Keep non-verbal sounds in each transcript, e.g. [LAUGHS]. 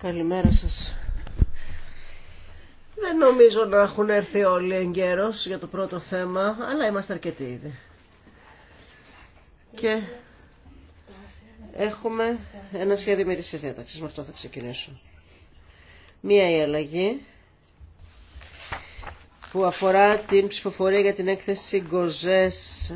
Καλημέρα σας. Δεν νομίζω να έχουν έρθει όλοι εγκαίρως για το πρώτο θέμα, αλλά είμαστε αρκετοί ήδη. Και έχουμε ένα σχέδιο μερικής διάταξης, με αυτό θα ξεκινήσω. Μία η αλλαγή που αφορά την ψηφοφορία για την έκθεση Γκοζές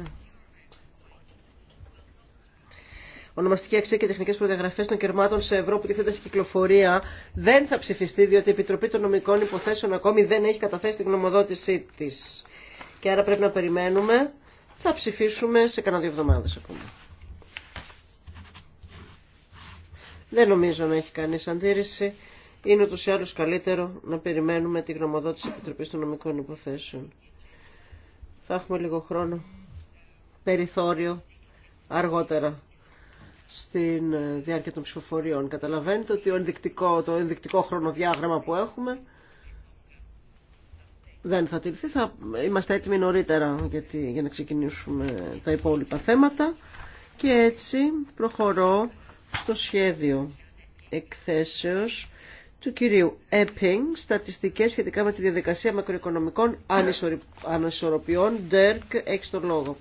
ονομαστική αξία και τεχνικές προδιαγραφές των κερμάτων σε ευρώ που τίθεται σε κυκλοφορία δεν θα ψηφιστεί διότι η Επιτροπή των Νομικών Υποθέσεων ακόμη δεν έχει καταθέσει την γνωμοδότησή τη. Και άρα πρέπει να περιμένουμε. Θα ψηφίσουμε σε κανένα δύο εβδομάδες ακόμα. Δεν νομίζω να έχει κανεί αντίρρηση. Είναι ούτω ή άλλως καλύτερο να περιμένουμε τη γνωμοδότηση επιτροπή των Νομικών Υποθέσεων. Θα έχουμε λίγο χρόνο. Περιθώριο αργότερα στην ε, διάρκεια των ψηφοφοριών. Καταλαβαίνετε ότι ο ενδεικτικό, το ενδεικτικό χρονοδιάγραμμα που έχουμε δεν θα τηρηθεί. Θα είμαστε έτοιμοι νωρίτερα γιατί, για να ξεκινήσουμε τα υπόλοιπα θέματα. Και έτσι προχωρώ στο σχέδιο εκθέσεως του κυρίου Επινγκ. στατιστικές σχετικά με τη διαδικασία μακροοικονομικών ανισορροπιών. ΔΕΡΚ, έχει τον λόγο.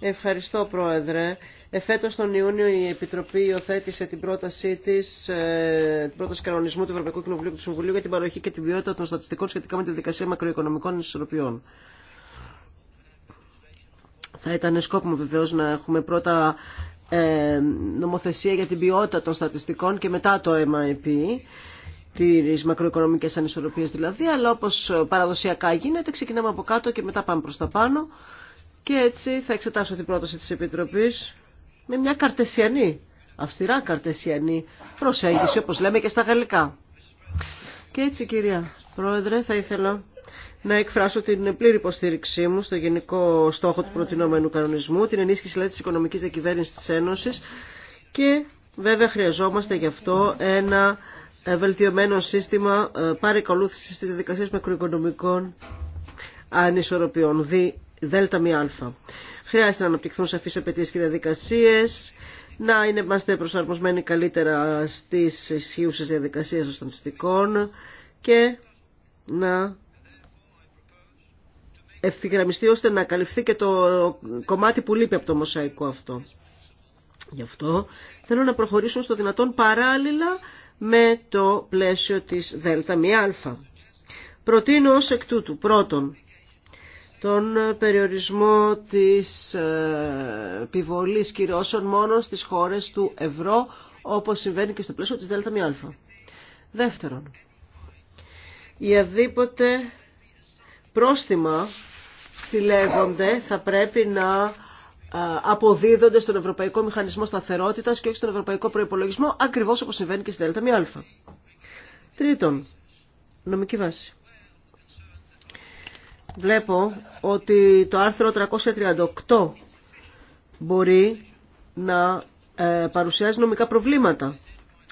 Ευχαριστώ, Πρόεδρε. Εφέτο τον Ιούνιο η Επιτροπή υιοθέτησε την πρότασή τη, ε, την πρόταση κανονισμού του Ευρωπαϊκού Κοινοβουλίου και του Συμβουλίου για την παροχή και την ποιότητα των στατιστικών σχετικά με τη δικασία μακροοικονομικών ισορροπιών. Θα ήταν σκόπιμο βεβαίω να έχουμε πρώτα ε, νομοθεσία για την ποιότητα των στατιστικών και μετά το MIP τις μακροοικονομικές ανισορροπίες δηλαδή, αλλά όπως παραδοσιακά γίνεται, ξεκινάμε από κάτω και μετά πάμε προς τα πάνω. Και έτσι θα εξετάσω την πρόταση της Επιτροπής με μια καρτεσιανή, αυστηρά καρτεσιανή προσέγγιση, όπως λέμε και στα γαλλικά. Και έτσι κυρία Πρόεδρε θα ήθελα να εκφράσω την πλήρη υποστήριξή μου στο γενικό στόχο του προτινόμενου κανονισμού, την ενίσχυση λέει, δηλαδή, της οικονομικής διακυβέρνησης της Ένωσης και βέβαια χρειαζόμαστε γι' αυτό ένα ε, βελτιωμένο σύστημα ε, παρεκολούθησης της διαδικασίας μακροοικονομικών ανισορροπιών, δι, δέλτα Χρειάζεται να αναπτυχθούν σαφεί απαιτήσει και διαδικασίε, να είμαστε προσαρμοσμένοι καλύτερα στις ισχύουσε διαδικασίε των στατιστικών και να ευθυγραμμιστεί ώστε να καλυφθεί και το κομμάτι που λείπει από το μοσαϊκό αυτό. Γι' αυτό θέλω να προχωρήσω στο δυνατόν παράλληλα με το πλαίσιο της ΔΕΛΤΑ Προτείνω ως εκ τούτου πρώτον τον περιορισμό της ε, επιβολής κυρώσεων μόνο στις χώρες του ευρώ, όπως συμβαίνει και στο πλαίσιο της ΔΜΑ. Δεύτερον, οι αδίποτε πρόστιμα συλλέγονται θα πρέπει να ε, αποδίδονται στον Ευρωπαϊκό Μηχανισμό Σταθερότητας και όχι στον Ευρωπαϊκό Προϋπολογισμό, ακριβώς όπως συμβαίνει και στη ΔΜΑ. Τρίτον, νομική βάση βλέπω ότι το άρθρο 338 μπορεί να ε, παρουσιάζει νομικά προβλήματα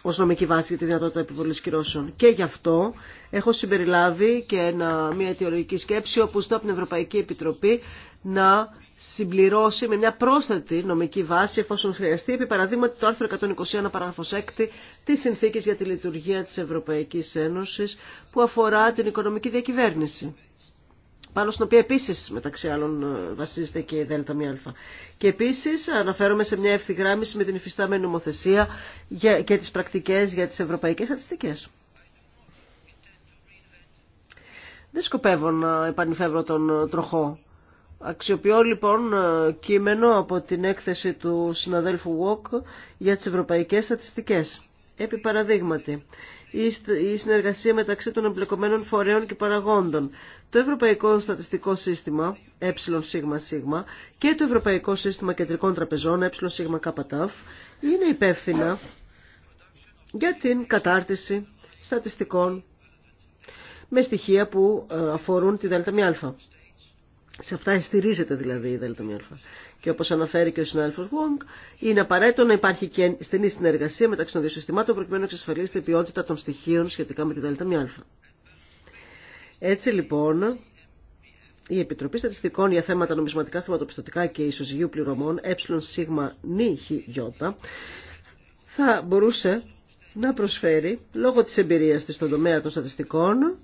ως νομική βάση για τη δυνατότητα επιβολής κυρώσεων. Και γι' αυτό έχω συμπεριλάβει και ένα, μια αιτιολογική σκέψη όπου ζητώ από την Ευρωπαϊκή Επιτροπή να συμπληρώσει με μια πρόσθετη νομική βάση εφόσον χρειαστεί επί παραδείγματι το άρθρο 121 παράγραφος 6 της Συνθήκης για τη Λειτουργία της Ευρωπαϊκής Ένωσης που αφορά την οικονομική διακυβέρνηση πάνω στην οποία επίση μεταξύ άλλων ε, βασίζεται και η ΑΛΦΑ Και επίσης αναφέρομαι σε μια ευθυγράμμιση με την υφιστάμενη νομοθεσία και τις πρακτικές για τις ευρωπαϊκές στατιστικές. Δεν σκοπεύω να επανειφεύρω τον ε, τροχό. Αξιοποιώ λοιπόν ε, κείμενο από την έκθεση του συναδέλφου Walk για τις ευρωπαϊκές στατιστικές. Επί παραδείγματι, η συνεργασία μεταξύ των εμπλεκομένων φορέων και παραγόντων. Το Ευρωπαϊκό Στατιστικό Σύστημα ΕΣΣ και το Ευρωπαϊκό Σύστημα Κεντρικών Τραπεζών ΕΣΣΚΤΑΦ είναι υπεύθυνα για την κατάρτιση στατιστικών με στοιχεία που ε, αφορούν τη ΔΜΑ. Σε αυτά στηρίζεται δηλαδή η ΔΜΑ και όπως αναφέρει και ο συνάδελφος Γουόγκ, είναι απαραίτητο να υπάρχει και στενή συνεργασία μεταξύ των δύο συστημάτων προκειμένου να εξασφαλίσει την ποιότητα των στοιχείων σχετικά με τη ΔΜΑ. Έτσι λοιπόν, η Επιτροπή Στατιστικών για θέματα νομισματικά, χρηματοπιστωτικά και ισοζυγίου πληρωμών, ΕΣΝΙΧΙ θα μπορούσε να προσφέρει, λόγω τη εμπειρία τη στον τομέα των στατιστικών,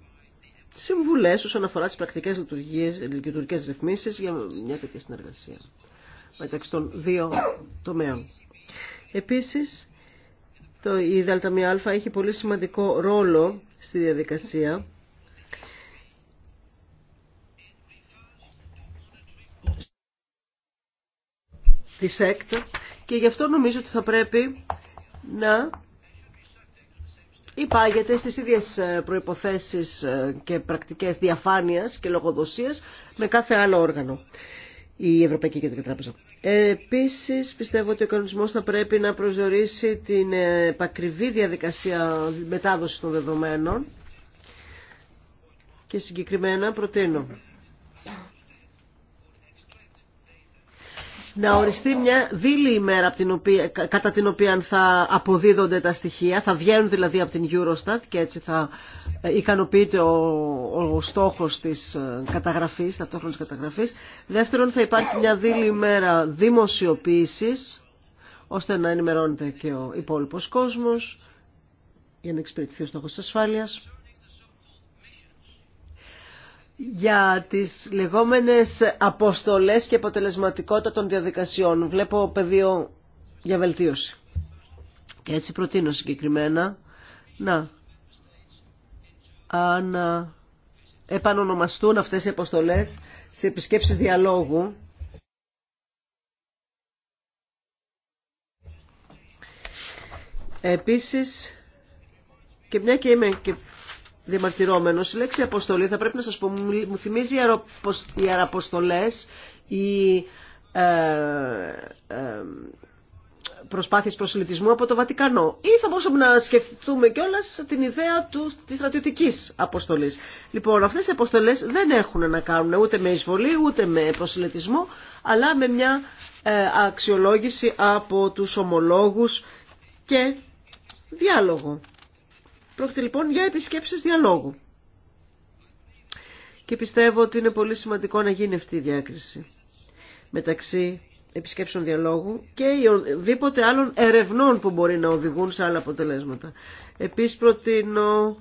συμβουλές όσον αφορά τις πρακτικές λειτουργικές ρυθμίσεις για μια τέτοια συνεργασία μεταξύ των δύο τομέων. Επίσης, το, η ΔΜΑ έχει πολύ σημαντικό ρόλο στη διαδικασία Τη ΕΚΤ και γι' αυτό νομίζω ότι θα πρέπει να υπάγεται στις ίδιες ε, προϋποθέσεις ε, και πρακτικές διαφάνειας και λογοδοσίας με κάθε άλλο όργανο η Ευρωπαϊκή Κεντρική Τράπεζα. Επίσης πιστεύω ότι ο οικονομισμός θα πρέπει να προσδιορίσει την επακριβή διαδικασία μετάδοσης των δεδομένων και συγκεκριμένα προτείνω να οριστεί μια δίλη ημέρα την οποία, κατά την οποία θα αποδίδονται τα στοιχεία, θα βγαίνουν δηλαδή από την Eurostat και έτσι θα ε, ικανοποιείται ο, ο στόχος της ε, καταγραφής, ταυτόχρονης καταγραφής. Δεύτερον θα υπάρχει μια δίλη ημέρα δημοσιοποίησης, ώστε να ενημερώνεται και ο υπόλοιπος κόσμος για να εξυπηρετηθεί ο στόχος της ασφάλειας για τις λεγόμενες αποστολές και αποτελεσματικότητα των διαδικασιών. Βλέπω πεδίο για βελτίωση. Και έτσι προτείνω συγκεκριμένα να ανα επανονομαστούν αυτές οι αποστολές σε επισκέψεις διαλόγου Επίσης, και μια και είμαι και διαμαρτυρόμενο. Η λέξη αποστολή θα πρέπει να σας πω, μου θυμίζει οι αραποστολές, οι ε, ε, προσελητισμού από το Βατικανό. Ή θα μπορούσαμε να σκεφτούμε κιόλας την ιδέα τη της αποστολή. Λοιπόν, αυτές οι αποστολέ δεν έχουν να κάνουν ούτε με εισβολή, ούτε με προσελητισμό, αλλά με μια ε, αξιολόγηση από του ομολόγου και διάλογο. Πρόκειται λοιπόν για επισκέψεις διαλόγου. Και πιστεύω ότι είναι πολύ σημαντικό να γίνει αυτή η διάκριση μεταξύ επισκέψεων διαλόγου και οδήποτε άλλων ερευνών που μπορεί να οδηγούν σε άλλα αποτελέσματα. Επίσης προτείνω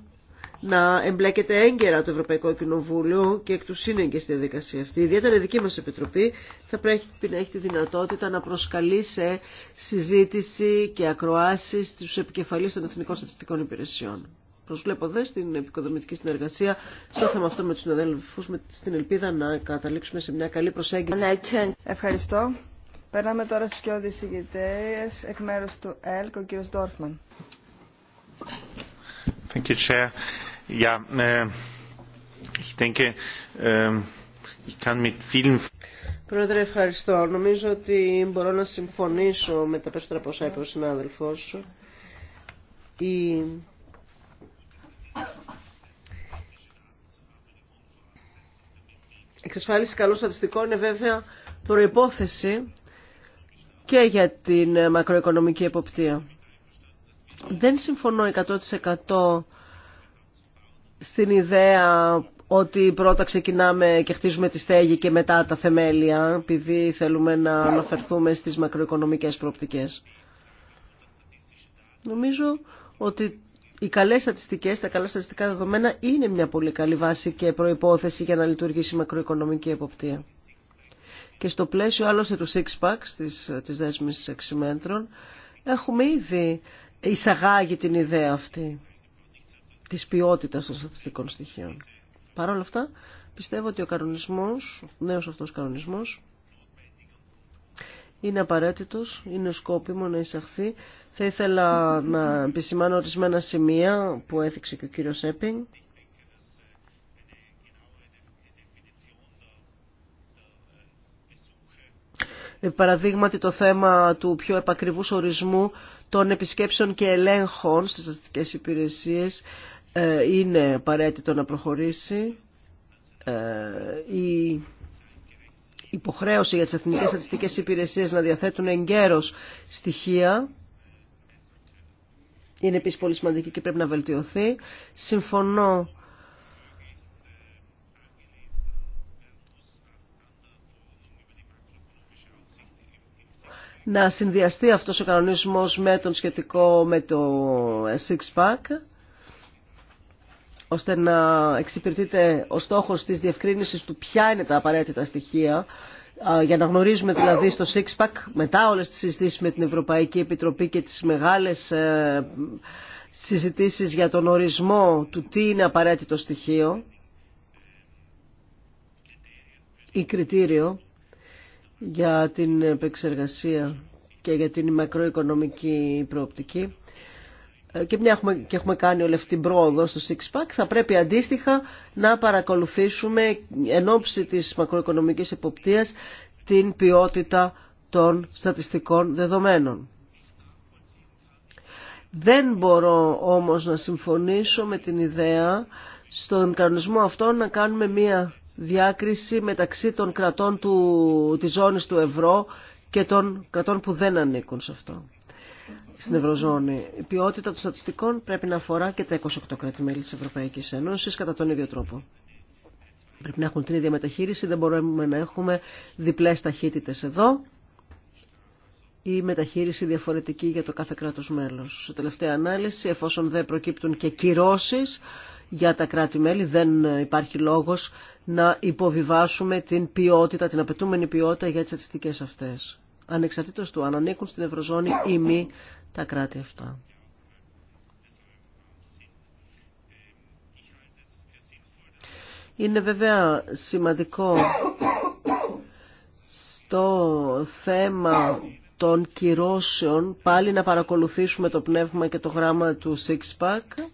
να εμπλέκεται έγκαιρα το Ευρωπαϊκό Κοινοβούλιο και εκ του σύνεγγε στη διαδικασία αυτή. Ιδιαίτερα η δική μα Επιτροπή θα πρέπει να έχει τη δυνατότητα να προσκαλεί σε συζήτηση και ακροάσει στου επικεφαλεί των Εθνικών Στατιστικών Υπηρεσιών. Προσβλέπω δε στην επικοδομητική συνεργασία στο θέμα αυτό με του συναδέλφου, την ελπίδα να καταλήξουμε σε μια καλή προσέγγιση. Ευχαριστώ. Περνάμε τώρα στους πιο εκ μέρους του ΕΛΚ, ο κύριο Ντόρφμαν. Thank you, Ja, äh, ich denke, ähm, ich kann mit vielen... Πρόεδρε, ευχαριστώ. Νομίζω ότι μπορώ να συμφωνήσω με τα περισσότερα που όσα είπε ο συνάδελφό. Η... Εξασφάλιση καλών στατιστικών είναι βέβαια προϋπόθεση και για την μακροοικονομική εποπτεία. Δεν συμφωνώ 100% στην ιδέα ότι πρώτα ξεκινάμε και χτίζουμε τη στέγη και μετά τα θεμέλια, επειδή θέλουμε να αναφερθούμε στις μακροοικονομικές προοπτικές. Νομίζω ότι οι καλές στατιστικές, τα καλά στατιστικά δεδομένα είναι μια πολύ καλή βάση και προϋπόθεση για να λειτουργήσει η μακροοικονομική εποπτεία. Και στο πλαίσιο άλλωστε του six packs της, της δέσμης εξημέντρων έχουμε ήδη εισαγάγει την ιδέα αυτή της ποιότητας των στατιστικών στοιχείων. Παρ' όλα αυτά, πιστεύω ότι ο κανονισμός, ο νέος αυτός κανονισμός, είναι απαραίτητος, είναι σκόπιμο να εισαχθεί. Θα ήθελα να επισημάνω ορισμένα σημεία που έθιξε και ο κύριος Έπινγκ. Ε, παραδείγματι το θέμα του πιο επακριβούς ορισμού των επισκέψεων και ελέγχων στις αστικές υπηρεσίες ε, είναι απαραίτητο να προχωρήσει. Ε, η υποχρέωση για τις εθνικές στατιστικές υπηρεσίες να διαθέτουν εγκαίρως στοιχεία είναι επίσης πολύ σημαντική και πρέπει να βελτιωθεί. Συμφωνώ να συνδυαστεί αυτός ο κανονισμός με τον σχετικό με το six ώστε να εξυπηρετείται ο στόχος της διευκρίνησης του ποια είναι τα απαραίτητα στοιχεία, για να γνωρίζουμε δηλαδή στο ΣΥΚΣΠΑΚ μετά όλες τις συζητήσεις με την Ευρωπαϊκή Επιτροπή και τις μεγάλες ε, συζητήσεις για τον ορισμό του τι είναι απαραίτητο στοιχείο ή κριτήριο για την επεξεργασία και για την μακροοικονομική προοπτική ε, και μια έχουμε, και έχουμε κάνει όλη πρόοδο στο six θα πρέπει αντίστοιχα να παρακολουθήσουμε εν ώψη της μακροοικονομικής εποπτείας την ποιότητα των στατιστικών δεδομένων. Δεν μπορώ όμως να συμφωνήσω με την ιδέα στον κανονισμό αυτό να κάνουμε μία διάκριση μεταξύ των κρατών του, της ζώνης του ευρώ και των κρατών που δεν ανήκουν σε αυτό στην Ευρωζώνη. Η ποιότητα των στατιστικών πρέπει να αφορά και τα 28 κράτη-μέλη της Ευρωπαϊκής Ένωσης κατά τον ίδιο τρόπο. Πρέπει να έχουν την ίδια μεταχείριση, δεν μπορούμε να έχουμε διπλέ ταχύτητε εδώ ή μεταχείριση διαφορετική για το κάθε κράτο μέλο. Σε τελευταία ανάλυση, εφόσον δεν προκύπτουν και κυρώσει για τα κράτη-μέλη, δεν υπάρχει λόγο να υποβιβάσουμε την ποιότητα, την απαιτούμενη ποιότητα για τι στατιστικές αυτέ. Ανεξαρτήτως του αν ανήκουν στην Ευρωζώνη ή μη τα κράτη αυτά. Είναι βέβαια σημαντικό στο θέμα των κυρώσεων πάλι να παρακολουθήσουμε το πνεύμα και το γράμμα του Sixpack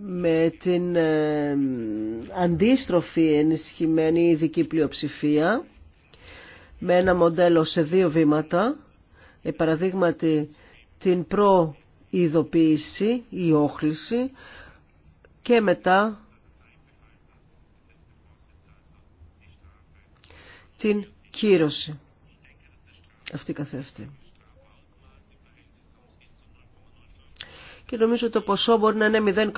με την ε, αντίστροφη ενισχυμένη ειδική πλειοψηφία με ένα μοντέλο σε δύο βήματα. Παραδείγματι την προειδοποίηση ή όχληση και μετά την κύρωση αυτή καθεύτη. Και νομίζω το ποσό μπορεί να είναι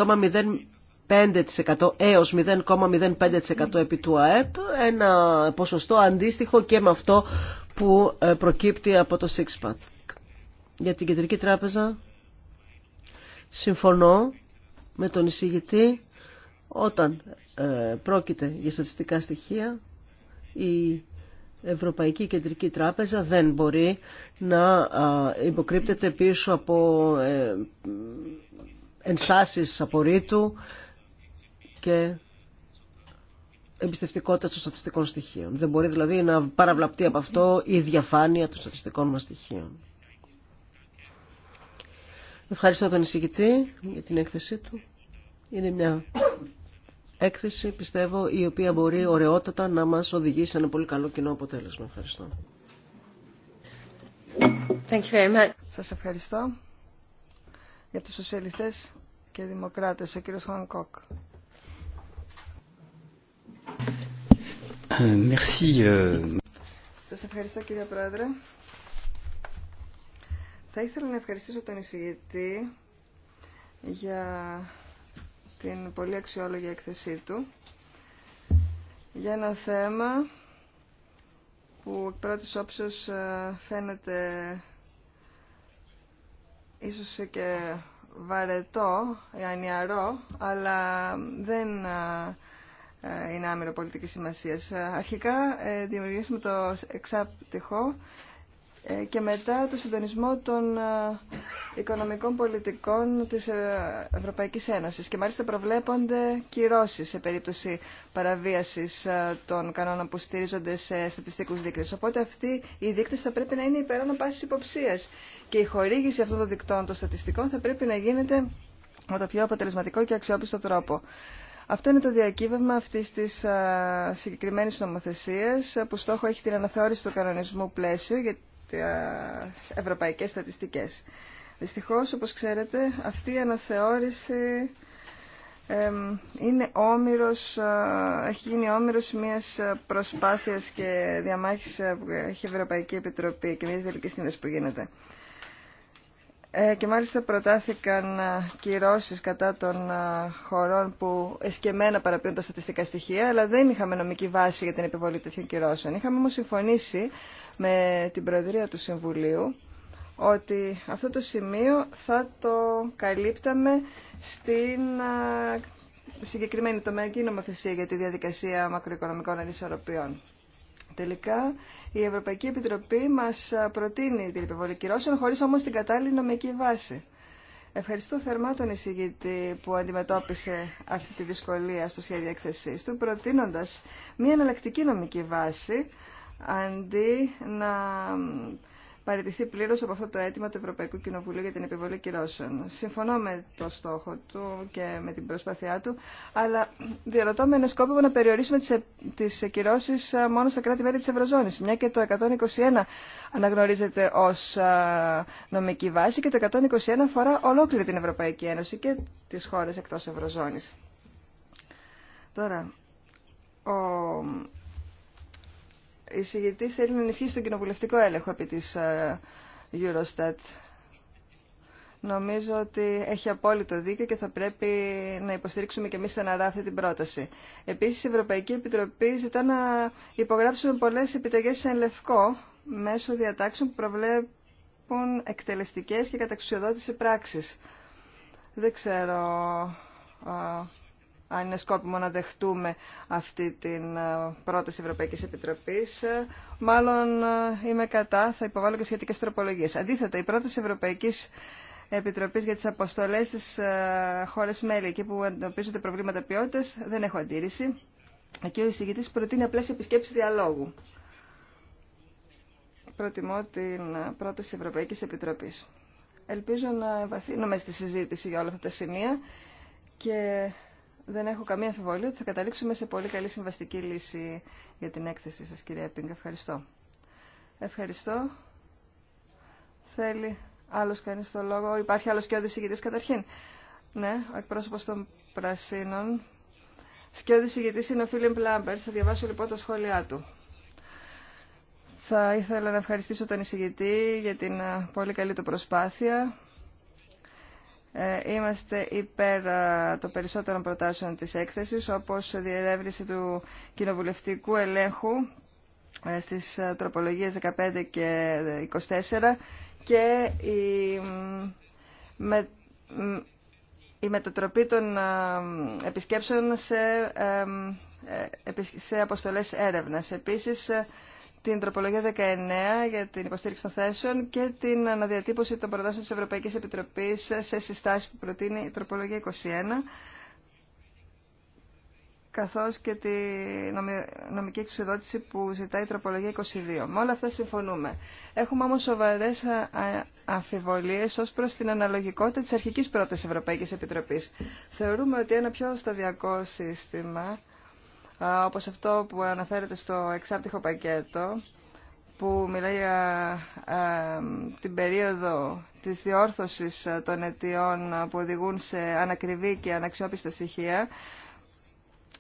0,05% έως 0,05% επί του ΑΕΠ, ένα ποσοστό αντίστοιχο και με αυτό που ε, προκύπτει από το ΣΥΚΣΠΑΤ για την Κεντρική Τράπεζα συμφωνώ με τον εισηγητή όταν ε, πρόκειται για στατιστικά στοιχεία η Ευρωπαϊκή Κεντρική Τράπεζα δεν μπορεί να υποκρύπτεται πίσω από ε, ενστάσεις απορρίτου και εμπιστευτικότητα των στατιστικών στοιχείων. Δεν μπορεί δηλαδή να παραβλαπτεί από αυτό η διαφάνεια των στατιστικών μας στοιχείων. Ευχαριστώ τον εισηγητή για την έκθεσή του. Είναι μια έκθεση, πιστεύω, η οποία μπορεί ωραιότατα να μας οδηγήσει σε ένα πολύ καλό κοινό αποτέλεσμα. Ευχαριστώ. Thank you very much. Σας ευχαριστώ. Για τους σοσιαλιστές και δημοκράτες, ο κύριος Χουαν Κόκ. Ε, ε. Σας ευχαριστώ κύριε Πρόεδρε. Θα ήθελα να ευχαριστήσω τον εισηγητή για την πολύ αξιόλογη έκθεσή του για ένα θέμα που εκ πρώτης όψεως ε, φαίνεται ίσως και βαρετό, ανιαρό, αλλά δεν ε, ε, είναι άμερο πολιτικής σημασίας. Αρχικά δημιουργήσαμε το εξάπτυχο ε, και μετά το συντονισμό των ε, οικονομικών πολιτικών της ε, Ευρωπαϊκής Ένωσης. Και μάλιστα προβλέπονται κυρώσει σε περίπτωση παραβίασης των κανόνων που στηρίζονται σε στατιστικούς δείκτες. Οπότε αυτοί οι δείκτες θα πρέπει να είναι υπεράνω πάσης υποψίας. Και η χορήγηση αυτών των δικτών των στατιστικών θα πρέπει να γίνεται με το πιο αποτελεσματικό και αξιόπιστο τρόπο. Αυτό είναι το διακύβευμα αυτή τη συγκεκριμένη νομοθεσία που στόχο έχει την αναθεώρηση του κανονισμού πλαίσιου τις ευρωπαϊκές στατιστικές. Δυστυχώς, όπως ξέρετε, αυτή η αναθεώρηση είναι όμοιρος, έχει γίνει όμοιρος μιας προσπάθειας και διαμάχης που έχει η Ευρωπαϊκή Επιτροπή και μιας σύνδεσης που γίνεται. Ε, και μάλιστα προτάθηκαν ε, κυρώσεις κατά των ε, χωρών που εσκεμμένα παραποιούν τα στατιστικά στοιχεία, αλλά δεν είχαμε νομική βάση για την επιβολή τέτοιων κυρώσεων. Είχαμε όμως συμφωνήσει με την Προεδρία του Συμβουλίου ότι αυτό το σημείο θα το καλύπταμε στην συγκεκριμένη τομεακή νομοθεσία για τη διαδικασία μακροοικονομικών ανισορροπιών. Τελικά, η Ευρωπαϊκή Επιτροπή μα προτείνει την επιβολή κυρώσεων, χωρί όμω την κατάλληλη νομική βάση. Ευχαριστώ θερμά τον εισηγητή που αντιμετώπισε αυτή τη δυσκολία στο σχέδιο έκθεσή του, προτείνοντα μια εναλλακτική νομική βάση αντί να παραιτηθεί πλήρω από αυτό το αίτημα του Ευρωπαϊκού Κοινοβουλίου για την επιβολή κυρώσεων. Συμφωνώ με το στόχο του και με την προσπάθειά του, αλλά διαρωτώ με ένα σκόπιμο να περιορίσουμε τι κυρώσει μόνο στα κράτη-μέλη τη Ευρωζώνη, μια και το 121 αναγνωρίζεται ω νομική βάση και το 121 αφορά ολόκληρη την Ευρωπαϊκή Ένωση και τι χώρε εκτό Ευρωζώνη. Τώρα, ο εισηγητής θέλει να ενισχύσει τον κοινοβουλευτικό έλεγχο επί της ε, Eurostat. Νομίζω ότι έχει απόλυτο δίκιο και θα πρέπει να υποστηρίξουμε και εμείς στεναρά αυτή την πρόταση. Επίσης, η Ευρωπαϊκή Επιτροπή ζητά να υπογράψουμε πολλές επιταγές σε λευκό μέσω διατάξεων που προβλέπουν εκτελεστικές και καταξιοδότηση πράξεις. Δεν ξέρω ε, αν είναι σκόπιμο να δεχτούμε αυτή την ε, πρόταση Ευρωπαϊκής Επιτροπής. Ε, μάλλον ε, είμαι κατά, θα υποβάλω και σχετικές τροπολογίες. Αντίθετα, η πρόταση Ευρωπαϊκής Επιτροπής για τις αποστολές στις χώρες μέλη, εκεί που αντιμετωπίζονται προβλήματα ποιότητας, δεν έχω αντίρρηση. και ο εισηγητής προτείνει απλές επισκέψεις διαλόγου. Προτιμώ την πρόταση Ευρωπαϊκής Επιτροπής. Ελπίζω να εμβαθύνουμε στη συζήτηση για όλα αυτά τα σημεία και δεν έχω καμία αμφιβολία ότι θα καταλήξουμε σε πολύ καλή συμβαστική λύση για την έκθεση σας, κύριε Έπιγκ. Ευχαριστώ. Ευχαριστώ. Θέλει άλλος κανείς το λόγο. Υπάρχει άλλος και ο καταρχήν. Ναι, ο εκπρόσωπος των Πρασίνων. Σκιώδης ηγητής είναι ο Φίλιμ Πλάμπερς. Θα διαβάσω λοιπόν τα σχόλιά του. Θα ήθελα να ευχαριστήσω τον εισηγητή για την ε, πολύ καλή του προσπάθεια ε, είμαστε υπέρ ε, των περισσότερων προτάσεων της έκθεσης, όπως διερεύνηση του κοινοβουλευτικού ελέγχου ε, στις τροπολογίες 15 και 24 και η, με, η μετατροπή των επισκέψεων σε, σε αποστολές έρευνας. Επίσης, την τροπολογία 19 για την υποστήριξη των θέσεων και την αναδιατύπωση των προτάσεων της Ευρωπαϊκής Επιτροπής σε συστάσεις που προτείνει η τροπολογία 21 καθώς και τη νομική εξουσιοδότηση που ζητάει η τροπολογία 22. Με όλα αυτά συμφωνούμε. Έχουμε όμως σοβαρές αμφιβολίες ως προς την αναλογικότητα της αρχικής πρώτης Ευρωπαϊκής Επιτροπής. Θεωρούμε ότι ένα πιο σταδιακό σύστημα όπως αυτό που αναφέρεται στο εξάπτυχο πακέτο, που μιλάει για την περίοδο της διόρθωσης των αιτιών που οδηγούν σε ανακριβή και αναξιόπιστα στοιχεία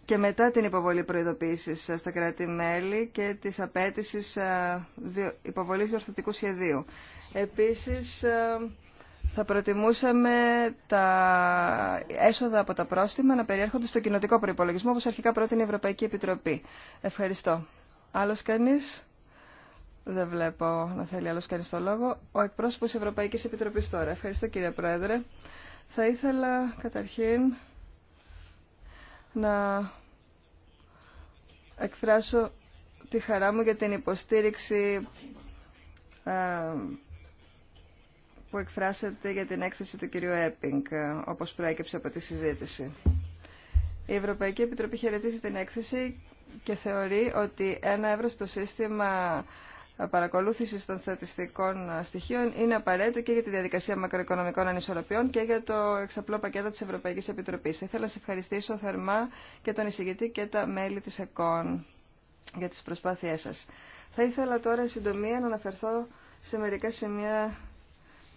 και μετά την υποβολή προειδοποίησης στα κράτη-μέλη και της απέτησης υποβολής διορθωτικού σχεδίου. Επίσης, θα προτιμούσαμε τα έσοδα από τα πρόστιμα να περιέρχονται στο κοινοτικό προϋπολογισμό, όπως αρχικά πρότεινε η Ευρωπαϊκή Επιτροπή. Ευχαριστώ. Άλλος κανείς? Δεν βλέπω να θέλει άλλος κανείς το λόγο. Ο εκπρόσωπος Ευρωπαϊκής Επιτροπής τώρα. Ευχαριστώ κύριε Πρόεδρε. Θα ήθελα καταρχήν να εκφράσω τη χαρά μου για την υποστήριξη ε, που εκφράσατε για την έκθεση του κυρίου Έπινγκ, ε, όπως προέκυψε από τη συζήτηση. Η Ευρωπαϊκή Επιτροπή χαιρετίζει την έκθεση και θεωρεί ότι ένα εύρωστο σύστημα ε, παρακολούθησης των στατιστικών ε, στοιχείων είναι απαραίτητο και για τη διαδικασία μακροοικονομικών ανισορροπιών και για το εξαπλό πακέτο της Ευρωπαϊκής Επιτροπής. Θα ήθελα να σα ευχαριστήσω θερμά και τον εισηγητή και τα μέλη της ΕΚΟΝ για τις προσπάθειές σας. Θα ήθελα τώρα συντομία να αναφερθώ σε μερικά σημεία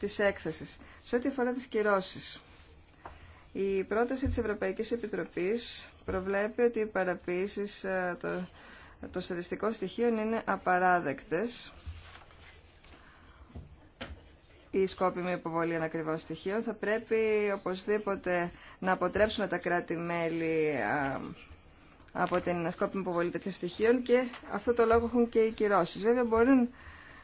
της έκθεσης. Σε ό,τι αφορά τις κυρώσεις, η πρόταση της Ευρωπαϊκής Επιτροπής προβλέπει ότι οι παραποίησεις των, ε, το στατιστικών στοιχείων είναι απαράδεκτες. Η σκόπιμη υποβολή ανακριβών στοιχείων θα πρέπει οπωσδήποτε να αποτρέψουν τα κράτη-μέλη από την σκόπιμη υποβολή τέτοιων στοιχείων και αυτό το λόγο έχουν και οι κυρώσεις. Βέβαια μπορούν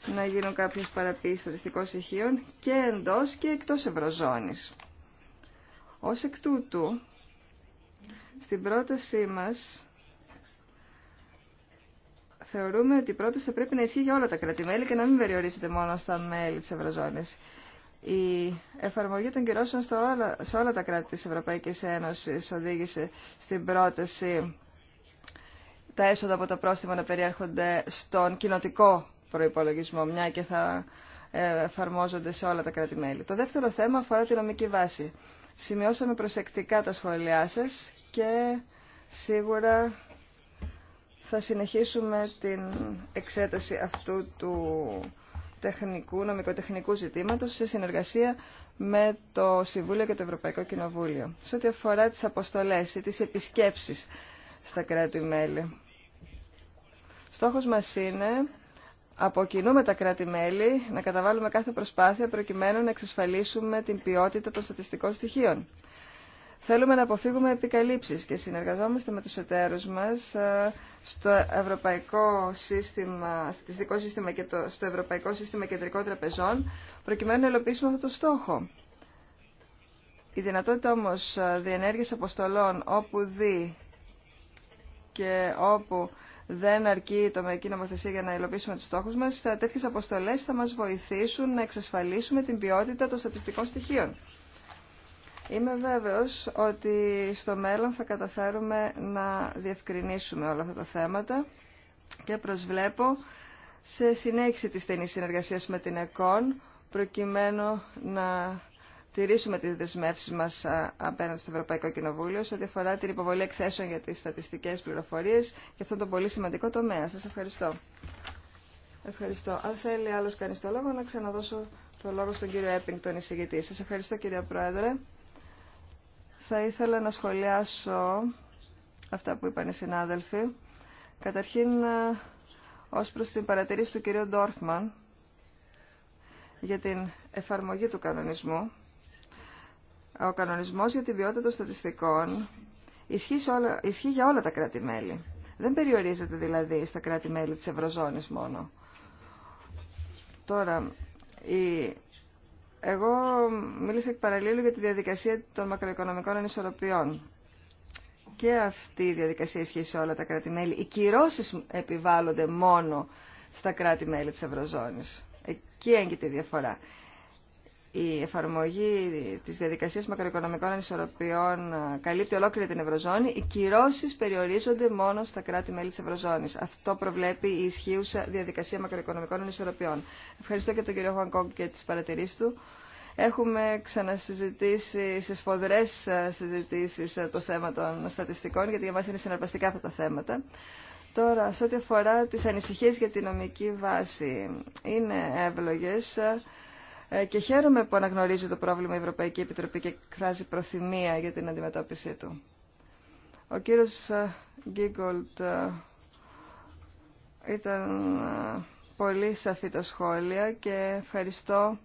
να γίνουν κάποιες παραποίησεις στατιστικών στοιχείων και εντός και εκτός ευρωζώνη. Ω εκ τούτου, στην πρότασή μα θεωρούμε ότι η πρόταση θα πρέπει να ισχύει για όλα τα κράτη-μέλη και να μην περιορίζεται μόνο στα μέλη της Ευρωζώνης. Η εφαρμογή των κυρώσεων σε όλα, όλα τα κράτη της Ευρωπαϊκής Ένωσης οδήγησε στην πρόταση τα έσοδα από τα πρόστιμα να περιέρχονται στον κοινοτικό προϋπολογισμό, μια και θα ε, εφαρμόζονται σε όλα τα κράτη-μέλη. Το δεύτερο θέμα αφορά τη νομική βάση. Σημειώσαμε προσεκτικά τα σχόλιά σας και σίγουρα θα συνεχίσουμε την εξέταση αυτού του τεχνικού, νομικοτεχνικού ζητήματος σε συνεργασία με το Συμβούλιο και το Ευρωπαϊκό Κοινοβούλιο. Σε ό,τι αφορά τις αποστολές ή τις επισκέψεις στα κράτη-μέλη. Στόχος μας είναι Αποκινούμε τα κράτη-μέλη να καταβάλουμε κάθε προσπάθεια προκειμένου να εξασφαλίσουμε την ποιότητα των στατιστικών στοιχείων. Θέλουμε να αποφύγουμε επικαλύψεις και συνεργαζόμαστε με τους εταίρους μας ε, στο Ευρωπαϊκό Σύστημα, Στατιστικό Σύστημα και το, στο Ευρωπαϊκό Σύστημα Κεντρικών Τραπεζών προκειμένου να ελοπίσουμε αυτό το στόχο. Η δυνατότητα όμως ε, διενέργειας αποστολών όπου δει και όπου δεν αρκεί το μερική νομοθεσία για να υλοποιήσουμε τους στόχους μας, τέτοιε αποστολέ θα μας βοηθήσουν να εξασφαλίσουμε την ποιότητα των στατιστικών στοιχείων. Είμαι βέβαιος ότι στο μέλλον θα καταφέρουμε να διευκρινίσουμε όλα αυτά τα θέματα και προσβλέπω σε συνέχιση της στενής συνεργασίας με την ΕΚΟΝ προκειμένου να τηρήσουμε τις δεσμεύσεις μας απέναντι στο Ευρωπαϊκό Κοινοβούλιο σε ό,τι αφορά την υποβολή εκθέσεων για τις στατιστικές πληροφορίες και αυτόν τον πολύ σημαντικό τομέα. Σας ευχαριστώ. Ευχαριστώ. Αν θέλει άλλος κανείς το λόγο, να ξαναδώσω το λόγο στον κύριο Έπινγκ, τον εισηγητή. Σας ευχαριστώ κύριε Πρόεδρε. Θα ήθελα να σχολιάσω αυτά που είπαν οι συνάδελφοι. Καταρχήν, ως προς την παρατηρήση του κυρίου Ντόρφμαν για την εφαρμογή του κανονισμού, ο κανονισμός για τη ποιότητα των στατιστικών ισχύει, για όλα τα κράτη-μέλη. Δεν περιορίζεται δηλαδή στα κράτη-μέλη της Ευρωζώνης μόνο. Τώρα, εγώ μίλησα εκ παραλλήλου για τη διαδικασία των μακροοικονομικών ανισορροπιών. Και αυτή η διαδικασία ισχύει σε όλα τα κράτη-μέλη. Οι κυρώσεις επιβάλλονται μόνο στα κράτη-μέλη της Ευρωζώνης. Εκεί έγκυται η διαφορά η εφαρμογή της διαδικασίας μακροοικονομικών ανισορροπιών ε, καλύπτει ολόκληρη την Ευρωζώνη, οι κυρώσεις περιορίζονται μόνο στα κράτη-μέλη της Ευρωζώνης. Αυτό προβλέπει η ισχύουσα διαδικασία μακροοικονομικών ανισορροπιών. Ευχαριστώ και τον κύριο Χουανκόγκ και τις παρατηρήσεις του. Έχουμε ξανασυζητήσει σε σφοδρέ ε, συζητήσει ε, το θέμα των στατιστικών, γιατί για μα είναι συναρπαστικά αυτά τα θέματα. Τώρα, σε ό,τι αφορά τι ανησυχίε για τη νομική βάση, είναι εύλογε. Ε, και χαίρομαι που αναγνωρίζει το πρόβλημα η Ευρωπαϊκή Επιτροπή και εκφράζει προθυμία για την αντιμετώπιση του. Ο κύριος ε, Γκίγκολτ ε, ήταν πολύ σαφή τα σχόλια και ευχαριστώ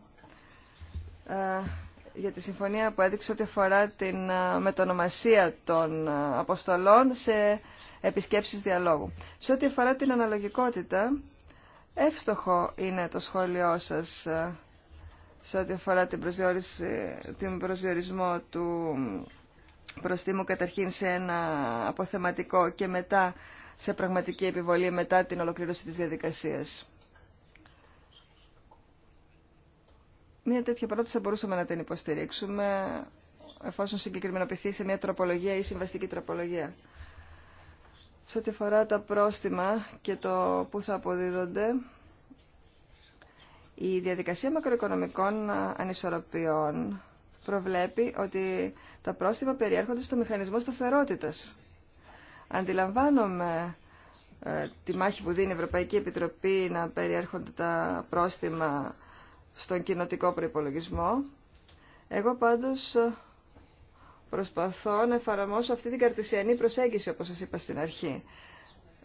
για τη συμφωνία που έδειξε ότι αφορά την μετανομασία των αποστολών σε επισκέψεις διαλόγου. Σε ό,τι αφορά την αναλογικότητα, εύστοχο είναι το σχόλιο σας σε ό,τι αφορά την προσδιορισμό του προστήμου καταρχήν σε ένα αποθεματικό και μετά σε πραγματική επιβολή μετά την ολοκλήρωση της διαδικασίας. Μία τέτοια πρόταση θα μπορούσαμε να την υποστηρίξουμε εφόσον συγκεκριμενοποιηθεί σε μια τροπολογία ή συμβαστική τροπολογία. Σε ό,τι αφορά τα πρόστιμα και το πού θα αποδίδονται, η διαδικασία μακροοικονομικών ανισορροπιών προβλέπει ότι τα πρόστιμα περιέρχονται στο μηχανισμό σταθερότητας. Αντιλαμβάνομαι ε, τη μάχη που δίνει η Ευρωπαϊκή Επιτροπή να περιέρχονται τα πρόστιμα στον κοινοτικό προϋπολογισμό. Εγώ πάντως ε, προσπαθώ να εφαρμόσω αυτή την καρτισιανή προσέγγιση, όπως σας είπα στην αρχή.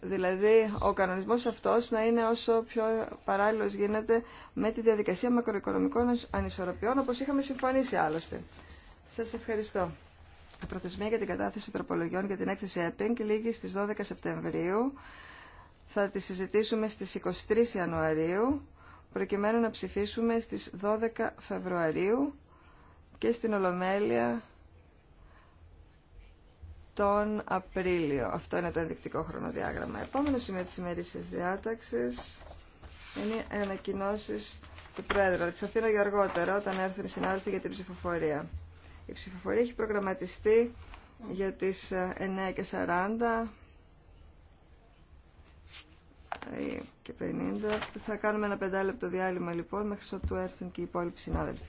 Δηλαδή, ο κανονισμός αυτός να είναι όσο πιο παράλληλος γίνεται με τη διαδικασία μακροοικονομικών ανισορροπιών, όπως είχαμε συμφωνήσει άλλωστε. Σας ευχαριστώ. Η προθεσμία για την κατάθεση τροπολογιών για την έκθεση ΕΠΕΝΚ λήγει στις 12 Σεπτεμβρίου. Θα τη συζητήσουμε στις 23 Ιανουαρίου, προκειμένου να ψηφίσουμε στις 12 Φεβρουαρίου και στην Ολομέλεια τον Απρίλιο. Αυτό είναι το ενδεικτικό χρονοδιάγραμμα. Επόμενο σημείο της ημερήσιας διάταξης είναι οι ανακοινώσεις του Πρόεδρου. Τις αφήνω για αργότερα όταν έρθουν οι συνάδελφοι για την ψηφοφορία. Η ψηφοφορία έχει προγραμματιστεί για τις 9.40 ε, και 50. Ε, Θα κάνουμε ένα πεντάλεπτο διάλειμμα λοιπόν μέχρι ότου έρθουν και οι υπόλοιποι συνάδελφοι.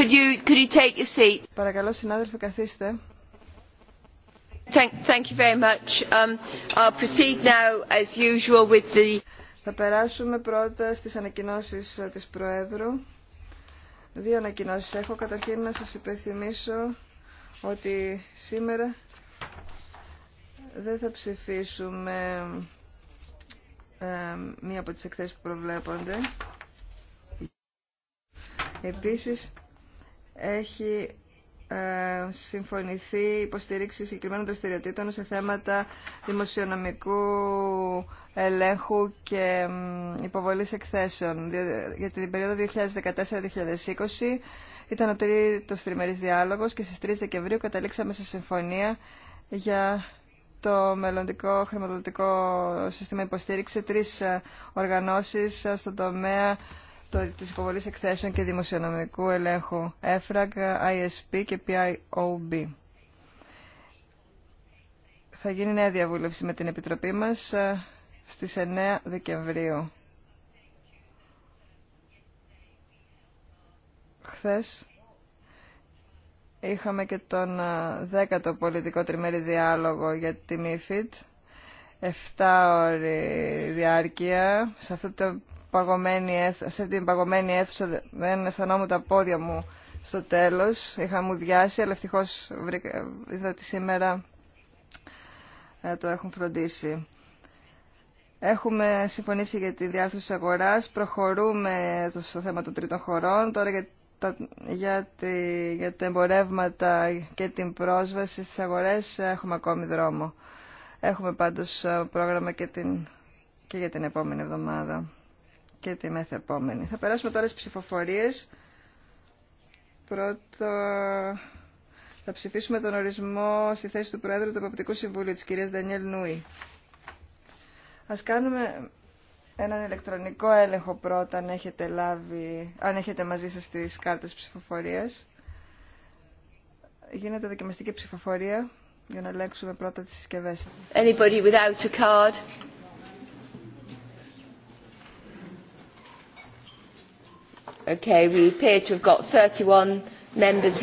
Could you, could you take your seat? Παρακαλώ συνάδελφε καθίστε. Thank, thank you very much. Um, I'll proceed now as usual with the... Θα περάσουμε πρώτα στις ανακοινώσεις ε, της Προέδρου. Δύο ανακοινώσεις έχω. Καταρχήν να σας υπενθυμίσω ότι σήμερα δεν θα ψηφίσουμε ε, μία από τις εκθέσεις που προβλέπονται. Επίσης, έχει ε, συμφωνηθεί υποστήριξη συγκεκριμένων δραστηριοτήτων σε θέματα δημοσιονομικού ελέγχου και υποβολής εκθέσεων. Για την περίοδο 2014-2020 ήταν ο τρίτος τριμερής διάλογος και στις 3 Δεκεμβρίου καταλήξαμε σε συμφωνία για το μελλοντικό χρηματοδοτικό σύστημα υποστήριξη τρεις ε, οργανώσεις ε, στον τομέα Τη υποβολή εκθέσεων και δημοσιονομικού ελέγχου ΕΦΡΑΚ, ISP και PIOB. Θα γίνει νέα διαβούλευση με την Επιτροπή μας ε, στις 9 Δεκεμβρίου. Χθες είχαμε και τον 10ο ε, πολιτικό τριμέρι διάλογο για τη ΜΥΦΙΤ. 7 ώρη διάρκεια. Σε αυτό το παγωμένη, σε την παγωμένη αίθουσα δεν αισθανόμουν τα πόδια μου στο τέλος. Είχα μου διάσει, αλλά ευτυχώς είδα ότι σήμερα ε, το έχουν φροντίσει. Έχουμε συμφωνήσει για τη διάρθρωση της αγοράς, προχωρούμε στο θέμα των τρίτων χωρών, τώρα για τα, για, τα εμπορεύματα και την πρόσβαση στις αγορές έχουμε ακόμη δρόμο. Έχουμε πάντως ε, πρόγραμμα και, την, και για την επόμενη εβδομάδα και τη μεθεπόμενη. Θα περάσουμε τώρα στις ψηφοφορίες. Πρώτο θα ψηφίσουμε τον ορισμό στη θέση του Πρόεδρου του Εποπτικού Συμβούλου της κυρίας Δανιέλ Νούι. Ας κάνουμε έναν ηλεκτρονικό έλεγχο πρώτα αν έχετε, λάβει, αν έχετε μαζί σας τις κάρτες ψηφοφορίας. Γίνεται δοκιμαστική ψηφοφορία για να ελέγξουμε πρώτα τις συσκευές. Anybody 31 members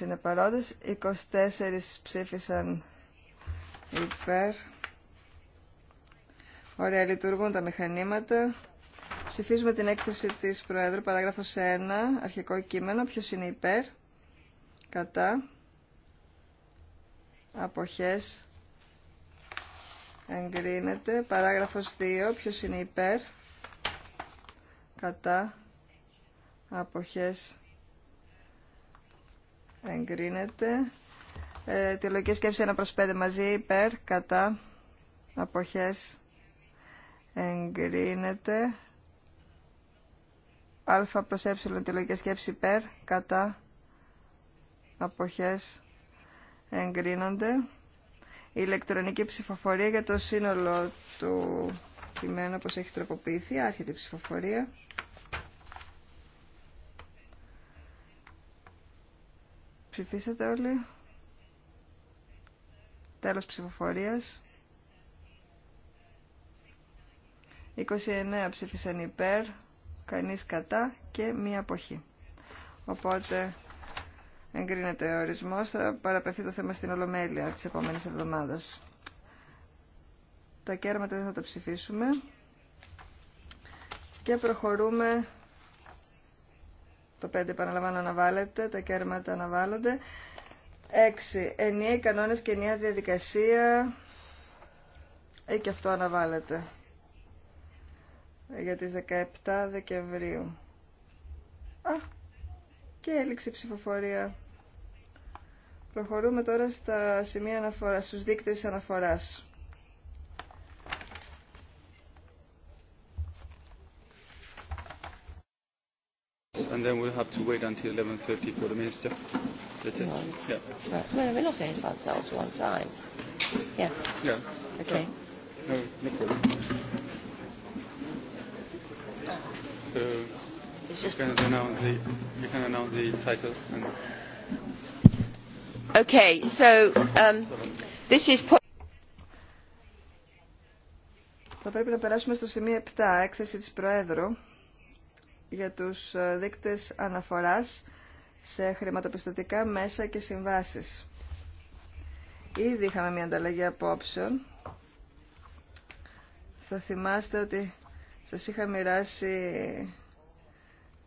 είναι παρόντες, 24 ψήφισαν υπέρ. Ωραία, λειτουργούν τα μηχανήματα. Ψηφίζουμε την έκθεση της Προέδρου, παράγραφος 1, αρχικό κείμενο. Ποιος είναι υπέρ, κατά, αποχές, εγκρίνεται. Παράγραφος 2, ποιος είναι υπέρ, κατά, αποχές, εγκρίνεται. Ε, τη λογική σκέψη 1 προς 5 μαζί, υπέρ, κατά, αποχές, εγκρίνεται. Α προς ε, τη λογική σκέψη υπέρ, κατά, αποχές, εγκρίνονται. Η ηλεκτρονική ψηφοφορία για το σύνολο του κειμένου όπως έχει τροποποιηθεί. Άρχεται η ψηφοφορία. Ψηφίσατε όλοι. Τέλος ψηφοφορίας. 29 ψήφισαν υπέρ, κανείς κατά και μία αποχή. Οπότε εγκρίνεται ο ορισμός, θα παραπευθεί το θέμα στην Ολομέλεια της επόμενης εβδομάδας. Τα κέρματα δεν θα τα ψηφίσουμε. Και προχωρούμε, το 5 επαναλαμβάνω αναβάλλεται, τα κέρματα αναβάλλονται. 6. Ενιαίοι κανόνες και ενιαία διαδικασία. Ε, και αυτό αναβάλλεται ε, για τις 17 Δεκεμβρίου. Α, και έληξε η ψηφοφορία. Προχωρούμε τώρα στα σημεία αναφοράς, στους δείκτες αναφοράς. and then we'll have to wait until 11.30 for the minister. That's it. Yeah. Right. Well, we're not saying ourselves one time. Yeah. Yeah. Okay. No, no problem. So, it's just you, can announce the, you can announce the title. And Um, Θα πρέπει να περάσουμε στο σημείο 7, έκθεση της Προέδρου για τους ε, δείκτες αναφοράς σε χρηματοπιστωτικά μέσα και συμβάσεις. Ήδη είχαμε μια ανταλλαγή απόψεων. Θα θυμάστε ότι σας είχα μοιράσει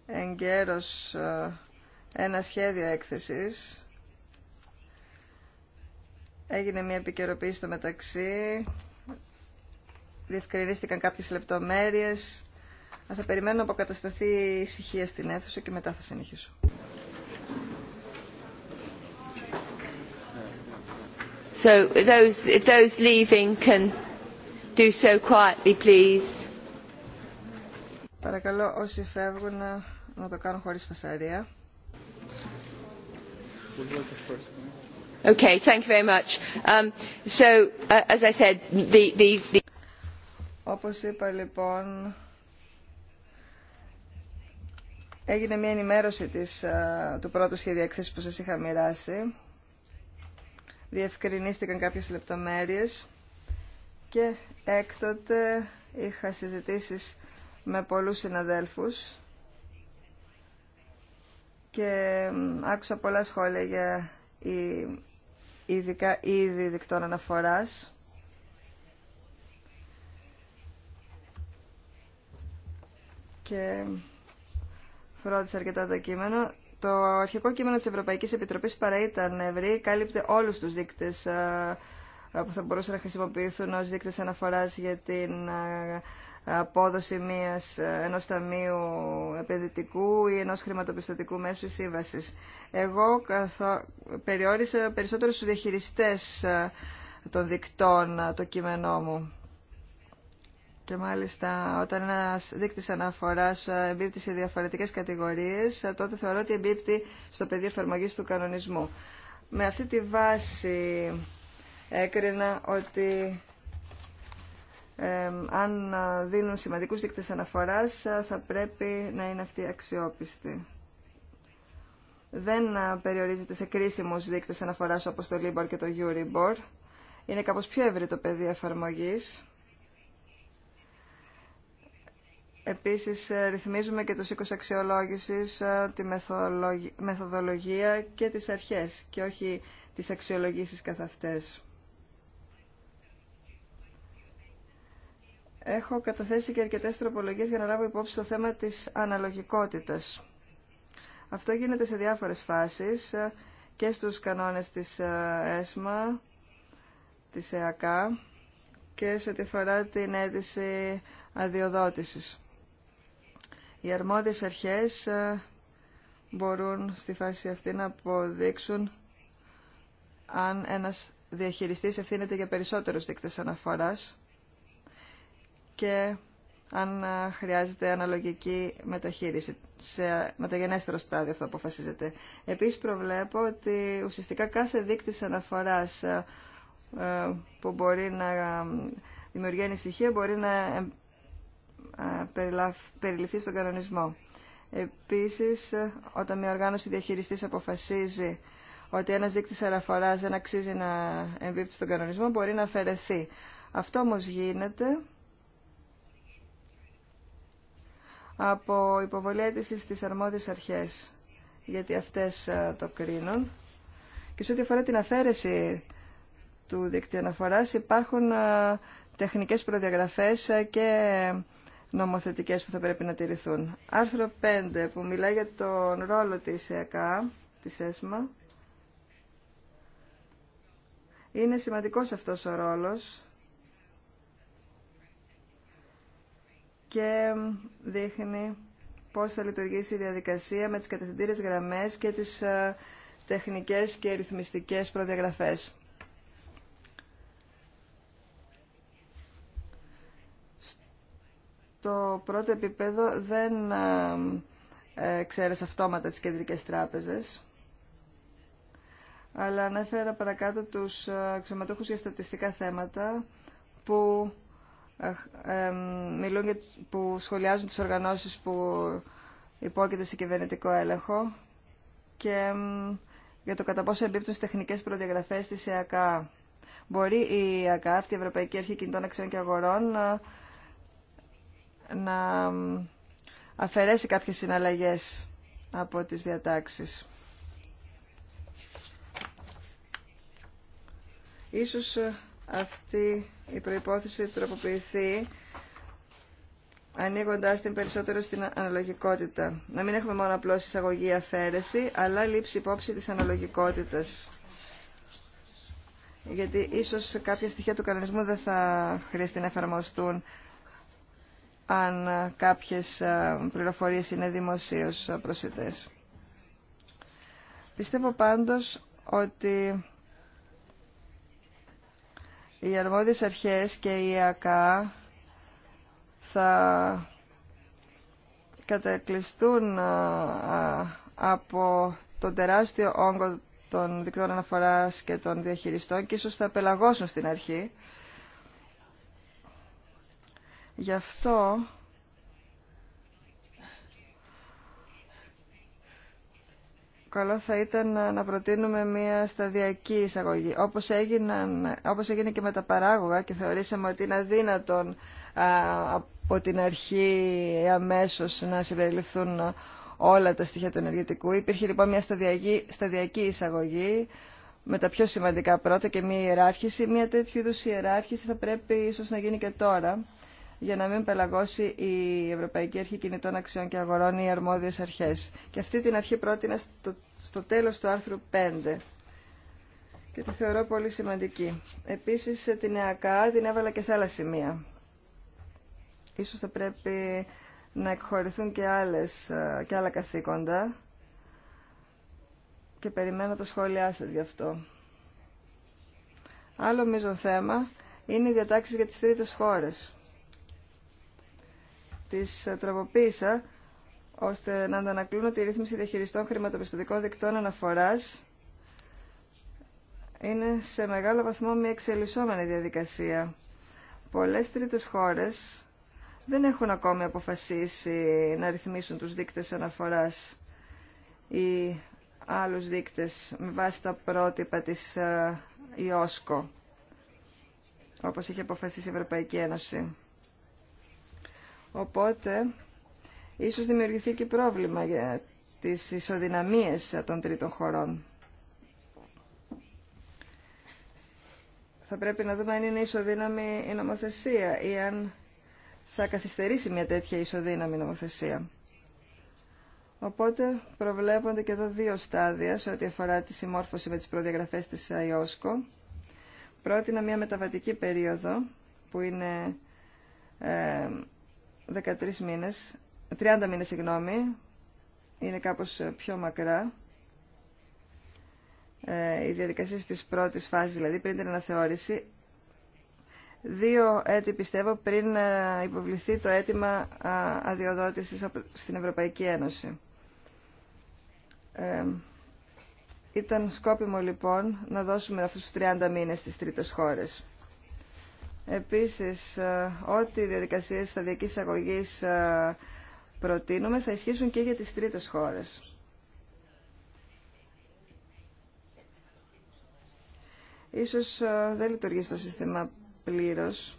εγκαίρως ε, ένα σχέδιο έκθεσης Έγινε μια επικαιροποίηση στο μεταξύ. Διευκρινίστηκαν κάποιες λεπτομέρειες. Θα περιμένω να αποκατασταθεί η ησυχία στην αίθουσα και μετά θα συνεχίσω. So those, those leaving can do so quietly, please. Παρακαλώ όσοι φεύγουν να, το κάνουν χωρίς φασαρία είπα λοιπόν, έγινε μια ενημέρωση της, του πρώτου σχέδιου που σας είχα μοιράσει. Διευκρινίστηκαν κάποιες λεπτομέρειες και έκτοτε είχα συζητήσεις με πολλούς συναδέλφους και άκουσα πολλά σχόλια για ειδικά είδη δικτών αναφοράς. Και φρόντισε αρκετά το κείμενο. Το αρχικό κείμενο της Ευρωπαϊκής Επιτροπής παρά ήταν ευρύ, κάλυπτε όλους τους δείκτες ε, ε, που θα μπορούσαν να χρησιμοποιηθούν ως δείκτες αναφοράς για την ε, απόδοση μιας, ε, ενός ταμείου επενδυτικού ή ενός χρηματοπιστωτικού μέσου ή Εγώ καθο... περιόρισα περισσότερο στους διαχειριστές ε, των δικτών ε, το κείμενό μου. Και μάλιστα όταν ένα δείκτη αναφοράς εμπίπτει σε διαφορετικές κατηγορίες, τότε θεωρώ ότι εμπίπτει στο πεδίο εφαρμογή του κανονισμού. Με αυτή τη βάση έκρινα ότι αν δίνουν σημαντικούς δείκτες αναφοράς θα πρέπει να είναι αυτοί αξιόπιστοι. Δεν περιορίζεται σε κρίσιμους δείκτες αναφοράς όπως το LIBOR και το EURIBOR. Είναι κάπως πιο ευρύ το πεδίο εφαρμογής. Επίσης ε, ρυθμίζουμε και τους οίκους αξιολόγησης, τη μεθοδολογία και τις αρχές και όχι τις αξιολογήσεις καθ' αυτές. Έχω καταθέσει και αρκετές τροπολογίες για να λάβω υπόψη το θέμα της αναλογικότητας. Αυτό γίνεται σε διάφορες φάσεις και στους κανόνες της ε, ΕΣΜΑ, της ΕΑΚΑ και σε τη φορά την αίτηση αδειοδότησης. Οι αρμόδιες αρχές ε, μπορούν στη φάση αυτή να αποδείξουν αν ένας διαχειριστής ευθύνεται για περισσότερους δείκτες αναφοράς και αν ε, χρειάζεται αναλογική μεταχείριση. Σε μεταγενέστερο στάδιο αυτό αποφασίζεται. Επίσης προβλέπω ότι ουσιαστικά κάθε δείκτης αναφοράς ε, ε, που μπορεί να δημιουργεί ανησυχία μπορεί να περιληφθεί στον κανονισμό. Επίσης, όταν μια οργάνωση διαχειριστής αποφασίζει ότι ένας δείκτης αναφοράς δεν αξίζει να εμπίπτει στον κανονισμό, μπορεί να αφαιρεθεί. Αυτό όμως γίνεται από υποβολή αίτηση στις αρμόδιες αρχές, γιατί αυτές ε, το κρίνουν. Και σε ό,τι αφορά την αφαίρεση του δικτύου αναφοράς υπάρχουν ε, τεχνικές προδιαγραφές ε, και νομοθετικές που θα πρέπει να τηρηθούν. Άρθρο 5 που μιλάει για τον ρόλο της ΕΚΑ, της ΕΣΜΑ. Είναι σημαντικός αυτός ο ρόλος και δείχνει πώς θα λειτουργήσει η διαδικασία με τις κατευθυντήρες γραμμές και τις ε, τεχνικές και ρυθμιστικές προδιαγραφές. Στο πρώτο επίπεδο δεν ε, ε, ξέρεις αυτόματα τις κεντρικές τράπεζες, αλλά ανέφερα παρακάτω τους αξιωματούχους για στατιστικά θέματα που μιλούν που σχολιάζουν τις οργανώσεις που υπόκειται σε κυβερνητικό έλεγχο και για το κατά πόσο εμπίπτουν στις τεχνικές προδιαγραφές της ΕΑΚΑ. Μπορεί η ΕΑΚΑ, αυτή η Ευρωπαϊκή Αρχή Κινητών Αξιών και Αγορών, ε, να, να αφαιρέσει κάποιες συναλλαγές από τις διατάξεις. Ίσως ε, αυτή η προϋπόθεση τροποποιηθεί ανοίγοντάς την περισσότερο στην αναλογικότητα. Να μην έχουμε μόνο απλώς εισαγωγή αφαίρεση, αλλά λήψη υπόψη της αναλογικότητας. Γιατί ίσως κάποια στοιχεία του κανονισμού δεν θα χρειαστεί να εφαρμοστούν αν κάποιες ε, πληροφορίες είναι δημοσίως προσιτές. Πιστεύω πάντως ότι οι αρμόδιες αρχές και η ΑΚΑ θα κατακλειστούν από τον τεράστιο όγκο των δικτών αναφοράς και των διαχειριστών και ίσως θα απελαγώσουν στην αρχή. Γι' αυτό καλό θα ήταν να προτείνουμε μια σταδιακή εισαγωγή. Όπως, όπως έγινε και με τα παράγωγα και θεωρήσαμε ότι είναι αδύνατον από την αρχή αμέσως να συμπεριληφθούν όλα τα στοιχεία του ενεργητικού. Υπήρχε λοιπόν μια σταδιακή, σταδιακή εισαγωγή με τα πιο σημαντικά πρώτα και μια ιεράρχηση. Μια τέτοιου είδου ιεράρχηση θα πρέπει ίσως να γίνει και τώρα για να μην πελαγώσει η Ευρωπαϊκή Αρχή Κινητών Αξιών και Αγορών οι αρμόδιε αρχές. Και αυτή την αρχή πρότεινα στο, στο τέλος του άρθρου 5 και τη θεωρώ πολύ σημαντική. Επίσης την ΕΑΚΑ την έβαλα και σε άλλα σημεία. Ίσως θα πρέπει να εκχωρηθούν και, άλλες, και άλλα καθήκοντα και περιμένω τα σχόλιά σας γι' αυτό. Άλλο μείζον θέμα είναι οι διατάξεις για τις τρίτες χώρες. Της τροποποίησα ώστε να αντανακλούν η ρύθμιση διαχειριστών χρηματοπιστωτικών δικτών αναφοράς είναι σε μεγάλο βαθμό μια εξελισσόμενη διαδικασία. Πολλές τρίτες χώρες δεν έχουν ακόμη αποφασίσει να ρυθμίσουν τους δείκτες αναφοράς ή άλλους δείκτες με βάση τα πρότυπα της ε, ΙΟΣΚΟ, όπως είχε αποφασίσει η Ευρωπαϊκή Ένωση. Οπότε, ίσως δημιουργηθεί και πρόβλημα για τις ισοδυναμίες των τρίτων χωρών. Θα πρέπει να δούμε αν είναι ισοδύναμη η νομοθεσία ή αν θα καθυστερήσει μια τέτοια ισοδύναμη νομοθεσία. Οπότε προβλέπονται και εδώ δύο στάδια σε ό,τι αφορά τη συμμόρφωση με τις προδιαγραφές της ΑΙΟΣΚΟ. Πρότεινα μια μεταβατική περίοδο που είναι ε, 13 μήνες, 30 μήνες συγγνώμη, είναι κάπως ε, πιο μακρά. Η ε, διαδικασία διαδικασίες της πρώτης φάσης, δηλαδή πριν την αναθεώρηση, δύο έτη πιστεύω πριν ε, υποβληθεί το αίτημα αδειοδότησης στην Ευρωπαϊκή Ένωση. ήταν σκόπιμο λοιπόν να δώσουμε αυτούς τους 30 μήνες στις τρίτες χώρες. Επίσης, ε, ό,τι οι διαδικασίες σταδιακής αγωγής ε, προτείνουμε θα ισχύσουν και για τις τρίτες χώρες. Ίσως ε, δεν λειτουργεί στο σύστημα πλήρως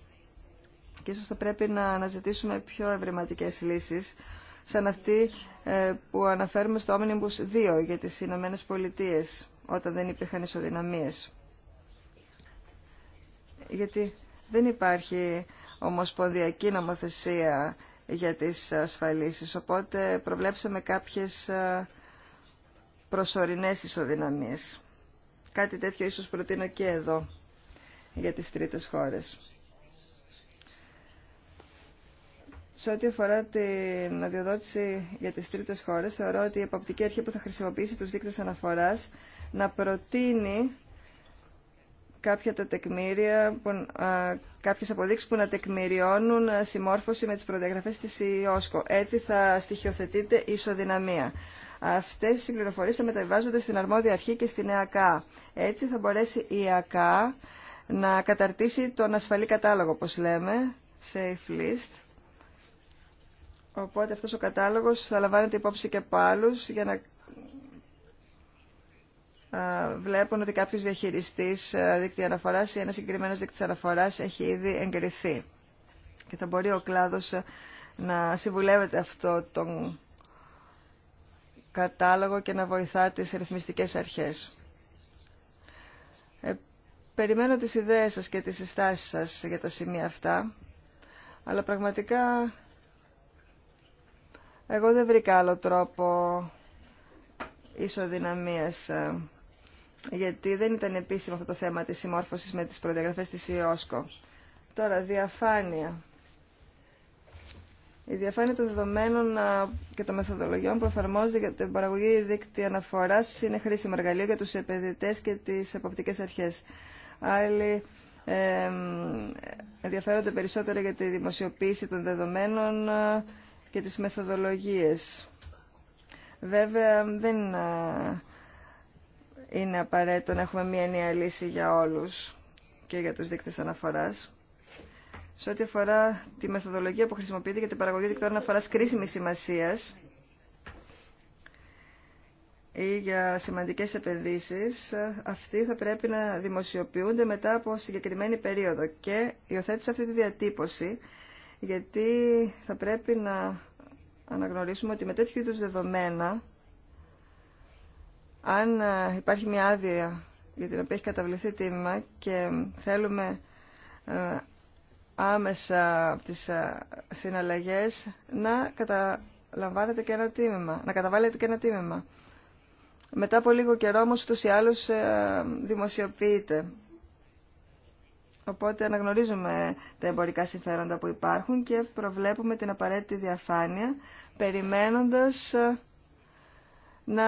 και ίσως θα πρέπει να αναζητήσουμε πιο ευρηματικές λύσεις σαν αυτή που αναφέρουμε στο Omnibus 2 για τις Ηνωμένε Πολιτείες όταν δεν υπήρχαν ισοδυναμίες. Γιατί δεν υπάρχει ομοσπονδιακή νομοθεσία για τις ασφαλίσεις, οπότε προβλέψαμε κάποιες ε, προσωρινές ισοδυναμίες. Κάτι τέτοιο ίσως προτείνω και εδώ για τις τρίτες χώρες. Σε ό,τι αφορά την αδειοδότηση για τις τρίτες χώρες, θεωρώ ότι η εποπτική αρχή που θα χρησιμοποιήσει τους δείκτες αναφοράς να προτείνει κάποια τα τεκμήρια, κάποιες αποδείξεις που να τεκμηριώνουν συμμόρφωση με τις προδιαγραφές της ΙΟΣΚΟ. Έτσι θα στοιχειοθετείται ισοδυναμία. Αυτές οι πληροφορίες θα μεταβιβάζονται στην αρμόδια αρχή και στην ΕΑΚΑ. Έτσι θα μπορέσει η ΕΑΚΑ να καταρτήσει τον ασφαλή κατάλογο, όπως λέμε, safe list. Οπότε αυτός ο κατάλογος θα λαμβάνεται υπόψη και από για να βλέπουν ότι κάποιος διαχειριστής δίκτυα αναφοράς ή ένας συγκεκριμένος δίκτυας αναφοράς έχει ήδη εγκριθεί. Και θα μπορεί ο κλάδος να συμβουλεύεται αυτό τον κατάλογο και να βοηθά τις ρυθμιστικές αρχές. Ε, περιμένω τις ιδέες σας και τις συστάσεις σας για τα σημεία αυτά, αλλά πραγματικά εγώ δεν βρήκα άλλο τρόπο ισοδυναμίας γιατί δεν ήταν επίσημο αυτό το θέμα της συμμόρφωσης με τις προδιαγραφές της ΙΟΣΚΟ. Τώρα, διαφάνεια. Η διαφάνεια των δεδομένων και των μεθοδολογιών που εφαρμόζεται για την παραγωγή δίκτυα αναφορά είναι χρήσιμο εργαλείο για του επενδυτέ και τι εποπτικέ αρχέ. Άλλοι ε, ενδιαφέρονται περισσότερο για τη δημοσιοποίηση των δεδομένων και τις μεθοδολογίες. Βέβαια, δεν είναι απαραίτητο να έχουμε μία νέα λύση για όλους και για τους δείκτες αναφοράς. Σε ό,τι αφορά τη μεθοδολογία που χρησιμοποιείται για την παραγωγή δικτών αναφοράς κρίσιμης σημασίας ή για σημαντικές επενδύσεις, αυτοί θα πρέπει να δημοσιοποιούνται μετά από συγκεκριμένη περίοδο. Και υιοθέτησα αυτή τη διατύπωση, γιατί θα πρέπει να αναγνωρίσουμε ότι με τέτοιου είδους δεδομένα αν ε, υπάρχει μια άδεια για την οποία έχει καταβληθεί τίμημα και θέλουμε ε, άμεσα από τις ε, συναλλαγές να καταλαμβάνετε και ένα τίμημα, να καταβάλλετε και ένα τίμημα. Μετά από λίγο καιρό όμως ούτως ή άλλως δημοσιοποιείται. Οπότε αναγνωρίζουμε τα εμπορικά συμφέροντα που υπάρχουν και προβλέπουμε την απαραίτητη διαφάνεια περιμένοντας να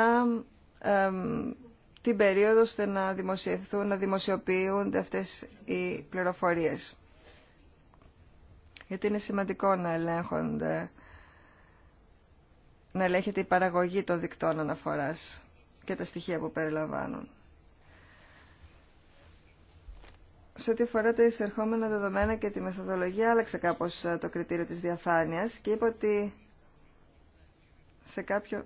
την περίοδο ώστε να δημοσιευθούν, να δημοσιοποιούνται αυτές οι πληροφορίες. Γιατί είναι σημαντικό να ελέγχονται, να ελέγχεται η παραγωγή των δικτών αναφοράς και τα στοιχεία που περιλαμβάνουν. Σε ό,τι αφορά τα εισερχόμενα δεδομένα και τη μεθοδολογία, άλλαξε κάπως ε, το κριτήριο της διαφάνειας και είπε ότι σε κάποιο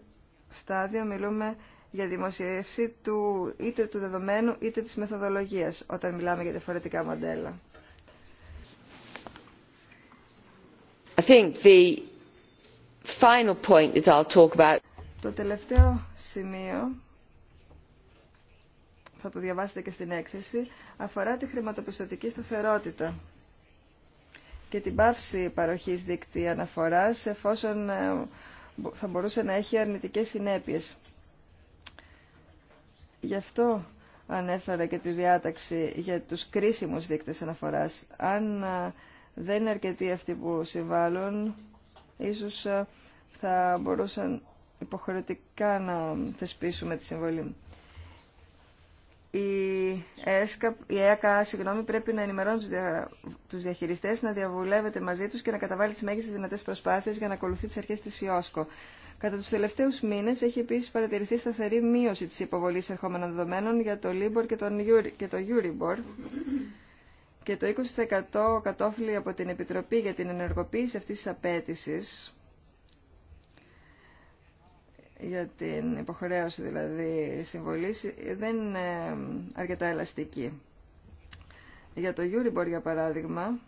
στάδιο μιλούμε για δημοσίευση του, είτε του δεδομένου είτε της μεθοδολογίας όταν μιλάμε για διαφορετικά μοντέλα. I think point talk about... Το τελευταίο σημείο θα το διαβάσετε και στην έκθεση, αφορά τη χρηματοπιστωτική σταθερότητα και την πάυση παροχής δίκτυα αναφοράς εφόσον ε, θα μπορούσε να έχει αρνητικές συνέπειες. Γι' αυτό ανέφερα και τη διάταξη για τους κρίσιμους δείκτες αναφοράς. Αν ε, δεν είναι αρκετοί αυτοί που συμβάλλουν, ίσως ε, θα μπορούσαν υποχρεωτικά να θεσπίσουμε τη συμβολή. Η, ΕΣΚΑ, η ΕΑΚΑ συγγνώμη, πρέπει να ενημερώνει τους, δια, διαχειριστές, να διαβουλεύεται μαζί τους και να καταβάλει τις μέγιστες δυνατές προσπάθειες για να ακολουθεί τις αρχές της ΙΟΣΚΟ. Κατά του τελευταίου μήνε έχει επίση παρατηρηθεί σταθερή μείωση τη υποβολή ερχόμενων δεδομένων για το Libor και, το Euribor και το 20% κατόφλι από την Επιτροπή για την ενεργοποίηση αυτής της απέτηση για την υποχρέωση δηλαδή συμβολής δεν είναι αρκετά ελαστική. Για το Euribor για παράδειγμα,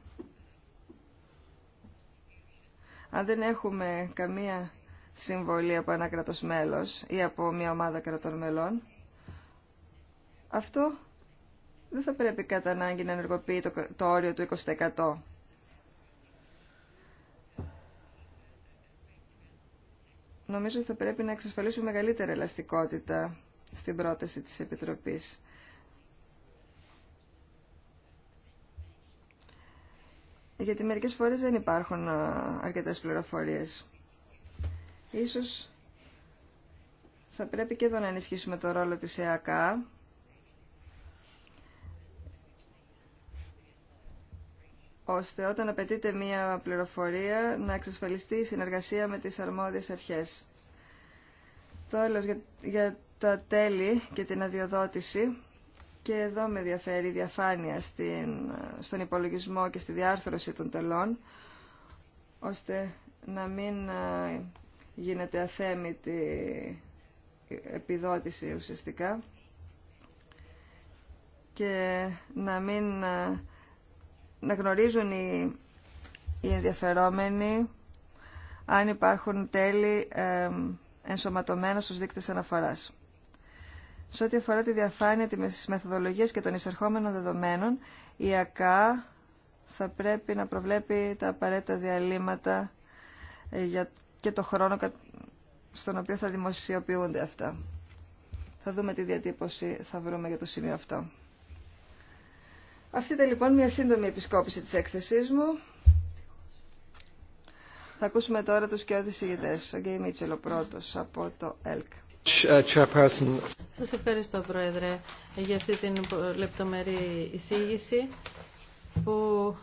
αν δεν έχουμε καμία συμβολή από ένα κρατος μέλος ή από μια ομάδα κρατών μελών, αυτό δεν θα πρέπει κατά ανάγκη να ενεργοποιεί το, το όριο του 20%. Νομίζω ότι θα πρέπει να εξασφαλίσουμε μεγαλύτερη ελαστικότητα στην πρόταση της Επιτροπής. Γιατί μερικές φορές δεν υπάρχουν ε, αρκετές πληροφορίες. Ίσως θα πρέπει και εδώ να ενισχύσουμε το ρόλο της ΕΑΚΑ. ώστε όταν απαιτείται μία πληροφορία να εξασφαλιστεί η συνεργασία με τις αρμόδιες αρχές. Το για, τα τέλη και την αδειοδότηση και εδώ με ενδιαφέρει η διαφάνεια στην, στον υπολογισμό και στη διάρθρωση των τελών, ώστε να μην ε, γίνεται αθέμητη επιδότηση ουσιαστικά και να μην να γνωρίζουν οι, οι ενδιαφερόμενοι αν υπάρχουν τέλη ε, ενσωματωμένα στους δείκτες αναφοράς. Σε ό,τι αφορά τη διαφάνεια της μεθοδολογίας και των εισερχόμενων δεδομένων, η ΑΚΑ θα πρέπει να προβλέπει τα απαραίτητα διαλύματα ε, για και το χρόνο στον οποίο θα δημοσιοποιούνται αυτά. Θα δούμε τι διατύπωση θα βρούμε για το σημείο αυτό. Αυτή ήταν λοιπόν μια σύντομη επισκόπηση της έκθεσής μου. Θα ακούσουμε τώρα τους και ηγητές. Ο Γκέι Μίτσελ πρώτος από το ΕΛΚ. Ε, Σας ευχαριστώ Πρόεδρε για αυτή την λεπτομερή εισήγηση που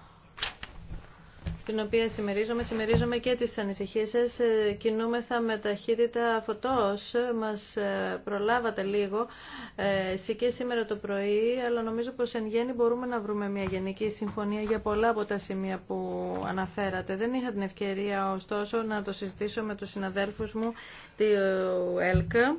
την οποία συμμερίζομαι, συμμερίζομαι και τις ανησυχίες σας. Ε, κινούμεθα με ταχύτητα φωτός, μας ε, προλάβατε λίγο ε, εσύ και σήμερα το πρωί, αλλά νομίζω πως εν γέννη μπορούμε να βρούμε μια γενική συμφωνία για πολλά από τα σημεία που αναφέρατε. Δεν είχα την ευκαιρία ωστόσο να το συζητήσω με τους συναδέλφους μου του ΕΛΚΑ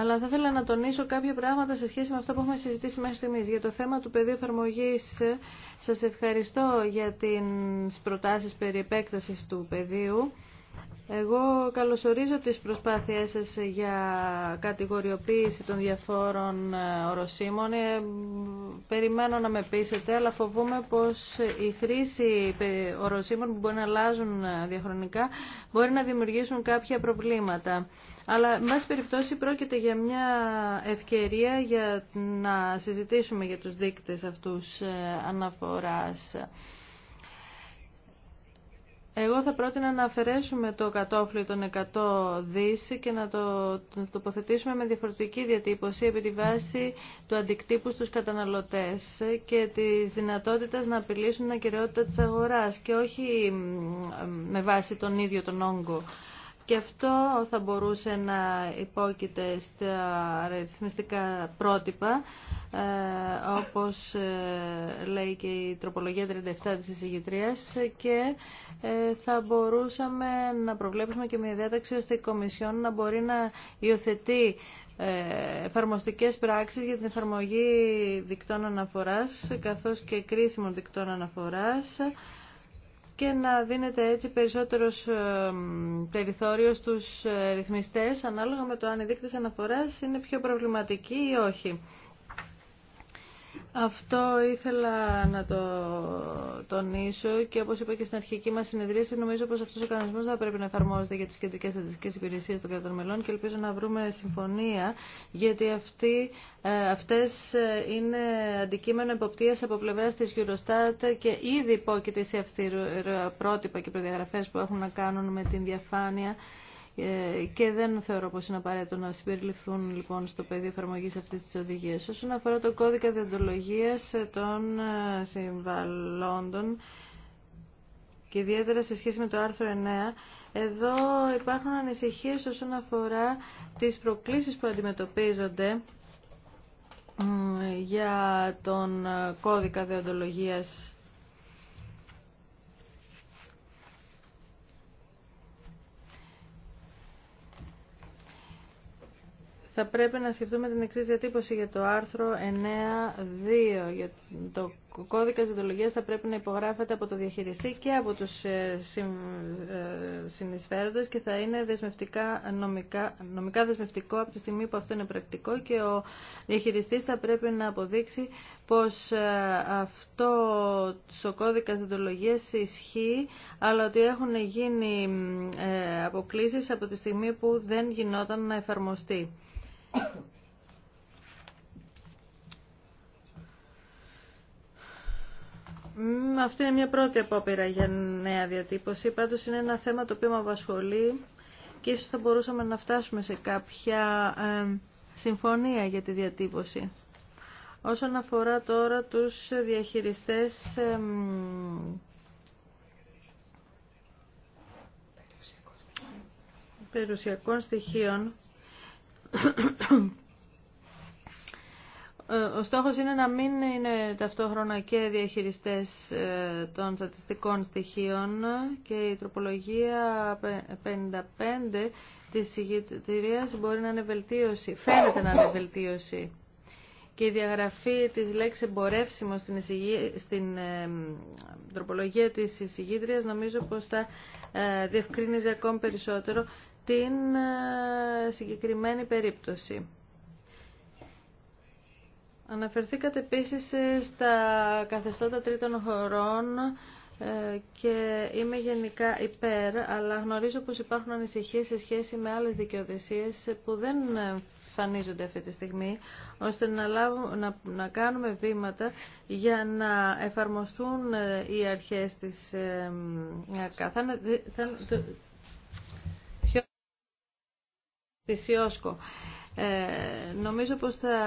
αλλά θα ήθελα να τονίσω κάποια πράγματα σε σχέση με αυτό που έχουμε συζητήσει μέχρι στιγμή. Για το θέμα του πεδίου εφαρμογή, σα ευχαριστώ για τι προτάσει περί επέκταση του πεδίου. Εγώ καλωσορίζω τις προσπάθειές σας για κατηγοριοποίηση των διαφόρων ε, οροσίμων. Ε, περιμένω να με πείσετε, αλλά φοβούμαι πως η χρήση ε, οροσίμων που μπορεί να αλλάζουν διαχρονικά μπορεί να δημιουργήσουν κάποια προβλήματα. Αλλά, με περιπτώσει, πρόκειται για μια ευκαιρία για να συζητήσουμε για τους δείκτες αυτούς αναφοράς. Εγώ θα πρότεινα να αφαιρέσουμε το κατόφλι των 100 δις και να το τοποθετήσουμε με διαφορετική διατύπωση επί τη βάση του αντικτύπου στους καταναλωτές και της δυνατότητας να απειλήσουν την ακυρεότητα της αγοράς και όχι με βάση τον ίδιο τον όγκο. Και αυτό θα μπορούσε να υπόκειται στα αριθμιστικά πρότυπα, ε, όπως ε, λέει και η τροπολογία 37 της εισηγητρίας και ε, θα μπορούσαμε να προβλέψουμε και μια διάταξη ώστε η Κομισιόν να μπορεί να υιοθετεί εφαρμοστικές πράξεις για την εφαρμογή δικτών αναφοράς καθώς και κρίσιμων δικτών αναφοράς και να δίνεται έτσι περισσότερο ε, περιθώριο στους ε, ρυθμιστές ανάλογα με το αν οι δείκτες αναφοράς είναι πιο προβληματική ή όχι. Αυτό ήθελα να το τονίσω και όπως είπα και στην αρχική μας συνεδρίαση νομίζω πως αυτός ο κανονισμός θα πρέπει να εφαρμόζεται για τις κεντρικές στατιστικές υπηρεσίες των κρατών μελών και ελπίζω να βρούμε συμφωνία γιατί αυτοί, ε, αυτές ε, είναι αντικείμενο εποπτείας από πλευρά της Eurostat και ήδη υπόκειται σε αυτή ε, πρότυπα και προδιαγραφές που έχουν να κάνουν με την διαφάνεια ε, και δεν θεωρώ πως είναι απαραίτητο να συμπεριληφθούν λοιπόν στο πεδίο εφαρμογή αυτής της οδηγίας. Όσον αφορά το κώδικα διοντολογίας ε, των ε, συμβαλλόντων και ιδιαίτερα σε σχέση με το άρθρο 9, εδώ υπάρχουν ανησυχίες όσον αφορά τις προκλήσεις που αντιμετωπίζονται για τον κώδικα διοντολογίας θα πρέπει να σκεφτούμε την εξή διατύπωση για το άρθρο 9.2. Για το κώδικα ζητολογίας θα πρέπει να υπογράφεται από το διαχειριστή και από του ε, ε, συνεισφέροντε και θα είναι δεσμευτικά, νομικά, νομικά δεσμευτικό από τη στιγμή που αυτό είναι πρακτικό και ο διαχειριστή θα πρέπει να αποδείξει πω ε, αυτό ο κώδικα ζητολογίας ισχύει, αλλά ότι έχουν γίνει αποκλήσει από τη στιγμή που δεν γινόταν να εφαρμοστεί. Αυτή είναι μια πρώτη απόπειρα για νέα διατύπωση. Πάντως είναι ένα θέμα το οποίο με απασχολεί και ίσως θα μπορούσαμε να φτάσουμε σε κάποια ε, συμφωνία για τη διατύπωση. Όσον αφορά τώρα τους διαχειριστές ε, περιουσιακών στοιχείων, ε, ο στόχος είναι να μην είναι ταυτόχρονα και διαχειριστές ε, των στατιστικών στοιχείων και η τροπολογία 55 της συγκεκριτηρίας μπορεί να είναι βελτίωση, φαίνεται να είναι βελτίωση και η διαγραφή της λέξης εμπορεύσιμο στην, στην ε, τροπολογία της εισηγήτριας νομίζω πως θα ε, ακόμη περισσότερο την ε, συγκεκριμένη περίπτωση. Αναφερθήκατε επίσης ε, στα καθεστώτα τρίτων χωρών ε, και είμαι γενικά υπέρ, αλλά γνωρίζω πως υπάρχουν ανησυχίες σε σχέση με άλλες δικαιοδοσίες που δεν φανίζονται αυτή τη στιγμή, ώστε να, να, κάνουμε βήματα για να εφαρμοστούν οι αρχές της ΕΚΑ τη ΣΥΟΣΚΟ. Ε, νομίζω πως θα,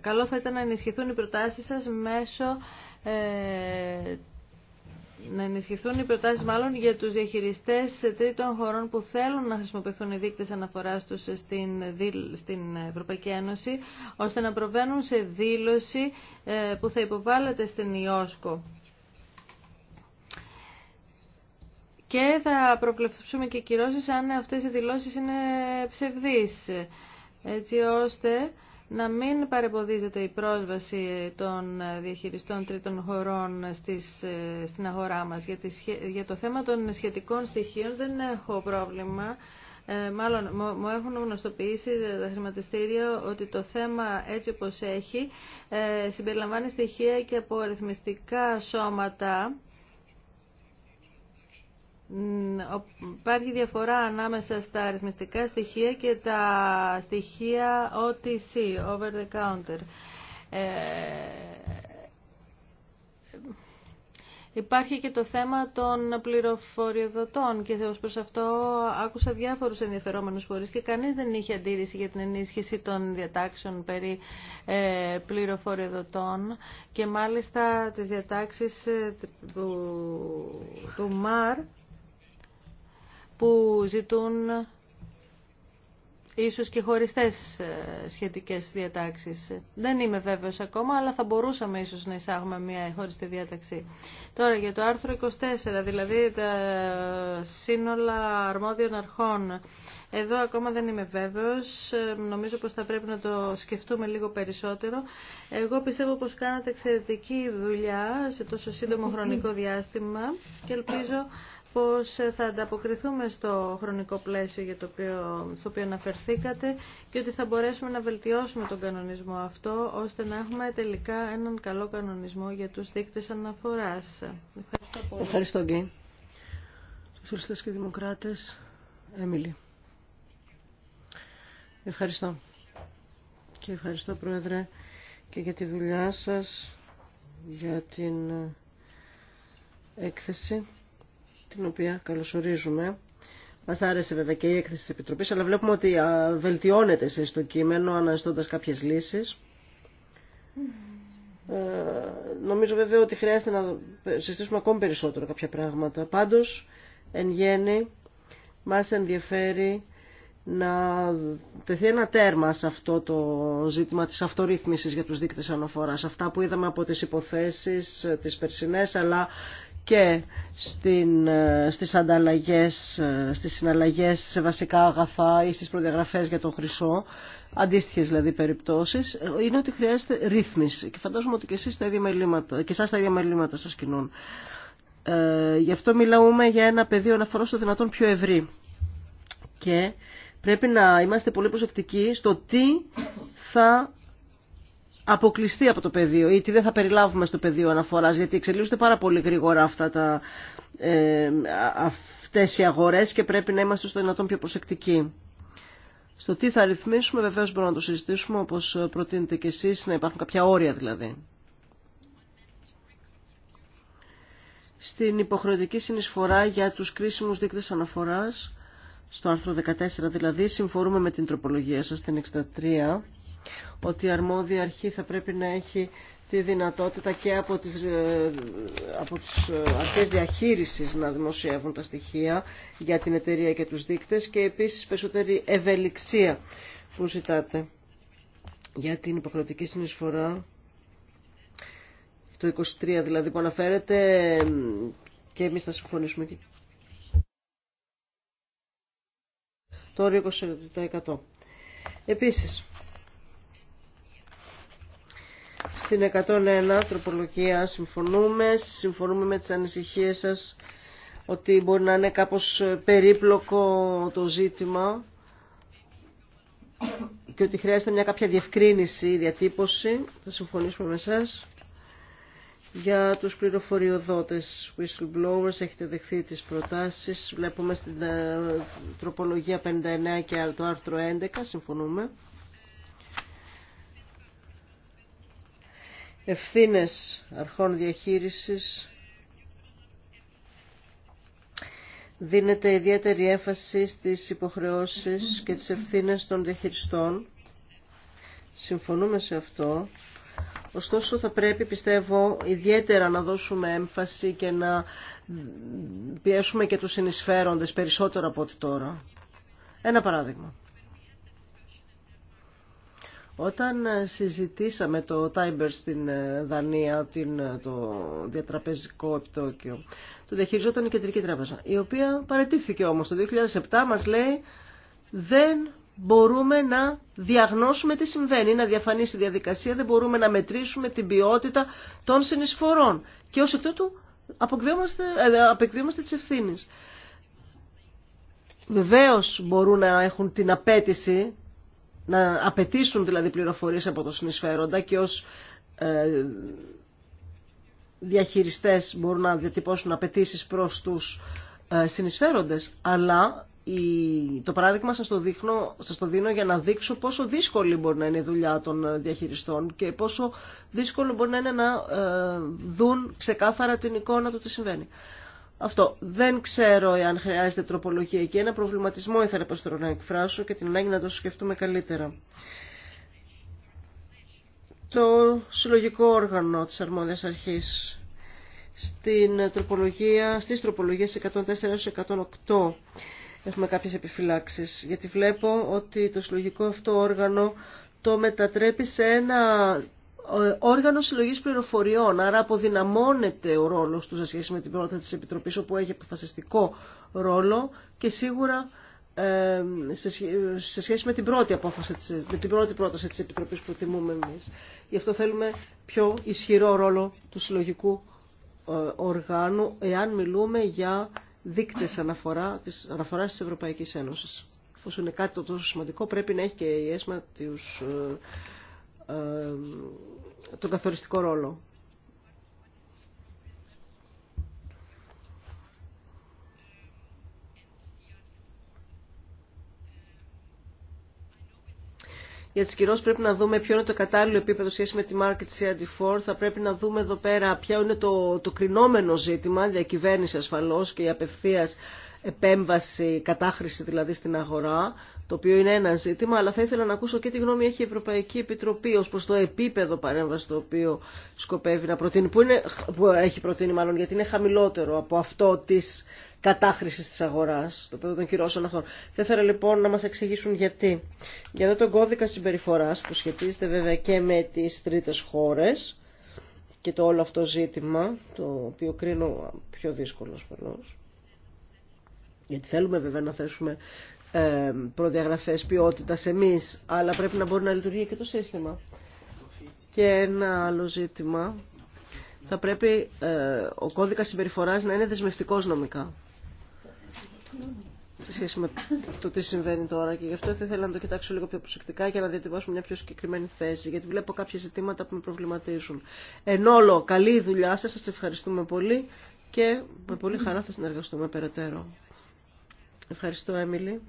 καλό θα ήταν να ενισχυθούν οι προτάσεις σας μέσω ε, να ενισχυθούν οι προτάσεις μάλλον για τους διαχειριστές τρίτων χωρών που θέλουν να χρησιμοποιηθούν οι δείκτες αναφοράς τους στην, στην Ευρωπαϊκή Ένωση ώστε να προβαίνουν σε δήλωση ε, που θα υποβάλλεται στην ΙΟΣΚΟ. και θα προβλέψουμε και κυρώσεις αν αυτές οι δηλώσεις είναι ψευδείς, έτσι ώστε να μην παρεμποδίζεται η πρόσβαση των διαχειριστών τρίτων χωρών στις, στην αγορά μας. Για, το θέμα των σχετικών στοιχείων δεν έχω πρόβλημα. Ε, μάλλον μου έχουν γνωστοποιήσει τα χρηματιστήρια ότι το θέμα έτσι όπως έχει ε, συμπεριλαμβάνει στοιχεία και από αριθμιστικά σώματα Υπάρχει διαφορά ανάμεσα στα αριθμιστικά στοιχεία και τα στοιχεία OTC, over the counter. Ε, Υπάρχει και το θέμα των πληροφοριοδοτών και ως προς αυτό άκουσα διάφορους ενδιαφερόμενους φορείς και κανείς δεν είχε αντίρρηση για την ενίσχυση των διατάξεων περί ε, πληροφοριοδοτών και μάλιστα τις διατάξεις ε, του, του ΜΑΡ που ζητούν ίσως και χωριστές ε, σχετικές διατάξεις. Δεν είμαι βέβαιος ακόμα, αλλά θα μπορούσαμε ίσως να εισάγουμε μια χωριστή διάταξη. Τώρα για το άρθρο 24, δηλαδή τα σύνολα αρμόδιων αρχών. Εδώ ακόμα δεν είμαι βέβαιος, ε, νομίζω πως θα πρέπει να το σκεφτούμε λίγο περισσότερο. Εγώ πιστεύω πως κάνατε εξαιρετική δουλειά σε τόσο σύντομο χρονικό διάστημα και ελπίζω πως θα ανταποκριθούμε στο χρονικό πλαίσιο για το οποίο, στο οποίο αναφερθήκατε και ότι θα μπορέσουμε να βελτιώσουμε τον κανονισμό αυτό ώστε να έχουμε τελικά έναν καλό κανονισμό για τους δείκτες αναφοράς. Ευχαριστώ πολύ. Ευχαριστώ Γκέιν. Σοσιαλιστές και Δημοκράτες, Έμιλη. Ευχαριστώ. Και ευχαριστώ Πρόεδρε και για τη δουλειά σας, για την ε, έκθεση την οποία καλωσορίζουμε. Μας άρεσε βέβαια και η έκθεση τη Επιτροπής, αλλά βλέπουμε ότι βελτιώνεται σε το κείμενο αναζητώντας κάποιες λύσεις. Ε, νομίζω βέβαια ότι χρειάζεται να συστήσουμε ακόμη περισσότερο κάποια πράγματα. Πάντως, εν γέννη, μας ενδιαφέρει να τεθεί ένα τέρμα σε αυτό το ζήτημα της αυτορύθμισης για τους δείκτες αναφοράς. Αυτά που είδαμε από τις υποθέσεις ε, τις περσινές αλλά και στην, ε, στις ανταλλαγές, ε, στις συναλλαγές σε βασικά αγαθά ή στις προδιαγραφές για τον χρυσό, αντίστοιχε δηλαδή περιπτώσεις, ε, είναι ότι χρειάζεται ρύθμιση. Και φαντάζομαι ότι και εσείς τα ίδια μελήματα, και εσάς τα ίδια μελήματα σας κινούν. Ε, γι' αυτό μιλάμε για ένα πεδίο αναφορά στο δυνατόν πιο ευρύ. Και πρέπει να είμαστε πολύ προσεκτικοί στο τι θα αποκλειστεί από το πεδίο ή τι δεν θα περιλάβουμε στο πεδίο αναφοράς γιατί εξελίσσονται πάρα πολύ γρήγορα αυτά τα, ε, αυτές οι αγορές και πρέπει να είμαστε στο δυνατόν πιο προσεκτικοί. Στο τι θα ρυθμίσουμε βεβαίως μπορούμε να το συζητήσουμε όπως προτείνετε και εσείς να υπάρχουν κάποια όρια δηλαδή. Στην υποχρεωτική συνεισφορά για τους κρίσιμους δείκτες αναφοράς, στο άρθρο 14 δηλαδή, συμφορούμε με την τροπολογία σας, την 63, ότι η αρμόδια αρχή θα πρέπει να έχει τη δυνατότητα και από τις, ε, από τις ε, αρχές διαχείρισης να δημοσιεύουν τα στοιχεία για την εταιρεία και τους δείκτες και επίσης περισσότερη ευελιξία που ζητάτε για την υποχρεωτική συνεισφορά το 23 δηλαδή που αναφέρεται και εμείς θα συμφωνήσουμε και Το όριο 20%. Επίσης, στην 101 τροπολογία συμφωνούμε, συμφωνούμε με τις ανησυχίες σας ότι μπορεί να είναι κάπως ε, περίπλοκο το ζήτημα και ότι χρειάζεται μια κάποια διευκρίνηση διατύπωση. Θα συμφωνήσουμε με εσάς. Για τους πληροφοριοδότες whistleblowers έχετε δεχθεί τις προτάσεις. Βλέπουμε στην ε, τροπολογία 59 και το άρθρο 11, συμφωνούμε. ευθύνες αρχών διαχείρισης δίνεται ιδιαίτερη έμφαση στις υποχρεώσεις και τις ευθύνες των διαχειριστών. Συμφωνούμε σε αυτό. Ωστόσο θα πρέπει πιστεύω ιδιαίτερα να δώσουμε έμφαση και να πιέσουμε και τους συνεισφέροντες περισσότερο από ό,τι τώρα. Ένα παράδειγμα. Όταν συζητήσαμε το Τάιμπερ στην ε, Δανία, την, το διατραπεζικό επιτόκιο, το διαχειριζόταν η Κεντρική Τράπεζα, η οποία παρετήθηκε όμως το 2007, μας λέει δεν μπορούμε να διαγνώσουμε τι συμβαίνει, να διαφανίσει η διαδικασία, δεν μπορούμε να μετρήσουμε την ποιότητα των συνεισφορών. Και ως εκ του ε, απεκδίωμαστε τις ευθύνες. Βεβαίως μπορούν να έχουν την απέτηση να απαιτήσουν δηλαδή πληροφορίες από το συνεισφέροντα και ως ε, διαχειριστές μπορούν να διατυπώσουν απαιτήσει προς τους ε, συνεισφέροντες, αλλά η, το παράδειγμα σας το, δείχνω, σας το δίνω για να δείξω πόσο δύσκολη μπορεί να είναι η δουλειά των ε, διαχειριστών και πόσο δύσκολο μπορεί να είναι να ε, δουν ξεκάθαρα την εικόνα του τι συμβαίνει. Αυτό. Δεν ξέρω αν χρειάζεται τροπολογία εκεί. Ένα προβληματισμό ήθελα πως τώρα να εκφράσω και την ανάγκη να το σκεφτούμε καλύτερα. Το συλλογικό όργανο της αρμόδιας αρχής στην τροπολογία, στις τροπολογίες 104-108 έχουμε κάποιες επιφυλάξεις γιατί βλέπω ότι το συλλογικό αυτό όργανο το μετατρέπει σε ένα όργανο συλλογή πληροφοριών, άρα αποδυναμώνεται ο ρόλο του σε σχέση με την πρόταση τη Επιτροπή, όπου έχει αποφασιστικό ρόλο και σίγουρα ε, σε σχέση με την πρώτη, απόφαση, με την πρώτη πρόταση της Επιτροπής που τιμούμε εμείς. Γι' αυτό θέλουμε πιο ισχυρό ρόλο του συλλογικού ε, οργάνου εάν μιλούμε για δείκτες αναφορά, της, αναφοράς της Ευρωπαϊκής Ένωσης. Εφόσον είναι κάτι το τόσο σημαντικό πρέπει να έχει και η ΕΣΜΑ τους ε, ε, τον καθοριστικό ρόλο. Για τις κυρώσεις πρέπει να δούμε ποιο είναι το κατάλληλο επίπεδο σχέση με τη Market CRD4. Θα πρέπει να δούμε εδώ πέρα ποιο είναι το, το κρινόμενο ζήτημα, διακυβέρνηση ασφαλώς και η απευθείας επέμβαση, κατάχρηση δηλαδή στην αγορά, το οποίο είναι ένα ζήτημα, αλλά θα ήθελα να ακούσω και τη γνώμη έχει η Ευρωπαϊκή Επιτροπή ως προς το επίπεδο παρέμβαση το οποίο σκοπεύει να προτείνει, που, είναι, που έχει προτείνει μάλλον γιατί είναι χαμηλότερο από αυτό της κατάχρηση τη αγορά. το οποίο των κυρώσεων αυτών. Θα ήθελα λοιπόν να μα εξηγήσουν γιατί. Για εδώ τον κώδικα συμπεριφορά που σχετίζεται βέβαια και με τι τρίτε χώρε, και το όλο αυτό ζήτημα, το οποίο κρίνω πιο δύσκολο ασφαλώς. Γιατί θέλουμε βέβαια να θέσουμε ε, προδιαγραφές ποιότητας εμείς, αλλά πρέπει να μπορεί να λειτουργεί και το σύστημα. Και ένα άλλο ζήτημα. Θα πρέπει ε, ο κώδικας συμπεριφοράς να είναι δεσμευτικός νομικά. Σε σχέση με το τι συμβαίνει τώρα και γι' αυτό θα ήθελα να το κοιτάξω λίγο πιο προσεκτικά για να διατυπώσουμε μια πιο συγκεκριμένη θέση. Γιατί βλέπω κάποια ζητήματα που με προβληματίζουν. Εν όλο, καλή δουλειά σας, σας ευχαριστούμε πολύ και με πολύ χαρά θα συνεργαστούμε περαιτέρω. Ευχαριστώ, Έμιλι.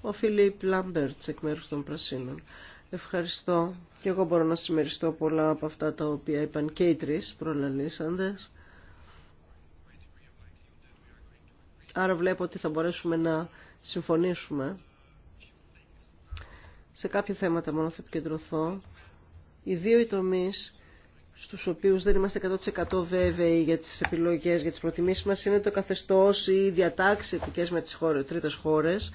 Ο Φιλίπ Λάμπερτ, εκ μέρου των Πρασίνων. Ευχαριστώ. Και εγώ μπορώ να συμμεριστώ πολλά από αυτά τα οποία είπαν και οι τρει προλαλήσαντε. Άρα βλέπω ότι θα μπορέσουμε να συμφωνήσουμε. Σε κάποια θέματα μόνο θα επικεντρωθώ. Οι δύο οι στους οποίους δεν είμαστε 100% βέβαιοι για τις επιλογές, για τις προτιμήσεις μας, είναι το καθεστώς ή διατάξεις ειδικές με τις χώρες, τρίτες χώρες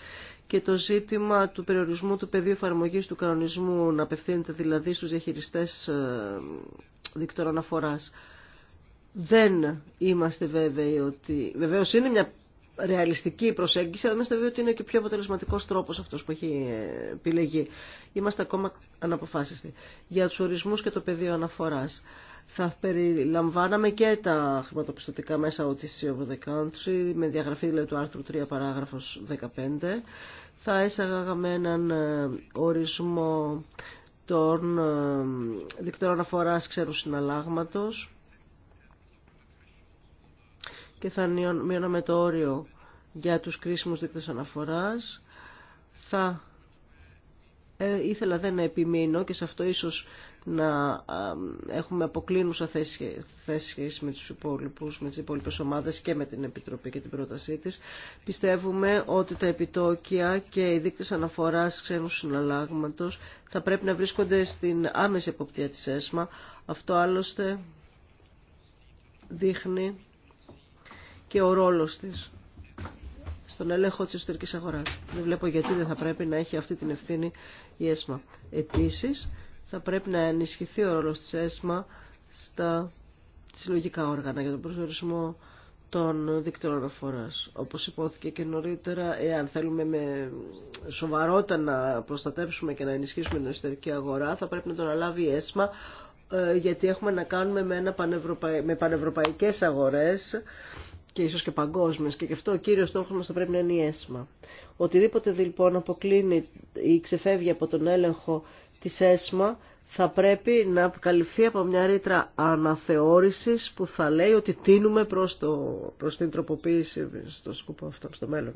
και το ζήτημα του περιορισμού του πεδίου εφαρμογή του κανονισμού να απευθύνεται δηλαδή στους διαχειριστές ε, δίκτωρων αναφοράς. Δεν είμαστε βέβαιοι ότι... Βεβαίως είναι μια ρεαλιστική προσέγγιση, αλλά είμαστε βέβαιοι ότι είναι και ο πιο αποτελεσματικό τρόπο αυτό που έχει επιλεγεί. Είμαστε ακόμα αναποφάσιστοι. Για τους ορισμούς και το πεδίο αναφοράς. Θα περιλαμβάναμε και τα χρηματοπιστωτικά μέσα OTC of the country, με διαγραφή δηλαδή του άρθρου 3 παράγραφος 15. Θα έσαγαγαμε έναν ε, ορισμό των ε, δικτών αναφορά ξέρου συναλλάγματο και θα μειώναμε το όριο για τους κρίσιμους δείκτες αναφοράς. Θα ε, ήθελα δεν να επιμείνω και σε αυτό ίσως να έχουμε αποκλίνουσα θέση, με τους υπόλοιπους, με τις υπόλοιπες ομάδες και με την Επιτροπή και την πρότασή της. Πιστεύουμε ότι τα επιτόκια και οι δείκτες αναφοράς ξένου συναλλάγματος θα πρέπει να βρίσκονται στην άμεση εποπτεία της ΕΣΜΑ. Αυτό άλλωστε δείχνει και ο ρόλος της στον έλεγχο της ιστορικής αγοράς. Δεν βλέπω γιατί δεν θα πρέπει να έχει αυτή την ευθύνη η ΕΣΜΑ. Επίσης, θα πρέπει να ενισχυθεί ο ρόλος της ΕΣΜΑ στα συλλογικά όργανα για τον προσδιορισμό των δικτύων αναφοράς. Όπως υπόθηκε και νωρίτερα, εάν θέλουμε με σοβαρότητα να προστατεύσουμε και να ενισχύσουμε την εσωτερική αγορά, θα πρέπει να τον αλάβει η ΕΣΜΑ, ε, γιατί έχουμε να κάνουμε με, ένα πανευρωπαϊ... με πανευρωπαϊκές αγορές και ίσως και παγκόσμιες και γι' αυτό ο κύριος στόχος μας θα πρέπει να είναι η ΕΣΜΑ. Οτιδήποτε λοιπόν αποκλίνει ή ξεφεύγει από τον έλεγχο της ΕΣΜΑ θα πρέπει να καλυφθεί από μια ρήτρα αναθεώρησης που θα λέει ότι τίνουμε προς, το, προς την τροποποίηση στο σκοπό αυτό, στο μέλλον.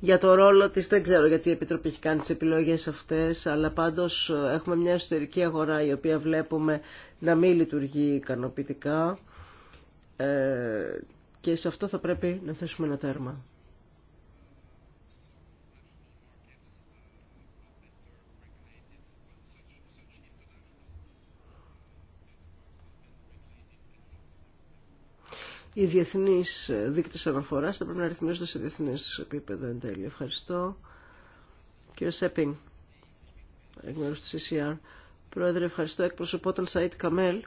για το ρόλο της. Δεν ξέρω γιατί η Επιτροπή έχει κάνει τις επιλογές αυτές, αλλά πάντως ε, έχουμε μια εσωτερική αγορά η οποία βλέπουμε να μην λειτουργεί ικανοποιητικά ε, και σε αυτό θα πρέπει να θέσουμε ένα τέρμα. οι διεθνείς δείκτες αναφοράς θα πρέπει να ρυθμίζονται σε διεθνές επίπεδο εν τέλει. Ευχαριστώ. Κύριε Σέπιν, εκ μέρου της CCR. Πρόεδρε, ευχαριστώ. Εκπροσωπώ τον Σαΐτ Καμέλ.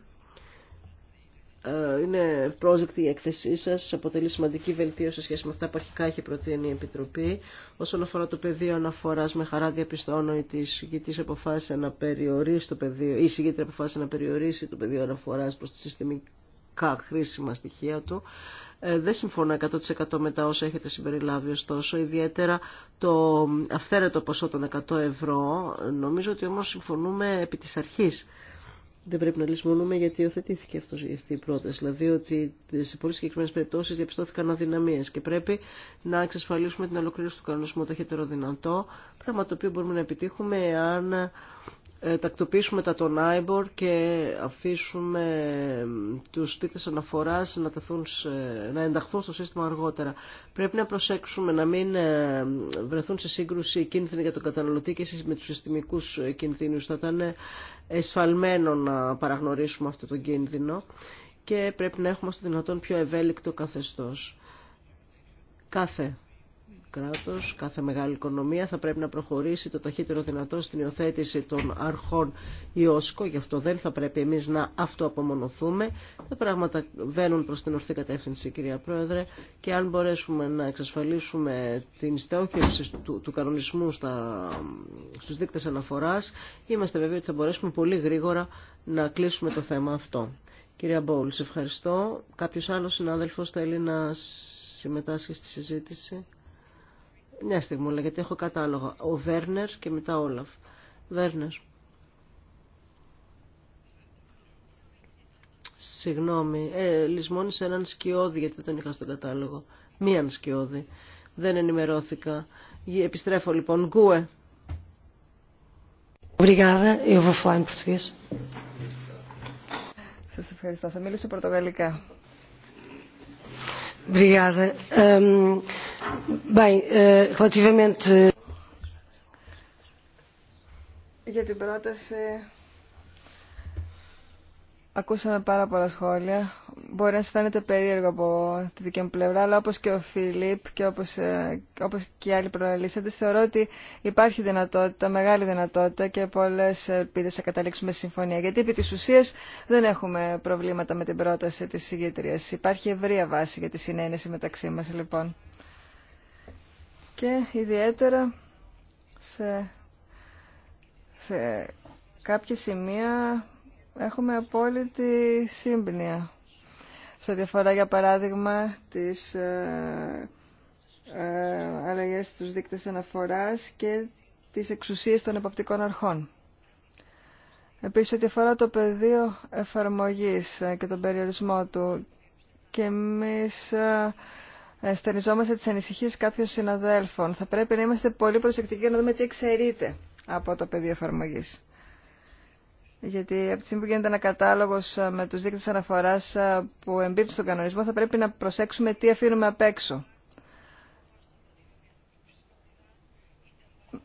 Ε, είναι πρόσδεκτη η έκθεσή σα. Αποτελεί σημαντική βελτίωση σε σχέση με αυτά που αρχικά είχε προτείνει η Επιτροπή. Όσον αφορά το πεδίο αναφορά, με χαρά διαπιστώνω ότι η να περιορίσει το αποφάσισε να περιορίσει το πεδίο αναφορά προ τη συστημική χρήσιμα στοιχεία του. Ε, δεν συμφωνώ 100% με τα όσα έχετε συμπεριλάβει ωστόσο, ιδιαίτερα το αυθαίρετο ποσό των 100 ευρώ. Νομίζω ότι όμως συμφωνούμε επί της αρχής. Δεν πρέπει να λησμονούμε γιατί υιοθετήθηκε αυτός, αυτή η πρόταση. Δηλαδή ότι σε πολύ συγκεκριμένε περιπτώσει διαπιστώθηκαν αδυναμίε και πρέπει να εξασφαλίσουμε την ολοκλήρωση του κανονισμού το χειτερό δυνατό. Πράγμα το οποίο μπορούμε να επιτύχουμε εάν. Ε, τακτοποιήσουμε τα τον Άιμπορ και αφήσουμε τους τίτες αναφοράς να, τεθούν σε, να ενταχθούν στο σύστημα αργότερα. Πρέπει να προσέξουμε να μην βρεθούν σε σύγκρουση κίνδυνοι για τον καταναλωτή και με τους συστημικούς ε, κινδύνους. Θα ήταν εσφαλμένο να παραγνωρίσουμε αυτό το κίνδυνο και πρέπει να έχουμε στο δυνατόν πιο ευέλικτο καθεστώς. Κάθε κράτος, κάθε μεγάλη οικονομία θα πρέπει να προχωρήσει το ταχύτερο δυνατό στην υιοθέτηση των αρχών ΙΟΣΚΟ, γι' αυτό δεν θα πρέπει εμείς να αυτοαπομονωθούμε. Τα πράγματα βαίνουν προς την ορθή κατεύθυνση, κυρία Πρόεδρε, και αν μπορέσουμε να εξασφαλίσουμε την στέοχευση του, του κανονισμού στα, στους δείκτες αναφοράς, είμαστε βέβαιοι ότι θα μπορέσουμε πολύ γρήγορα να κλείσουμε το θέμα αυτό. Κυρία Μπόλς, ευχαριστώ. Κάποιος άλλος συνάδελφος θέλει να συμμετάσχει στη συζήτηση. Μια στιγμή, γιατί έχω κατάλογα. Ο Βέρνερ και μετά ο Όλαφ. Βέρνερ. Συγγνώμη, ε, λησμόνησε έναν σκιώδη γιατί δεν τον είχα στον κατάλογο. Μίαν σκιώδη. Δεν ενημερώθηκα. Επιστρέφω λοιπόν. Γκούε. Σα ευχαριστώ. Θα μιλήσω πορτογαλικά. Ε, ε. Για την πρόταση ακούσαμε πάρα πολλά σχόλια. Μπορεί να σας φαίνεται περίεργο από τη δική μου πλευρά, αλλά όπως και ο Φιλίπ και όπως, ε, όπως και οι άλλοι προελίσσαντες, θεωρώ ότι υπάρχει δυνατότητα, μεγάλη δυνατότητα και πολλές ελπίδες να καταλήξουμε στη συμφωνία. Γιατί επί της ουσίας δεν έχουμε προβλήματα με την πρόταση της συγκήτριας. Υπάρχει ευρία βάση για τη συνένεση μεταξύ μας λοιπόν και ιδιαίτερα σε, σε κάποια σημεία έχουμε απόλυτη σύμπνοια. Σε ό,τι αφορά για παράδειγμα τις ε, ε, αλλαγές στους δείκτες αναφοράς και τις εξουσίες των εποπτικών αρχών. Επίσης, ό,τι αφορά το πεδίο εφαρμογής ε, και τον περιορισμό του και εμείς ε, στενιζόμαστε τις ανησυχίες κάποιων συναδέλφων. Θα πρέπει να είμαστε πολύ προσεκτικοί για να δούμε τι εξαιρείται από το πεδίο εφαρμογή. Γιατί από τη στιγμή που γίνεται ένα κατάλογο ε, με του δείκτε αναφορά ε, που εμπίπτουν στον κανονισμό, θα πρέπει να προσέξουμε τι αφήνουμε απ' έξω.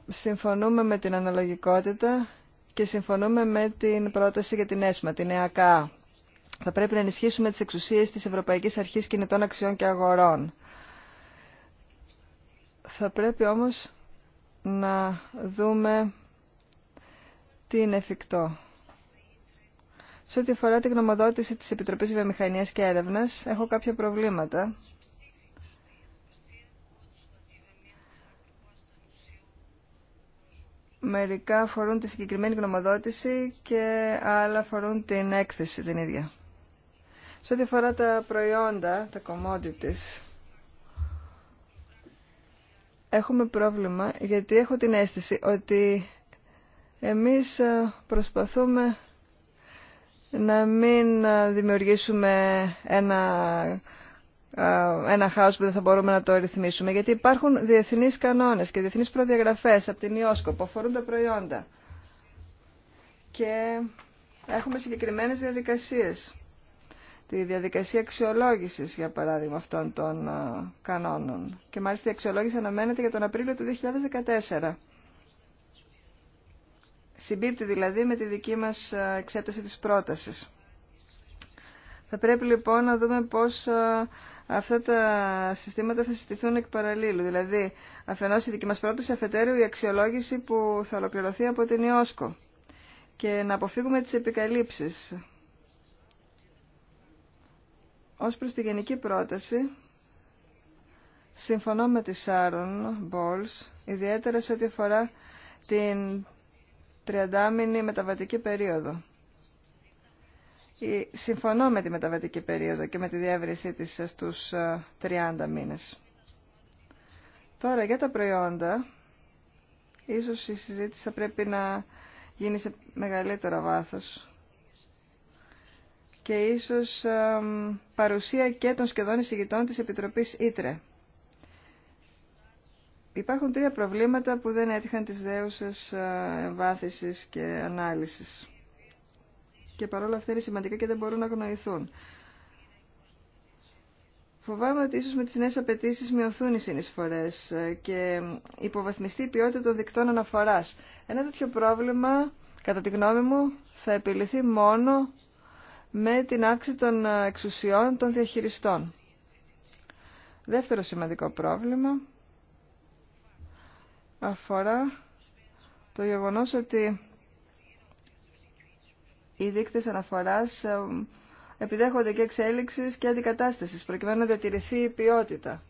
Συμφωνούμε με την αναλογικότητα και συμφωνούμε με την πρόταση για την ΕΣΜΑ, την ΕΑΚΑ. Θα πρέπει να ενισχύσουμε τις εξουσίες της Ευρωπαϊκής Αρχής Κινητών Αξιών και Αγορών. Θα πρέπει όμως να δούμε τι είναι εφικτό. Σε ό,τι αφορά την γνωμοδότηση της Επιτροπής Βιομηχανίας και Έρευνας, έχω κάποια προβλήματα. Μερικά αφορούν τη συγκεκριμένη γνωμοδότηση και άλλα αφορούν την έκθεση την ίδια. Σε ό,τι αφορά τα προϊόντα, τα commodities, έχουμε πρόβλημα γιατί έχω την αίσθηση ότι εμείς ε, προσπαθούμε να μην ε, δημιουργήσουμε ένα, ε, ένα χάος που δεν θα μπορούμε να το ρυθμίσουμε γιατί υπάρχουν διεθνείς κανόνες και διεθνείς προδιαγραφές από την ΙΟΣΚΟ που αφορούν τα προϊόντα και έχουμε συγκεκριμένες διαδικασίες τη διαδικασία αξιολόγησης, για παράδειγμα, αυτών των ε, κανόνων. Και μάλιστα η αξιολόγηση αναμένεται για τον Απρίλιο του 2014. Συμπίπτει δηλαδή με τη δική μας ε, εξέταση της πρότασης. Θα πρέπει λοιπόν να δούμε πώς ε, αυτά τα συστήματα θα συστηθούν εκ παραλίλου. Δηλαδή, αφενός η δική μας πρόταση, αφετέρου η αξιολόγηση που θα ολοκληρωθεί από την ΙΟΣΚΟ. Και να αποφύγουμε τις επικαλύψεις ως προς τη γενική πρόταση, συμφωνώ με τη Σάρων Μπόλς, ιδιαίτερα σε ό,τι αφορά την τριαντάμινη μεταβατική περίοδο. Συμφωνώ με τη μεταβατική περίοδο και με τη διεύρυνσή της στους 30 ε, μήνες. Τώρα για τα προϊόντα, ίσως η συζήτηση θα πρέπει να γίνει σε μεγαλύτερο βάθος και ίσως παρουσία και των σχεδόν εισηγητών της Επιτροπής Ήτρε. Υπάρχουν τρία προβλήματα που δεν έτυχαν της δέουσες ε, εμβάθυσης και ανάλυσης. Και παρόλα αυτά είναι σημαντικά και δεν μπορούν να γνωριθούν. Φοβάμαι ότι ίσως με τις νέες απαιτήσει μειωθούν οι συνεισφορές ε, και υποβαθμιστεί η ποιότητα των δικτών αναφοράς. Ένα τέτοιο πρόβλημα, κατά τη γνώμη μου, θα επιληθεί μόνο με την αύξηση των ε, εξουσιών των διαχειριστών. Δεύτερο σημαντικό πρόβλημα αφορά το γεγονός ότι οι δείκτες αναφοράς ε, επιδέχονται και εξέλιξης και αντικατάστασης, προκειμένου να διατηρηθεί η ποιότητα.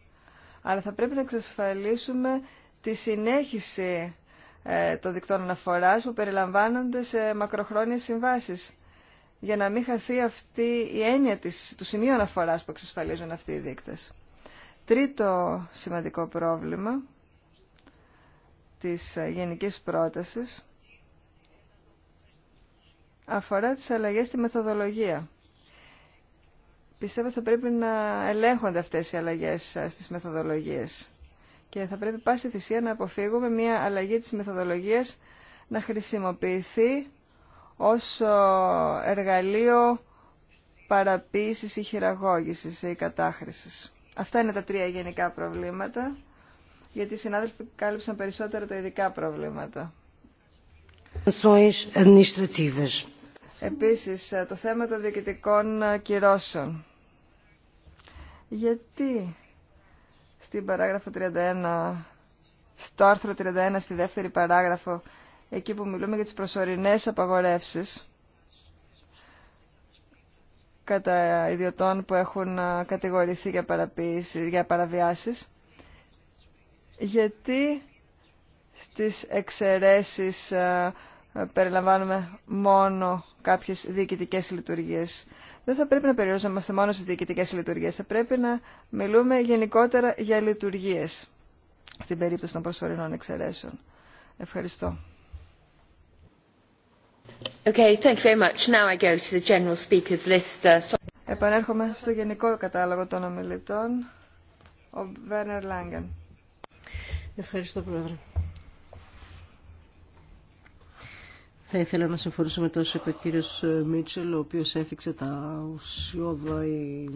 Αλλά θα πρέπει να εξασφαλίσουμε τη συνέχιση ε, των δικτών αναφοράς που περιλαμβάνονται σε μακροχρόνιες συμβάσεις για να μην χαθεί αυτή η έννοια της, του σημείου αναφοράς που εξασφαλίζουν αυτοί οι δείκτες. Τρίτο σημαντικό πρόβλημα της γενικής πρότασης αφορά τις αλλαγές στη μεθοδολογία. Πιστεύω θα πρέπει να ελέγχονται αυτές οι αλλαγές ε, στις μεθοδολογίες και θα πρέπει πάση θυσία να αποφύγουμε μια αλλαγή της μεθοδολογίας να χρησιμοποιηθεί ως ε, εργαλείο παραποίησης ή χειραγώγησης ή κατάχρησης. Αυτά είναι τα τρία γενικά προβλήματα, γιατί οι συνάδελφοι κάλυψαν περισσότερα τα ειδικά προβλήματα. Επίσης, ε, το θέμα των διοικητικών ε, κυρώσεων. Γιατί στην παράγραφο 31, στο άρθρο 31, στη δεύτερη παράγραφο, εκεί που μιλούμε για τις προσωρινές απαγορεύσεις κατά ιδιωτών που έχουν κατηγορηθεί για, για παραβιάσεις, γιατί στις εξαιρέσεις περιλαμβάνουμε μόνο κάποιες διοικητικές λειτουργίες. Δεν θα πρέπει να περιορίζομαστε μόνο στις διοικητικές λειτουργίες, θα πρέπει να μιλούμε γενικότερα για λειτουργίες στην περίπτωση των προσωρινών εξαιρέσεων. Ευχαριστώ. Επανέρχομαι στο γενικό κατάλογο των ομιλητών. Ο Βέρνερ Λάγκεν. Ευχαριστώ, Πρόεδρε. Θα ήθελα να συμφωνήσω με τόσο είπε ο Μίτσελ, ο οποίος έθιξε τα ουσιώδα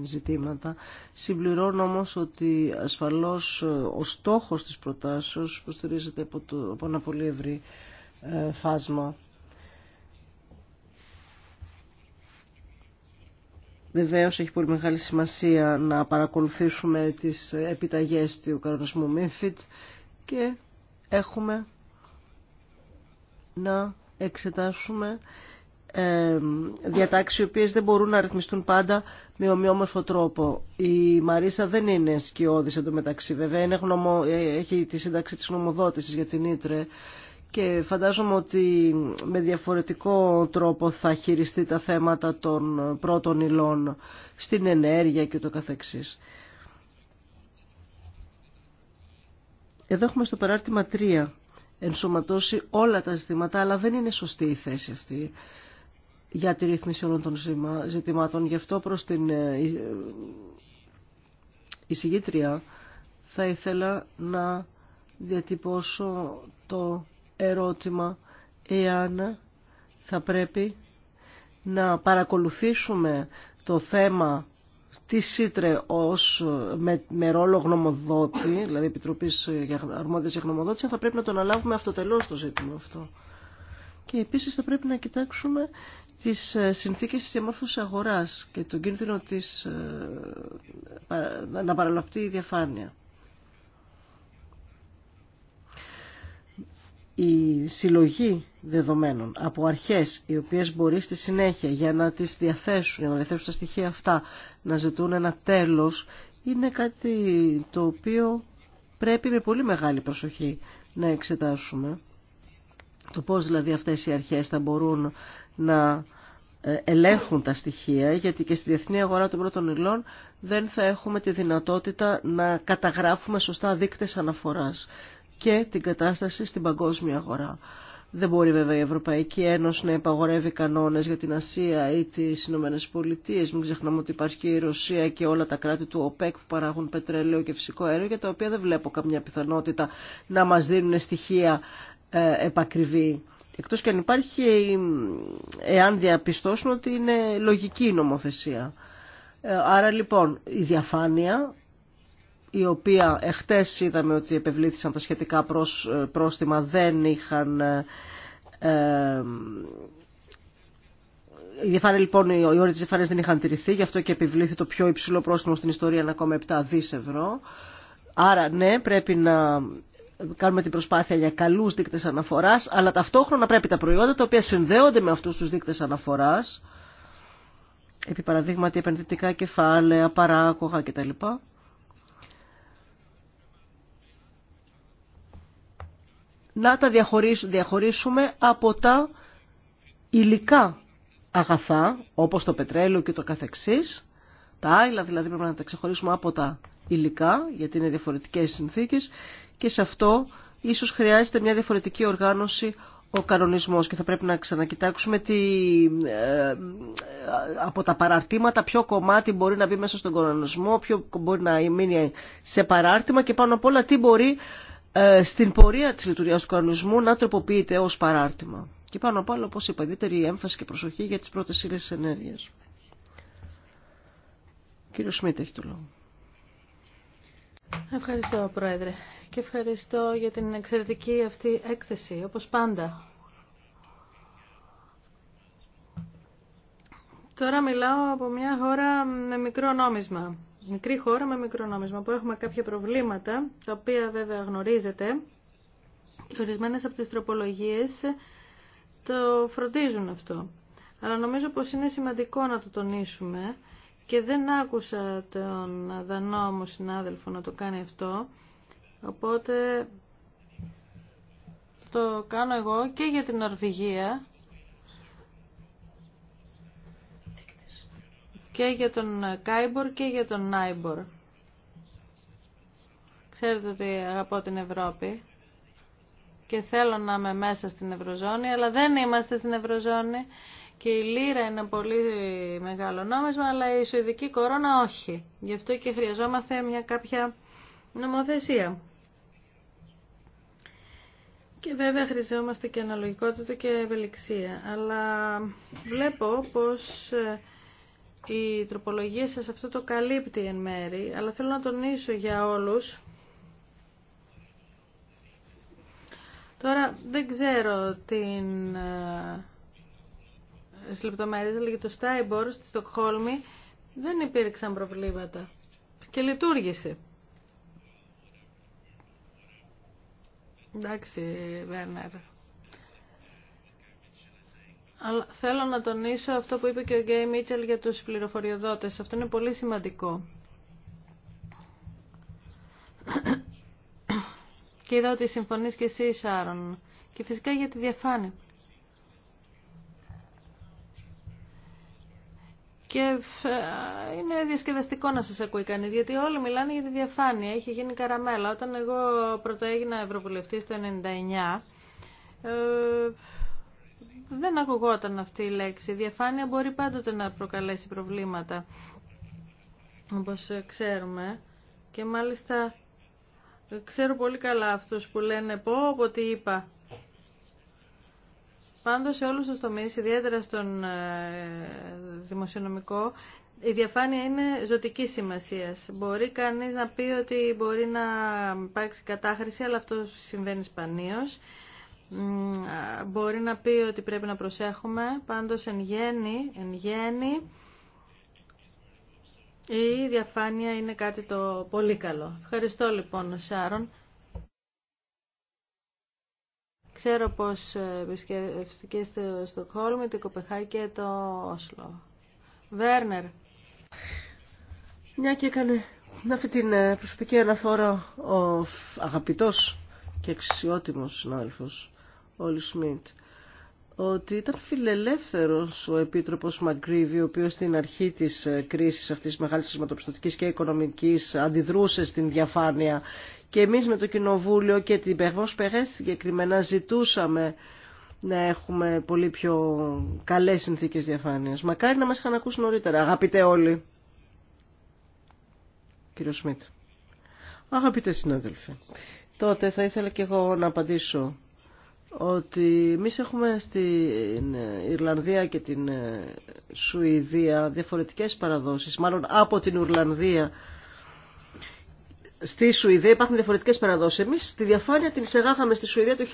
ζητήματα. Συμπληρώνω όμως ότι ασφαλώς ε, ο στόχος της προτάσεως προστηρίζεται από, το, από ένα πολύ ευρύ ε, φάσμα Βεβαίω έχει πολύ μεγάλη σημασία να παρακολουθήσουμε τις επιταγές του κανονισμού Μίμφιτ και έχουμε να εξετάσουμε ε, διατάξεις οι οποίες δεν μπορούν να ρυθμιστούν πάντα με ομοιόμορφο τρόπο. Η Μαρίσα δεν είναι σκιώδης εντωμεταξύ βέβαια, είναι ε, έχει τη σύνταξη της νομοδότησης για την Ήτρε και φαντάζομαι ότι με διαφορετικό τρόπο θα χειριστεί τα θέματα των πρώτων υλών στην ενέργεια και το καθεξής. Εδώ έχουμε στο παράρτημα 3 ενσωματώσει όλα τα ζητήματα, αλλά δεν είναι σωστή η θέση αυτή για τη ρύθμιση όλων των ζητημάτων. Γι' αυτό προς την εισηγήτρια θα ήθελα να διατυπώσω το ερώτημα εάν θα πρέπει να παρακολουθήσουμε το θέμα τη ΣΥΤΡΕ ως με, ρόλο γνωμοδότη, δηλαδή Επιτροπής Αρμόδιας για Γνωμοδότηση, θα πρέπει να το αναλάβουμε αυτοτελώς το ζήτημα αυτό. Και επίσης θα πρέπει να κοιτάξουμε τις ε, συνθήκες της διαμόρφωσης αγοράς και τον κίνδυνο της, ε, να παραλαπτεί η διαφάνεια. η συλλογή δεδομένων από αρχές οι οποίες μπορεί στη συνέχεια για να τις διαθέσουν, για να διαθέσουν τα στοιχεία αυτά, να ζητούν ένα τέλος, είναι κάτι το οποίο πρέπει με πολύ μεγάλη προσοχή να εξετάσουμε. Το πώς δηλαδή αυτές οι αρχές θα μπορούν να ε, ελέγχουν τα στοιχεία, γιατί και στη διεθνή αγορά των πρώτων υλών δεν θα έχουμε τη δυνατότητα να καταγράφουμε σωστά δείκτες αναφοράς και την κατάσταση στην παγκόσμια αγορά. Δεν μπορεί βέβαια η Ευρωπαϊκή Ένωση να υπαγορεύει κανόνε για την Ασία ή τι Ηνωμένε Πολιτείε. Μην ξεχνάμε ότι υπάρχει και η Ρωσία και όλα τα κράτη του ΟΠΕΚ που παράγουν πετρέλαιο και φυσικό αέριο, για τα οποία δεν βλέπω καμιά πιθανότητα να μα δίνουν στοιχεία ε, επακριβή. Εκτό και αν υπάρχει, εάν διαπιστώσουν ότι είναι λογική η νομοθεσία. Ε, άρα λοιπόν η διαφάνεια η οποία εχθές είδαμε ότι επευλήθησαν τα σχετικά ε, πρόστιμα, δεν είχαν... Ε, ε λοιπόν, οι όροι της διαφάνειας δεν είχαν τηρηθεί, γι' αυτό και επιβλήθη το πιο υψηλό πρόστιμο στην ιστορία 1,7 δις ευρώ. Άρα ναι, πρέπει να κάνουμε την προσπάθεια για καλούς δείκτες αναφοράς, αλλά ταυτόχρονα πρέπει τα προϊόντα τα οποία συνδέονται με αυτούς τους δείκτες αναφοράς, επί παραδείγματι επενδυτικά κεφάλαια, παράκογα κτλ. να τα διαχωρίσουμε από τα υλικά αγαθά, όπως το πετρέλαιο και το καθεξής. Τα άλλα δηλαδή πρέπει να τα ξεχωρίσουμε από τα υλικά, γιατί είναι διαφορετικές συνθήκες και σε αυτό ίσως χρειάζεται μια διαφορετική οργάνωση ο κανονισμός και θα πρέπει να ξανακοιτάξουμε τι, ε, από τα παραρτήματα ποιο κομμάτι μπορεί να μπει μέσα στον κανονισμό, ποιο μπορεί να μείνει σε παράρτημα και πάνω απ' όλα τι μπορεί ε, στην πορεία της λειτουργίας του κανονισμού να τροποποιείται ως παράρτημα. Και πάνω απ' όλα, όπως είπα, ιδιαίτερη έμφαση και προσοχή για τις πρώτες ύλες της ενέργειας. Κύριο Σμίτ έχει το λόγο. Ευχαριστώ, Πρόεδρε. Και ευχαριστώ για την εξαιρετική αυτή έκθεση, όπως πάντα. Τώρα μιλάω από μια χώρα με μικρό νόμισμα μικρή χώρα με μικρό νόμισμα που έχουμε κάποια προβλήματα, τα οποία βέβαια γνωρίζετε και ορισμένες από τις τροπολογίες το φροντίζουν αυτό. Αλλά νομίζω πως είναι σημαντικό να το τονίσουμε και δεν άκουσα τον δανό μου συνάδελφο να το κάνει αυτό, οπότε το κάνω εγώ και για την Νορβηγία και για τον Κάιμπορ και για τον Νάιμπορ. Ξέρετε ότι αγαπώ την Ευρώπη και θέλω να είμαι μέσα στην Ευρωζώνη, αλλά δεν είμαστε στην Ευρωζώνη και η Λύρα είναι πολύ μεγάλο νόμισμα, αλλά η Σουηδική κορώνα όχι. Γι' αυτό και χρειαζόμαστε μια κάποια νομοθεσία. Και βέβαια χρειαζόμαστε και αναλογικότητα και ευελιξία. Αλλά βλέπω πως ε, η τροπολογία σας αυτό το καλύπτει εν μέρη, αλλά θέλω να τονίσω για όλους. Τώρα δεν ξέρω την λεπτομέρειε λεπτομέρειες, αλλά για το Στάιμπορ στη Στοκχόλμη δεν υπήρξαν προβλήματα και λειτουργήσε. Εντάξει, Βέρνερ. Αλλά θέλω να τονίσω αυτό που είπε και ο Γκέι Μίτσελ για τους πληροφοριοδότες. Αυτό είναι πολύ σημαντικό. και είδα ότι συμφωνείς και εσύ, Σάρον. Και φυσικά για τη διαφάνεια. Και είναι διασκεδαστικό να σας ακούει κανείς, γιατί όλοι μιλάνε για τη διαφάνεια. Έχει γίνει καραμέλα. Όταν εγώ πρώτα έγινα Ευρωβουλευτής το 1999, δεν ακουγόταν αυτή η λέξη. Η διαφάνεια μπορεί πάντοτε να προκαλέσει προβλήματα, όπως ξέρουμε. Και μάλιστα ξέρω πολύ καλά αυτούς που λένε πω, όποτε τι είπα. Πάντως σε όλους τους τομείς, ιδιαίτερα στον ε, δημοσιονομικό, η διαφάνεια είναι ζωτική σημασία. Μπορεί κανείς να πει ότι μπορεί να υπάρξει κατάχρηση, αλλά αυτό συμβαίνει σπανίως μπορεί να πει ότι πρέπει να προσέχουμε, πάντως εν γέννη, η διαφάνεια είναι κάτι το πολύ καλό. Ευχαριστώ λοιπόν Σάρον. Ξέρω πως ε, επισκεφτήκε στο Στοκχόλμη, την Κοπεχάκη και το Όσλο. Βέρνερ. Μια και έκανε αυτή την ε, προσωπική αναφορά ο αγαπητός και αξιότιμος συνάδελφος Όλη Σμιτ ότι ήταν φιλελεύθερος ο Επίτροπος Μαγκρίβι, ο οποίος στην αρχή της ε, κρίσης αυτής της μεγάλης χρηματοπιστωτικής και οικονομικής αντιδρούσε στην διαφάνεια. Και εμείς με το Κοινοβούλιο και την Περβός Περές συγκεκριμένα ζητούσαμε να έχουμε πολύ πιο καλές συνθήκες διαφάνειας. Μακάρι να μας είχαν ακούσει νωρίτερα. Αγαπητέ όλοι. Κύριο Σμιτ. Αγαπητέ συνάδελφοι. Τότε θα ήθελα και εγώ να απαντήσω ότι εμεί έχουμε στην Ιρλανδία και την Σουηδία διαφορετικές παραδόσεις, μάλλον από την Ιρλανδία στη Σουηδία υπάρχουν διαφορετικές παραδόσεις. Εμείς τη διαφάνεια την εισεγάγαμε στη Σουηδία το 1766.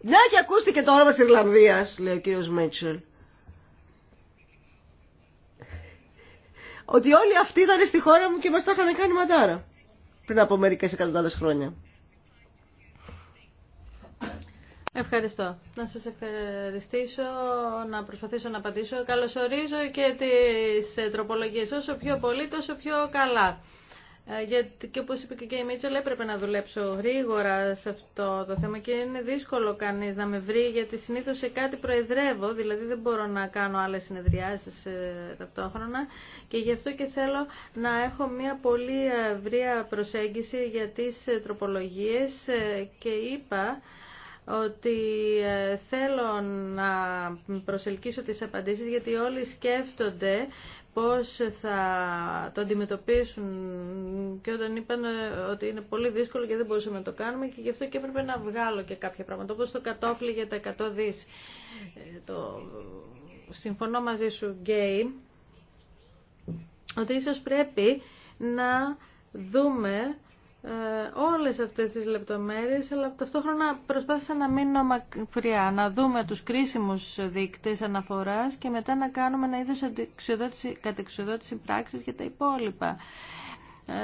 Να και ακούστηκε το όνομα της Ιρλανδίας, λέει ο κύριος Μέτσελ. Ότι όλοι αυτοί ήταν στη χώρα μου και μας τα είχαν κάνει μαντάρα πριν από μερικές εκατοντάδες χρόνια. Ευχαριστώ. Να σας ευχαριστήσω, να προσπαθήσω να απαντήσω. Καλωσορίζω και τις ε, τροπολογίες. Όσο πιο πολύ, τόσο πιο καλά. Ε, γιατί και όπως είπε και η Μίτσολ έπρεπε να δουλέψω γρήγορα σε αυτό το θέμα και είναι δύσκολο κανείς να με βρει γιατί συνήθως σε κάτι προεδρεύω, δηλαδή δεν μπορώ να κάνω άλλες συνεδριάσεις ε, ταυτόχρονα και γι' αυτό και θέλω να έχω μια πολύ ευρία προσέγγιση για τις τροπολογίες και είπα ότι ε, θέλω να προσελκύσω τις απαντήσεις γιατί όλοι σκέφτονται πώς θα το αντιμετωπίσουν και όταν είπαν ε, ότι είναι πολύ δύσκολο και δεν μπορούσαμε να το κάνουμε και γι' αυτό και έπρεπε να βγάλω και κάποια πράγματα όπως το κατόφλι για τα 100 δις ε, το... συμφωνώ μαζί σου Γκέι ότι ίσως πρέπει να δούμε ε, όλες αυτές τις λεπτομέρειες, αλλά ταυτόχρονα προσπάθησα να μείνω μακριά, να δούμε τους κρίσιμους δείκτες αναφοράς και μετά να κάνουμε ένα είδος κατεξοδότηση πράξης για τα υπόλοιπα. Ε,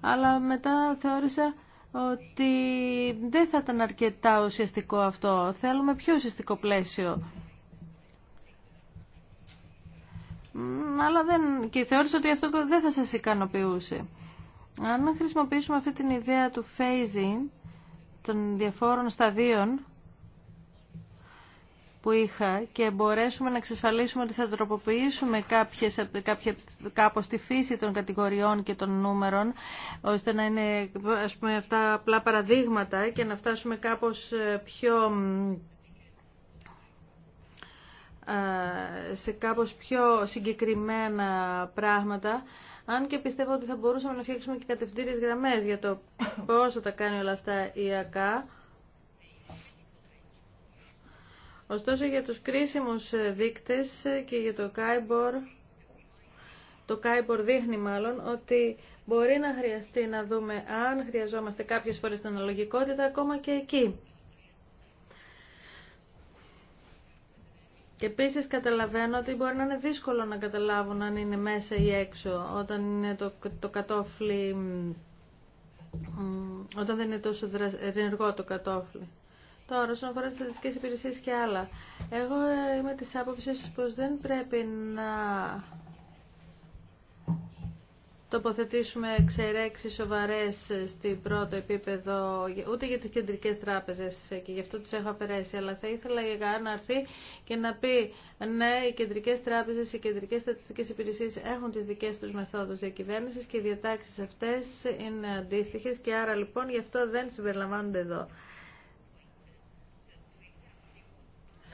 αλλά μετά θεώρησα ότι δεν θα ήταν αρκετά ουσιαστικό αυτό. Θέλουμε πιο ουσιαστικό πλαίσιο. Αλλά δεν... Και θεώρησα ότι αυτό δεν θα σας ικανοποιούσε. Αν χρησιμοποιήσουμε αυτή την ιδέα του phasing των διαφόρων σταδίων που είχα και μπορέσουμε να εξασφαλίσουμε ότι θα τροποποιήσουμε κάποιες, κάποια, κάπως τη φύση των κατηγοριών και των νούμερων ώστε να είναι ας πούμε, αυτά απλά παραδείγματα και να φτάσουμε κάπως ε, πιο ε, σε κάπως πιο συγκεκριμένα πράγματα αν και πιστεύω ότι θα μπορούσαμε να φτιάξουμε και κατευθύνες γραμμές για το πόσο τα κάνει όλα αυτά η ΑΚΑ. Ωστόσο για τους κρίσιμους δείκτες και για το ΚΑΙΜΠΟΡ, το ΚΑΙΜΠΟΡ δείχνει μάλλον ότι μπορεί να χρειαστεί να δούμε αν χρειαζόμαστε κάποιες φορές την αναλογικότητα ακόμα και εκεί. Και επίσης καταλαβαίνω ότι μπορεί να είναι δύσκολο να καταλάβουν αν είναι μέσα ή έξω, όταν είναι το, το κατόφλι, όταν δεν είναι τόσο ενεργό το κατόφλι. Τώρα, όσον αφορά στατιστικές υπηρεσίες και άλλα, εγώ είμαι της άποψης πως δεν πρέπει να τοποθετήσουμε εξαιρέξεις σοβαρές στην πρώτο επίπεδο, ούτε για τις κεντρικές τράπεζες και γι' αυτό τις έχω αφαιρέσει, αλλά θα ήθελα η να έρθει και να πει ναι, οι κεντρικές τράπεζες, οι κεντρικές στατιστικές υπηρεσίες έχουν τις δικές τους μεθόδους διακυβέρνησης και οι διατάξεις αυτές είναι αντίστοιχες και άρα λοιπόν γι' αυτό δεν συμπεριλαμβάνονται εδώ.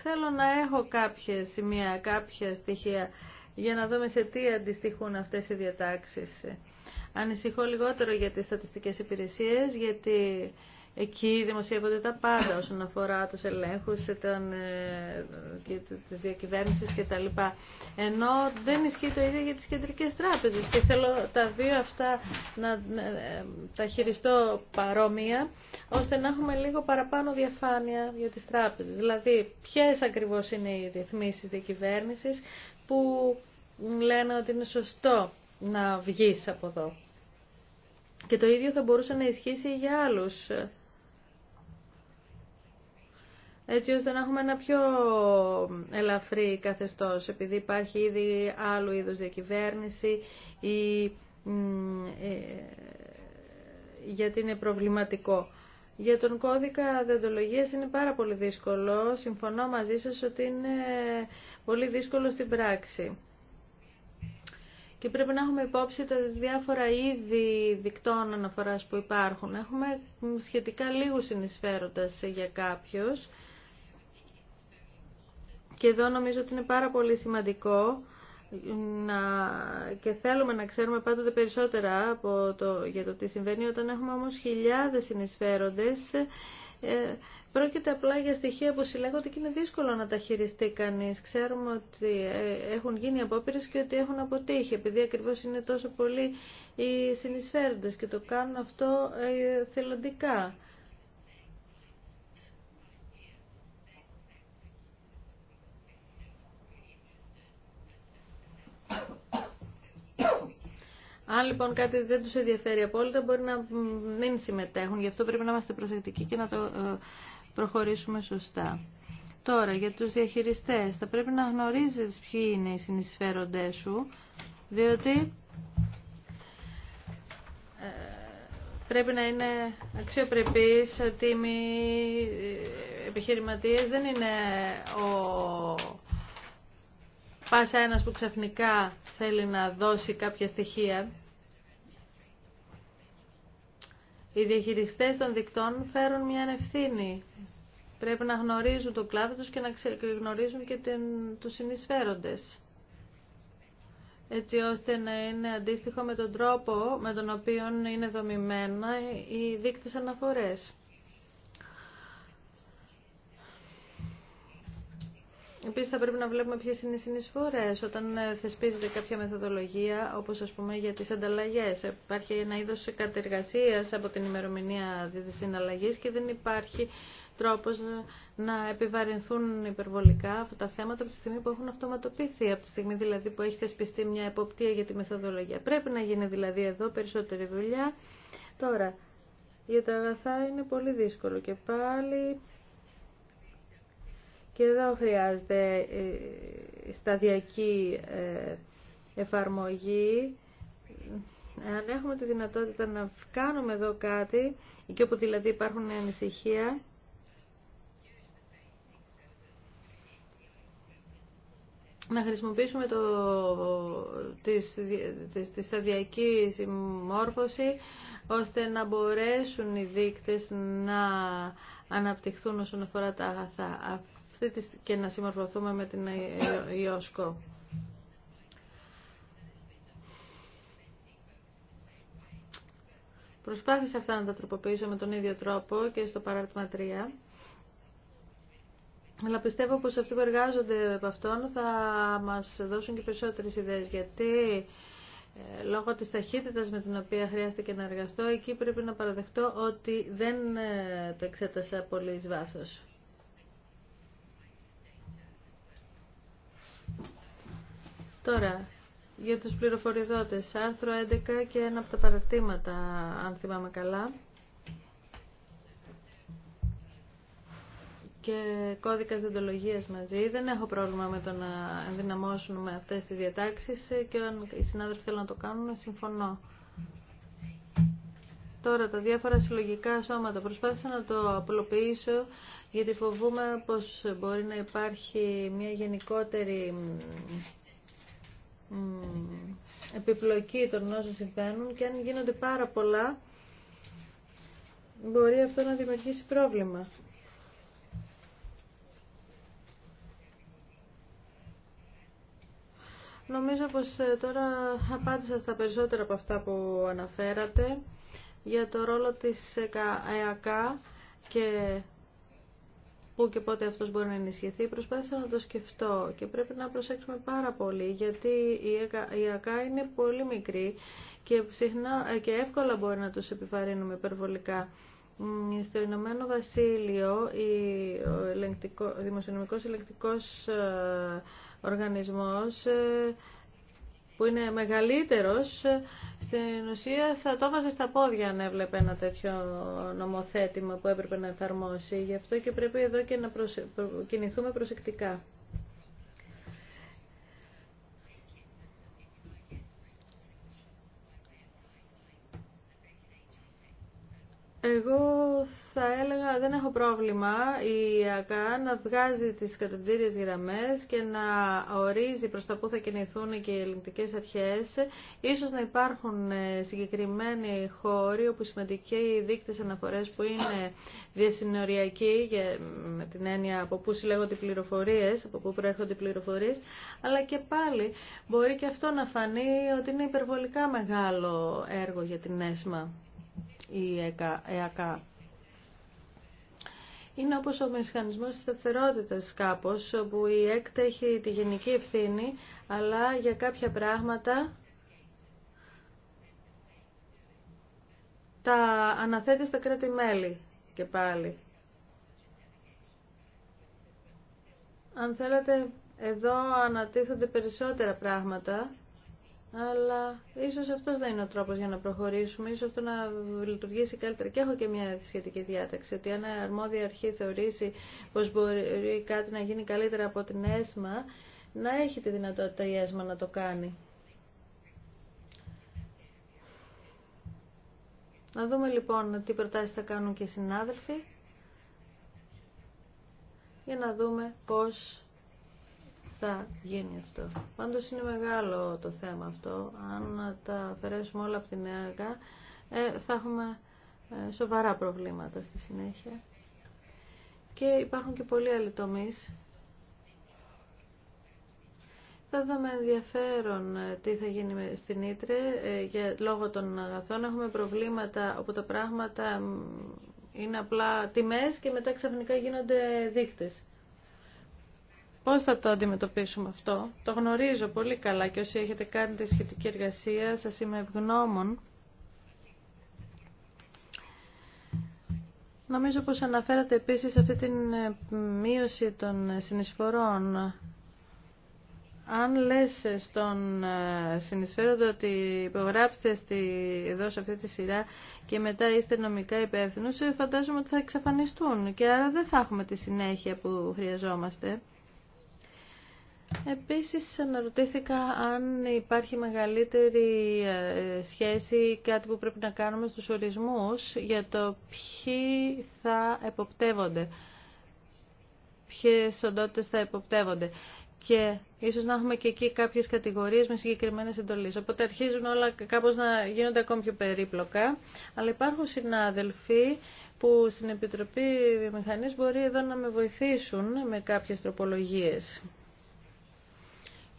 Θέλω να έχω κάποια σημεία, κάποια στοιχεία για να δούμε σε τι αντιστοιχούν αυτές οι διατάξεις. Ανησυχώ λιγότερο για τις στατιστικές υπηρεσίες, γιατί εκεί δημοσιεύονται τα πάντα όσον αφορά τους ελέγχους τον, ε, και τις διακυβέρνησης και τα λοιπά. Ενώ δεν ισχύει το ίδιο για τις κεντρικές τράπεζες και θέλω τα δύο αυτά να ε, τα χειριστώ παρόμοια ώστε να έχουμε λίγο παραπάνω διαφάνεια για τις τράπεζες. Δηλαδή ποιες ακριβώς είναι οι ρυθμίσεις διακυβέρνησης, που λένε ότι είναι σωστό να βγεις από εδώ. Και το ίδιο θα μπορούσε να ισχύσει για άλλους. Έτσι ώστε να έχουμε ένα πιο ελαφρύ καθεστώς, επειδή υπάρχει ήδη άλλου είδους διακυβέρνηση ή ε, γιατί είναι προβληματικό για τον κώδικα διοντολογίας είναι πάρα πολύ δύσκολο. Συμφωνώ μαζί σας ότι είναι πολύ δύσκολο στην πράξη. Και πρέπει να έχουμε υπόψη τα διάφορα είδη δικτών αναφοράς που υπάρχουν. Έχουμε σχετικά λίγους συνεισφέροντας για κάποιους. Και εδώ νομίζω ότι είναι πάρα πολύ σημαντικό να... και θέλουμε να ξέρουμε πάντοτε περισσότερα από το... για το τι συμβαίνει. Όταν έχουμε όμως χιλιάδες συνεισφέροντες, ε, πρόκειται απλά για στοιχεία που συλλέγονται και είναι δύσκολο να τα χειριστεί κανείς. Ξέρουμε ότι ε, έχουν γίνει απόπειρε και ότι έχουν αποτύχει, επειδή ακριβώς είναι τόσο πολλοί οι συνεισφέροντες και το κάνουν αυτό ε, θελοντικά. Αν λοιπόν κάτι δεν τους ενδιαφέρει απόλυτα μπορεί να μην συμμετέχουν. Γι' αυτό πρέπει να είμαστε προσεκτικοί και να το ε, προχωρήσουμε σωστά. Τώρα για τους διαχειριστές. Θα πρέπει να γνωρίζεις ποιοι είναι οι συνεισφέροντές σου, διότι ε, πρέπει να είναι αξιοπρεπείς, τίμοι, ε, επιχειρηματίες. Δεν είναι ο πάσα ένας που ξαφνικά θέλει να δώσει κάποια στοιχεία, οι διαχειριστές των δικτών φέρουν μια ευθύνη. Πρέπει να γνωρίζουν το κλάδο τους και να γνωρίζουν και την, τους συνεισφέροντες. Έτσι ώστε να είναι αντίστοιχο με τον τρόπο με τον οποίο είναι δομημένα οι δείκτες αναφορές. Επίση θα πρέπει να βλέπουμε ποιε είναι οι συνεισφορέ όταν ε, θεσπίζεται κάποια μεθοδολογία, όπω α πούμε για τι ανταλλαγέ. Υπάρχει ένα είδο κατεργασία από την ημερομηνία τη συναλλαγή και δεν υπάρχει τρόπο να επιβαρυνθούν υπερβολικά αυτά τα θέματα από τη στιγμή που έχουν αυτοματοποιηθεί, από τη στιγμή δηλαδή που έχει θεσπιστεί μια εποπτεία για τη μεθοδολογία. Πρέπει να γίνει δηλαδή εδώ περισσότερη δουλειά. Τώρα, για τα αγαθά είναι πολύ δύσκολο και πάλι και εδώ χρειάζεται ε, σταδιακή ε, εφαρμογή. Αν έχουμε τη δυνατότητα να κάνουμε εδώ κάτι, εκεί όπου δηλαδή υπάρχουν ανησυχία, να χρησιμοποιήσουμε το, της της τη σταδιακή συμμόρφωση ώστε να μπορέσουν οι δείκτες να αναπτυχθούν όσον αφορά τα αγαθά και να συμμορφωθούμε με την ΙΟΣΚΟ. Προσπάθησα αυτά να τα τροποποιήσω με τον ίδιο τρόπο και στο παράρτημα 3. Αλλά πιστεύω πως αυτοί που εργάζονται από αυτόν θα μας δώσουν και περισσότερες ιδέες, γιατί ε, λόγω της ταχύτητας με την οποία χρειάστηκε να εργαστώ, εκεί πρέπει να παραδεχτώ ότι δεν ε, το εξέτασα πολύ εις βάθος. Τώρα, για τους πληροφοριδότες, άρθρο 11 και ένα από τα παρατήματα, αν θυμάμαι καλά. και κώδικας διοντολογίας μαζί. Δεν έχω πρόβλημα με το να ενδυναμώσουμε αυτές τις διατάξεις και αν οι συνάδελφοι θέλουν να το κάνουν, συμφωνώ. Τώρα τα διάφορα συλλογικά σώματα. Προσπάθησα να το απλοποιήσω γιατί φοβούμαι πως μπορεί να υπάρχει μια γενικότερη επιπλοκή των όσων συμβαίνουν και αν γίνονται πάρα πολλά μπορεί αυτό να δημιουργήσει πρόβλημα. Νομίζω πως ε, τώρα απάντησα στα περισσότερα από αυτά που αναφέρατε για το ρόλο της ΕΑΚΑ και πού και πότε αυτός μπορεί να ενισχυθεί, προσπάθησα να το σκεφτώ και πρέπει να προσέξουμε πάρα πολύ γιατί η ΑΚΑ είναι πολύ μικρή και, και εύκολα μπορεί να τους επιβαρύνουμε υπερβολικά. Στο Ηνωμένο Βασίλειο, ο δημοσιονομικός ελεγκτικός ε, οργανισμός ε, που είναι μεγαλύτερος, στην ουσία θα το έβαζε στα πόδια αν έβλεπε ένα τέτοιο νομοθέτημα που έπρεπε να εφαρμόσει. Γι' αυτό και πρέπει εδώ και να κινηθούμε προσεκτικά. Εγώ θα έλεγα δεν έχω πρόβλημα η ΑΚΑ να βγάζει τις κατευθύνες γραμμές και να ορίζει προς τα που θα κινηθούν και οι ελληνικές αρχές. Ίσως να υπάρχουν ε, συγκεκριμένοι χώροι όπου σημαντικοί δείκτες αναφορές που είναι διασυνοριακοί με την έννοια από πού συλλέγονται οι πληροφορίες, από πού προέρχονται οι πληροφορίες, αλλά και πάλι μπορεί και αυτό να φανεί ότι είναι υπερβολικά μεγάλο έργο για την ΕΣΜΑ η ΕΑΚΑ. Είναι όπως ο μηχανισμός της σταθερότητας κάπως, όπου η ΕΚΤ έχει τη γενική ευθύνη, αλλά για κάποια πράγματα τα αναθέτει στα κράτη-μέλη και πάλι. Αν θέλετε, εδώ ανατίθονται περισσότερα πράγματα αλλά ίσω αυτό δεν είναι ο τρόπο για να προχωρήσουμε, ίσως αυτό να λειτουργήσει καλύτερα. Και έχω και μια σχετική διάταξη, ότι αν αρμόδια αρχή θεωρήσει πω μπορεί κάτι να γίνει καλύτερα από την ΕΣΜΑ, να έχει τη δυνατότητα η ΕΣΜΑ να το κάνει. Να δούμε λοιπόν τι προτάσει θα κάνουν και οι συνάδελφοι για να δούμε πώς θα γίνει αυτό. Πάντω είναι μεγάλο το θέμα αυτό. Αν τα αφαιρέσουμε όλα από την ΕΑΚΑ, ε, θα έχουμε ε, σοβαρά προβλήματα στη συνέχεια. Και υπάρχουν και πολλοί άλλοι τομεί. Θα δούμε ενδιαφέρον ε, τι θα γίνει στην Ήτρε. Για, λόγω των αγαθών έχουμε προβλήματα όπου τα πράγματα είναι απλά τιμές και μετά ξαφνικά γίνονται δείκτες. Πώς θα το αντιμετωπίσουμε αυτό. Το γνωρίζω πολύ καλά και όσοι έχετε κάνει τη σχετική εργασία σας είμαι ευγνώμων. Νομίζω πως αναφέρατε επίσης αυτή την ε, μείωση των ε, συνεισφορών. Αν λες στον ε, συνεισφέροντα ότι υπογράψτε στη, εδώ σε αυτή τη σειρά και μετά είστε νομικά υπεύθυνοι, φαντάζομαι ότι θα εξαφανιστούν και άρα δεν θα έχουμε τη συνέχεια που χρειαζόμαστε. Επίσης αναρωτήθηκα αν υπάρχει μεγαλύτερη ε, σχέση, κάτι που πρέπει να κάνουμε στους ορισμούς για το ποιοι θα εποπτεύονται, ποιες οντότητες θα εποπτεύονται και ίσως να έχουμε και εκεί κάποιες κατηγορίες με συγκεκριμένες εντολές. Οπότε αρχίζουν όλα κάπως να γίνονται ακόμη πιο περίπλοκα, αλλά υπάρχουν συνάδελφοι που στην Επιτροπή Βιομηχανής μπορεί εδώ να με βοηθήσουν με κάποιες τροπολογίες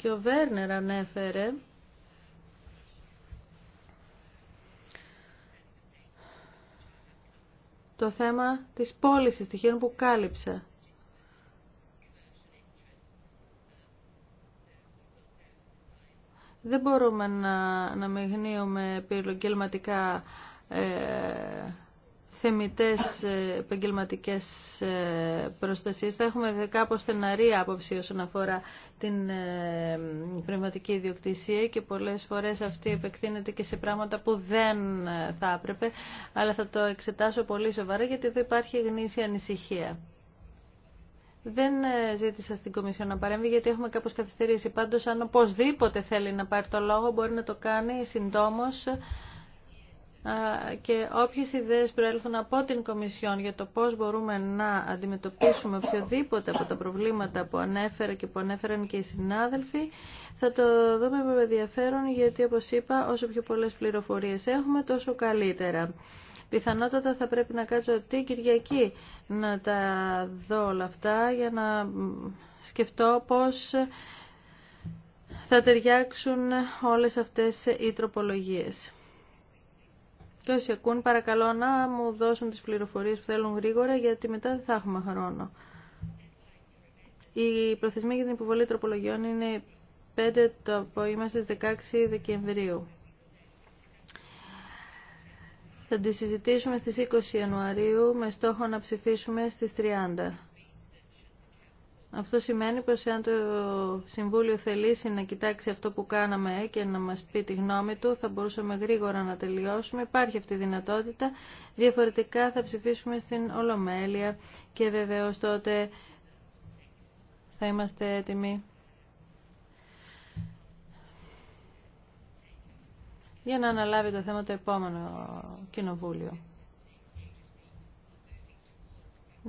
και ο Βέρνερ ανέφερε, το θέμα της πώληση στοιχείων που κάλυψα. Δεν μπορούμε να, να μειγνύουμε πυρογγελματικά ε, Θεμητέ ε, επαγγελματικέ ε, προστασίες. Θα έχουμε κάπως στεναρή άποψη όσον αφορά την ε, πνευματική ιδιοκτησία και πολλές φορές αυτή επεκτείνεται και σε πράγματα που δεν θα έπρεπε, αλλά θα το εξετάσω πολύ σοβαρά γιατί εδώ υπάρχει γνήσια ανησυχία. Δεν ζήτησα στην Κομισιό να παρέμβει γιατί έχουμε κάπως καθυστερήσει. Πάντως αν οπωσδήποτε θέλει να πάρει το λόγο μπορεί να το κάνει συντόμως και όποιες ιδέες προέλθουν από την Κομισιόν για το πώς μπορούμε να αντιμετωπίσουμε οποιοδήποτε από τα προβλήματα που ανέφερα και που ανέφεραν και οι συνάδελφοι θα το δούμε με ενδιαφέρον γιατί όπως είπα όσο πιο πολλές πληροφορίες έχουμε τόσο καλύτερα. Πιθανότατα θα πρέπει να κάτσω την Κυριακή να τα δω όλα αυτά για να σκεφτώ πώς θα ταιριάξουν όλες αυτές οι τροπολογίες όσοι ακούν, παρακαλώ να μου δώσουν τις πληροφορίες που θέλουν γρήγορα γιατί μετά δεν θα έχουμε χρόνο. Η προθεσμοί για την υποβολή τροπολογιών είναι 5 το απόγευμα στις 16 Δεκεμβρίου. Θα τη συζητήσουμε στις 20 Ιανουαρίου με στόχο να ψηφίσουμε στις 30. Αυτό σημαίνει πως αν το Συμβούλιο θελήσει να κοιτάξει αυτό που κάναμε και να μας πει τη γνώμη του, θα μπορούσαμε γρήγορα να τελειώσουμε. Υπάρχει αυτή η δυνατότητα. Διαφορετικά θα ψηφίσουμε στην Ολομέλεια και βεβαίως τότε θα είμαστε έτοιμοι για να αναλάβει το θέμα το επόμενο Κοινοβούλιο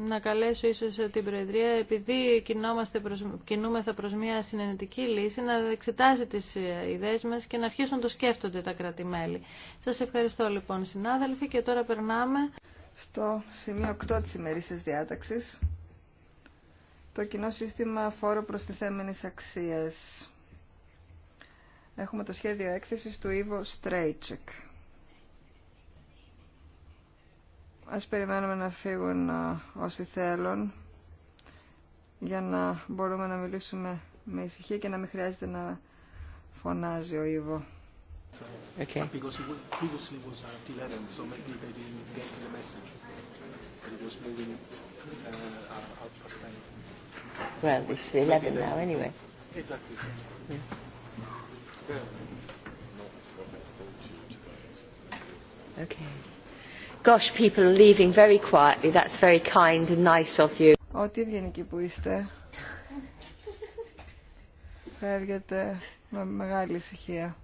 να καλέσω ίσως την Προεδρία, επειδή προς, κινούμεθα προς μια συνενετική λύση, να εξετάζει τις ε, ιδέες μας και να αρχίσουν να το σκέφτονται τα κράτη-μέλη. Σας ευχαριστώ λοιπόν συνάδελφοι και τώρα περνάμε στο σημείο 8 της ημερήσιας διάταξης, το κοινό σύστημα φόρο προστιθέμενης αξίας. Έχουμε το σχέδιο έκθεσης του Ιβο Στρέιτσεκ. Ας περιμένουμε να φύγουν όσοι θέλουν για να μπορούμε να μιλήσουμε με ησυχία και να μην χρειάζεται να φωνάζει ο Ήβο. Okay. Gosh, people are leaving very quietly. That's very kind and nice of you. Ό,τι ευγενικοί που είστε. Φεύγετε με μεγάλη ησυχία.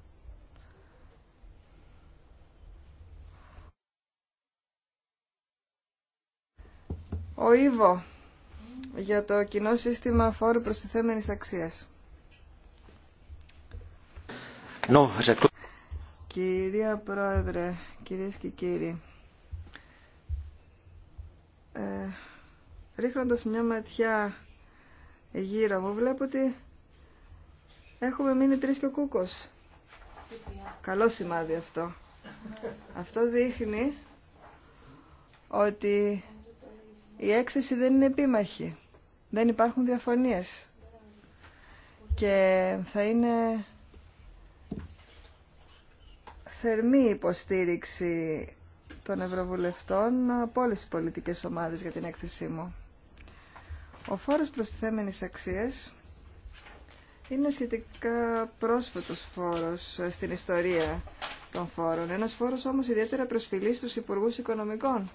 Ο Ήβο για το κοινό σύστημα φόρου προστιθέμενης αξίας. No, Κυρία Πρόεδρε, κυρίες και κύριοι, ε, ρίχνοντας μια ματιά γύρω μου βλέπω ότι έχουμε μείνει τρεις και ο κούκος. Καλό σημάδι αυτό. Αυτό δείχνει ότι η έκθεση δεν είναι επίμαχη. Δεν υπάρχουν διαφωνίες. Και θα είναι θερμή υποστήριξη των Ευρωβουλευτών από όλε τι πολιτικές ομάδες για την έκθεσή μου. Ο φόρος προστιθέμενης αξία είναι σχετικά πρόσφατο φόρος στην ιστορία των φόρων. Ένα φόρος όμως ιδιαίτερα προσφυλής στους Υπουργού Οικονομικών.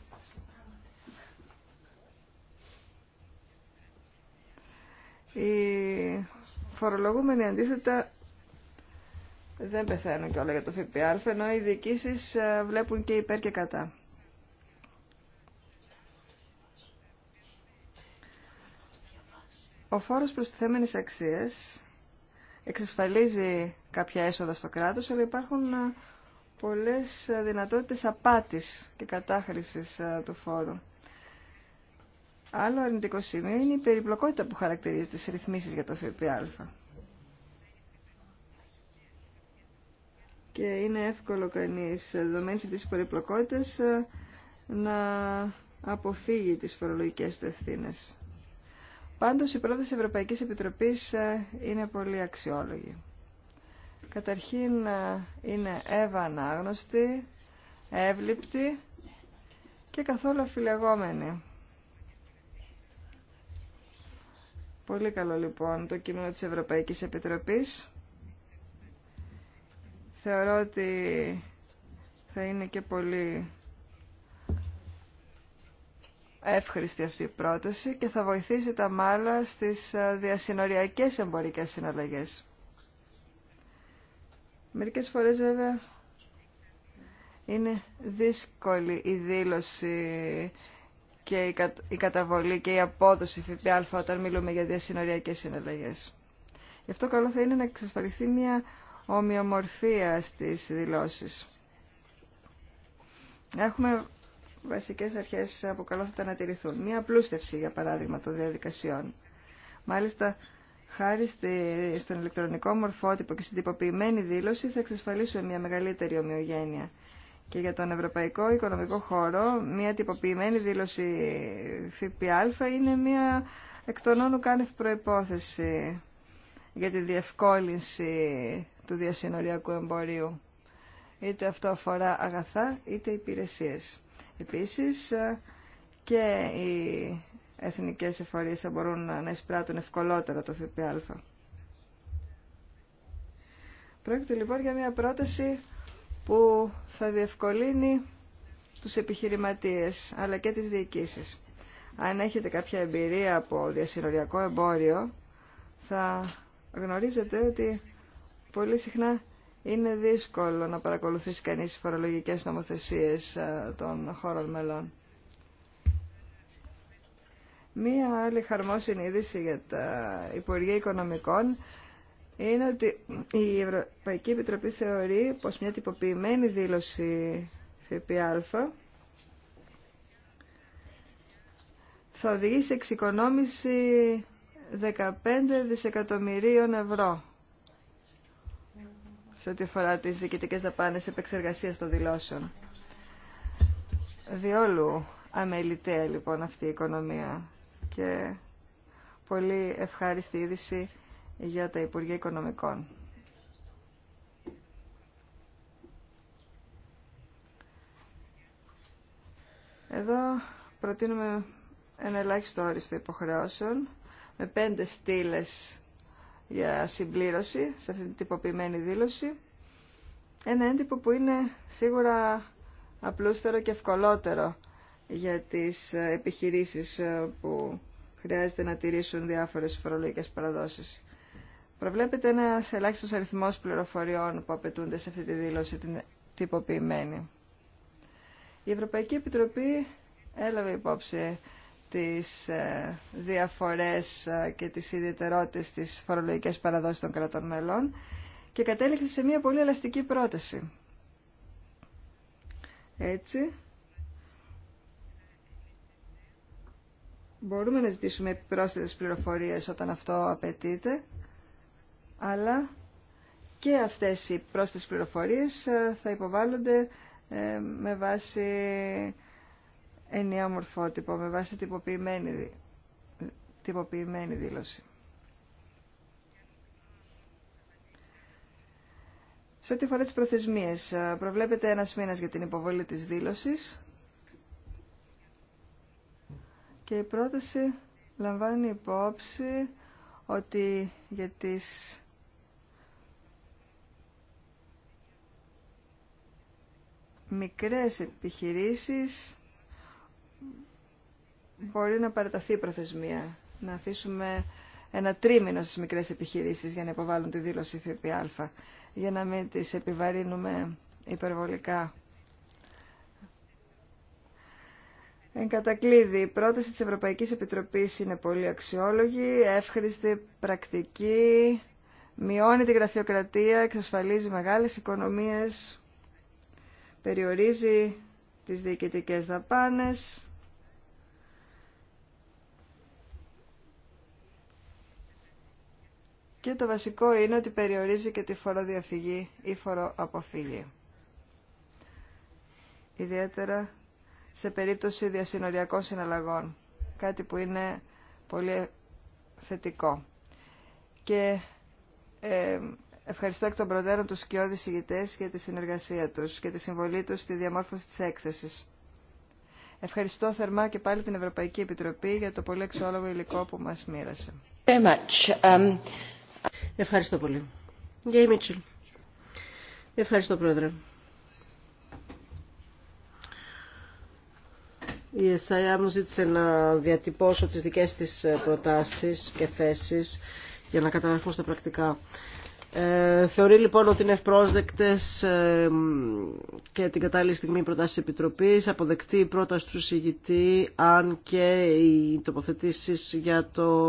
Οι φορολογούμενοι αντίθετα δεν πεθαίνουν και όλα για το ΦΠΑ, ενώ οι διοικήσει ε, βλέπουν και υπέρ και κατά. Ο φόρος προστιθέμενης αξία εξασφαλίζει κάποια έσοδα στο κράτος, αλλά υπάρχουν ε, πολλές ε, δυνατότητες απάτης και κατάχρησης του φόρου. Άλλο αρνητικό σημείο είναι η περιπλοκότητα που χαρακτηρίζει τις ρυθμίσεις για το ΦΠΑ. και είναι εύκολο κανείς δεδομένης αυτής της περιπλοκότητας να αποφύγει τις φορολογικές του ευθύνε. Πάντως η πρόταση Ευρωπαϊκής Επιτροπής ε, είναι πολύ αξιόλογη. Καταρχήν ε, είναι ευανάγνωστη, εύληπτη και καθόλου αφιλεγόμενη. Πολύ καλό λοιπόν το κείμενο της Ευρωπαϊκής Επιτροπής Θεωρώ ότι θα είναι και πολύ εύχριστη αυτή η πρόταση και θα βοηθήσει τα μάλλα στις ε, διασυνοριακές εμπορικές συναλλαγές. Μερικές φορές βέβαια είναι δύσκολη η δήλωση και η καταβολή και η απόδοση ΦΠΑ όταν μιλούμε για διασυνοριακές συναλλαγές. Γι' αυτό καλό θα είναι να εξασφαλιστεί μια ομοιομορφία στις δηλώσεις. Έχουμε βασικές αρχές που καλό θα τα ανατηρηθούν. Μία απλούστευση, για παράδειγμα, των διαδικασιών. Μάλιστα, χάρη στον ηλεκτρονικό μορφότυπο και στην τυποποιημένη δήλωση θα εξασφαλίσουμε μια μεγαλύτερη ομοιογένεια. Και για τον Ευρωπαϊκό Οικονομικό Χώρο, μια τυποποιημένη δήλωση ΦΠΑ είναι μια εκ των όνου κάνευ προϋπόθεση για τη διευκόλυνση του διασυνοριακού εμπορίου. Είτε αυτό αφορά αγαθά είτε υπηρεσίες. Επίσης ε, και οι εθνικές εφορίες θα μπορούν να εισπράττουν ευκολότερα το ΦΠΑ. Πρόκειται λοιπόν για μια πρόταση που θα διευκολύνει τους επιχειρηματίες αλλά και τις διοικήσεις. Αν έχετε κάποια εμπειρία από διασυνοριακό εμπόριο θα γνωρίζετε ότι Πολύ συχνά είναι δύσκολο να παρακολουθήσει κανείς τις φορολογικές νομοθεσίες ε, των χώρων μελών. Μία άλλη χαρμόσυνη είδηση για τα Υπουργεία Οικονομικών είναι ότι η Ευρωπαϊκή Επιτροπή θεωρεί πως μια τυποποιημένη δήλωση ΦΠΑ θα οδηγήσει εξοικονόμηση 15 δισεκατομμυρίων ευρώ σε ό,τι αφορά τις διοικητικές δαπάνες επεξεργασίας των δηλώσεων. Διόλου αμεληταία λοιπόν αυτή η οικονομία και πολύ ευχάριστη είδηση για τα Υπουργεία Οικονομικών. Εδώ προτείνουμε ένα ελάχιστο όριστο υποχρεώσεων με πέντε στήλες για συμπλήρωση σε αυτή την τυποποιημένη δήλωση. Ένα έντυπο που είναι σίγουρα απλούστερο και ευκολότερο για τις επιχειρήσεις ε, που χρειάζεται να τηρήσουν διάφορες φορολογικές παραδόσεις. Προβλέπεται ένα ελάχιστο αριθμό πληροφοριών που απαιτούνται σε αυτή τη δήλωση, την τυποποιημένη. Η Ευρωπαϊκή Επιτροπή έλαβε υπόψη τις ε, διαφορές ε, και τις ιδιαιτερότητες της φορολογικές παραδόσης των κρατών μελών και κατέληξε σε μια πολύ ελαστική πρόταση. Έτσι, μπορούμε να ζητήσουμε πρόσθετες πληροφορίες όταν αυτό απαιτείται, αλλά και αυτές οι πρόσθετες πληροφορίες ε, θα υποβάλλονται με βάση ενιαίο μορφότυπο με βάση τυποποιημένη, τυποποιημένη δήλωση. Σε ό,τι αφορά τις προθεσμίες, προβλέπεται ένας μήνας για την υποβολή της δήλωσης και η πρόταση λαμβάνει υπόψη ότι για τις μικρές επιχειρήσεις μπορεί να παραταθεί η προθεσμία. Να αφήσουμε ένα τρίμηνο στις μικρές επιχειρήσεις για να υποβάλουν τη δήλωση ΦΠΑ, για να μην τις επιβαρύνουμε υπερβολικά. Εν κατακλείδη, η πρόταση της Ευρωπαϊκής Επιτροπής είναι πολύ αξιόλογη, εύχριστη, πρακτική, μειώνει τη γραφειοκρατία, εξασφαλίζει μεγάλες οικονομίες, περιορίζει τις διοικητικές δαπάνες Και το βασικό είναι ότι περιορίζει και τη φοροδιαφυγή ή φοροαποφυγή. Ιδιαίτερα σε περίπτωση διασυνοριακών συναλλαγών, κάτι που είναι πολύ θετικό. Και ε, ευχαριστώ εκ των προτέρων τους σκιώδης ηγητές για τη συνεργασία τους και τη συμβολή τους στη διαμόρφωση της έκθεσης. Ευχαριστώ θερμά και πάλι την Ευρωπαϊκή Επιτροπή για το πολύ εξόλογο υλικό που μας μοίρασε. Um, Ευχαριστώ πολύ. Γεια Μίτσελ. Ευχαριστώ, Πρόεδρε. Η ΕΣΑΙΑ μου ζήτησε να διατυπώσω τις δικές της προτάσεις και θέσεις για να καταγραφούν στα πρακτικά. Ε, θεωρεί λοιπόν ότι είναι ευπρόσδεκτες ε, και την κατάλληλη στιγμή προτάσει Επιτροπής, αποδεκτή η πρόταση του συγητή, αν και οι τοποθετήσεις για το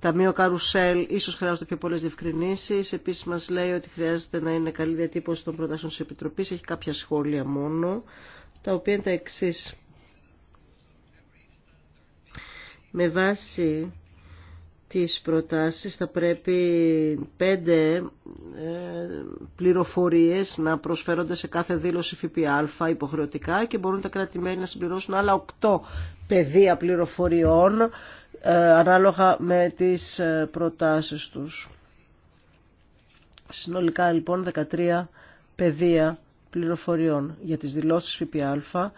Ταμείο Καρουσέλ ίσως χρειάζονται πιο πολλές διευκρινήσεις. Επίσης μας λέει ότι χρειάζεται να είναι καλή διατύπωση των προτάσεων της Επιτροπής. Έχει κάποια σχόλια μόνο, τα οποία είναι τα εξή. Με βάση τις προτάσεις θα πρέπει πέντε ε, πληροφορίες να προσφέρονται σε κάθε δήλωση ΦΠΑ υποχρεωτικά και μπορούν τα κρατη να συμπληρώσουν άλλα οκτώ πεδία πληροφοριών ε, ανάλογα με τις ε, προτάσεις τους. Συνολικά λοιπόν 13 πεδία πληροφοριών για τις δηλώσεις ΦΠΑ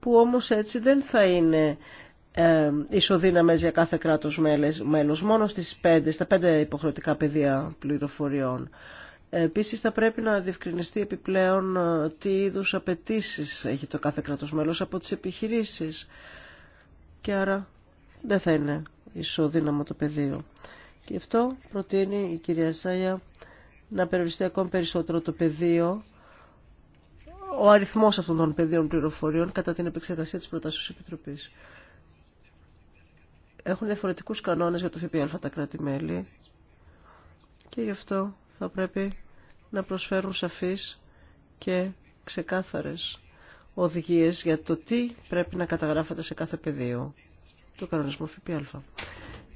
που όμως έτσι δεν θα είναι ε, ισοδύναμες για κάθε κράτος μέλος, μόνο στις 5, στα 5 υποχρεωτικά πεδία πληροφοριών. Επίσης θα πρέπει να διευκρινιστεί επιπλέον ε, τι είδους απαιτήσει έχει το κάθε κράτος μέλος από τις επιχειρήσεις και άρα δεν θα είναι ισοδύναμο το πεδίο. Και αυτό προτείνει η κυρία Σάγια να περιοριστεί ακόμη περισσότερο το πεδίο, ο αριθμός αυτών των πεδίων πληροφοριών κατά την επεξεργασία της προτάσεως Επιτροπής. Έχουν διαφορετικούς κανόνες για το ΦΠΑ τα κράτη-μέλη και γι' αυτό θα πρέπει να προσφέρουν σαφείς και ξεκάθαρες οδηγίες για το τι πρέπει να καταγράφεται σε κάθε πεδίο του κανονισμού ΦΠΑ.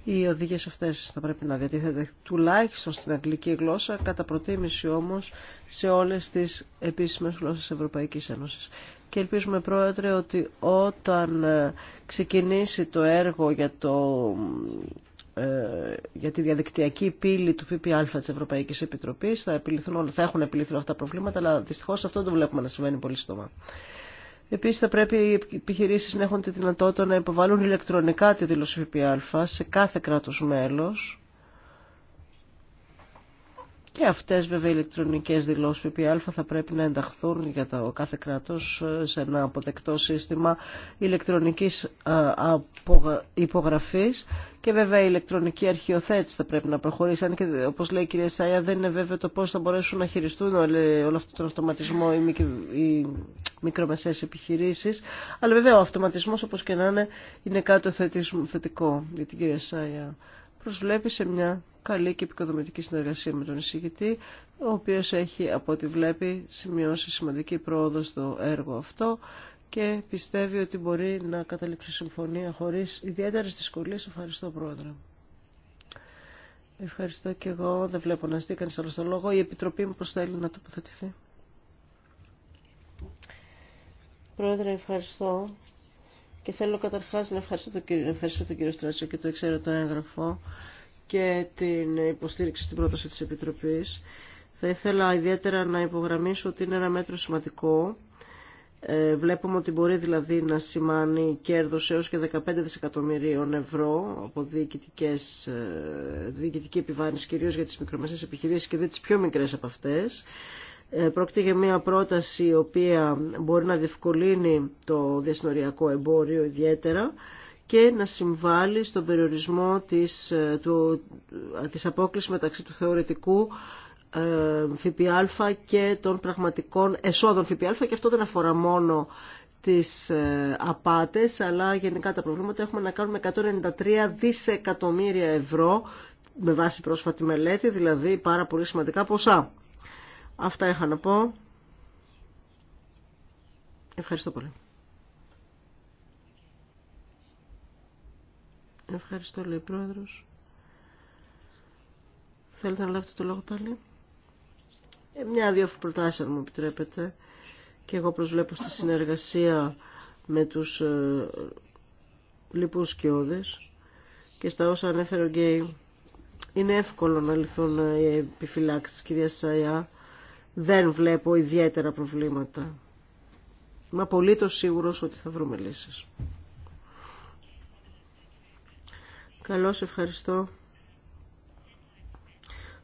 Οι οδηγίες αυτές θα πρέπει να διατίθεται τουλάχιστον στην αγγλική γλώσσα, κατά προτίμηση όμως σε όλες τις επίσημες γλώσσες Ευρωπαϊκής Ένωσης. Και ελπίζουμε, Πρόεδρε, ότι όταν ε, ξεκινήσει το έργο για, το, ε, για τη διαδικτυακή πύλη του ΦΠΑ της Ευρωπαϊκής Επιτροπής θα, επιληθούν, θα έχουν επιληθεί αυτά τα προβλήματα, αλλά δυστυχώς αυτό το βλέπουμε να σημαίνει πολύ σύντομα. Επίση, θα πρέπει οι επιχειρήσει να έχουν τη δυνατότητα να υποβάλουν ηλεκτρονικά τη δήλωση ΦΠΑ σε κάθε κράτος μέλος και αυτές βέβαια οι ηλεκτρονικές δηλώσεις ΦΠΑ θα πρέπει να ενταχθούν για το κάθε κράτος ε, σε ένα αποδεκτό σύστημα ηλεκτρονικής ε, υπογραφής και βέβαια η ηλεκτρονική αρχιοθέτηση θα πρέπει να προχωρήσει. Αν και όπως λέει η κυρία Σάια δεν είναι βέβαιο το πώς θα μπορέσουν να χειριστούν όλο αυτό τον αυτοματισμό οι μικρομεσαίες επιχειρήσεις. Αλλά βέβαια ο αυτοματισμός όπως και να είναι είναι κάτι θετικό για την κυρία Σάια προσβλέπει σε μια καλή και επικοδομητική συνεργασία με τον εισηγητή, ο οποίος έχει από ό,τι βλέπει σημειώσει σημαντική πρόοδο στο έργο αυτό και πιστεύει ότι μπορεί να καταλήξει συμφωνία χωρίς ιδιαίτερες δυσκολίες. Ευχαριστώ Πρόεδρε. Ευχαριστώ και εγώ. Δεν βλέπω να στεί κανείς άλλο το λόγο. Η Επιτροπή μου πώς να τοποθετηθεί. Πρόεδρε, ευχαριστώ. Και θέλω καταρχάς να ευχαριστώ τον κύριο, ευχαριστώ τον κύριο Στράτσο και το εξαίρετο το έγγραφο και την υποστήριξη στην πρόταση της Επιτροπής. Θα ήθελα ιδιαίτερα να υπογραμμίσω ότι είναι ένα μέτρο σημαντικό. Ε, βλέπουμε ότι μπορεί δηλαδή να σημάνει κέρδος έως και 15 δισεκατομμυρίων ευρώ από ε, διοικητική επιβάρυνση κυρίως για τις μικρομεσαίες επιχειρήσεις και δεν τις πιο μικρές από αυτές. Ε, πρόκειται για μια πρόταση η οποία μπορεί να διευκολύνει το διασυνοριακό εμπόριο ιδιαίτερα και να συμβάλλει στον περιορισμό της, ε, του, ε, της απόκλησης μεταξύ του θεωρητικού ΦΠΑ και των πραγματικών εσόδων ΦΠΑ και αυτό δεν αφορά μόνο τις απάτες αλλά γενικά τα προβλήματα έχουμε να κάνουμε 193 δισεκατομμύρια ευρώ με βάση πρόσφατη μελέτη δηλαδή πάρα πολύ σημαντικά ποσά. Αυτά είχα να πω. Ευχαριστώ πολύ. Ευχαριστώ, λέει πρόεδρος. Θέλετε να λάβετε το λόγο πάλι. Ε, Μια-δύο προτάσει αν μου επιτρέπετε. Και εγώ προσβλέπω στη συνεργασία με τους ε, λοιπούς και Και στα όσα ανέφερε ο Γκέι, είναι εύκολο να λυθούν ε, οι επιφυλάξεις της κυρίας Σαϊά δεν βλέπω ιδιαίτερα προβλήματα. Είμαι απολύτω σίγουρος ότι θα βρούμε λύσεις. Καλώς, ευχαριστώ.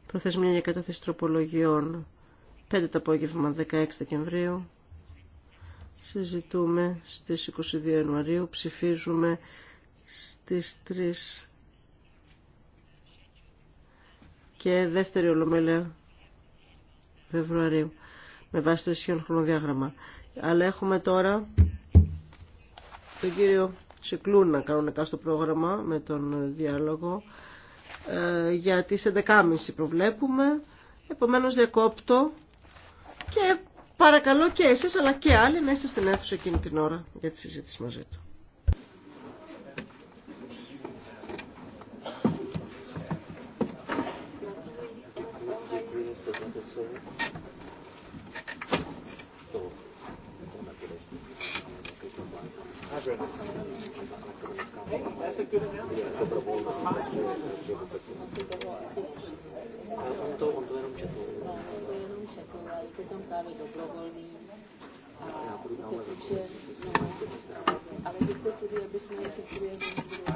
Προθεσμία για κατάθεση τροπολογιών. 5 το απόγευμα, 16 Δεκεμβρίου. Συζητούμε στις 22 Ιανουαρίου. Ψηφίζουμε στις 3 και δεύτερη ολομέλεια Φεβρουαρίου με βάση το ισχυρό χρονοδιάγραμμα. Αλλά έχουμε τώρα τον κύριο να κανονικά στο πρόγραμμα με τον διάλογο ε, για τις 11.30 προβλέπουμε. Επομένως διακόπτω και παρακαλώ και εσείς αλλά και άλλοι να είστε στην αίθουσα εκείνη την ώρα για τη συζήτηση μαζί του. Ale vy jste tudy, aby jsme jeli tudy, aby jsme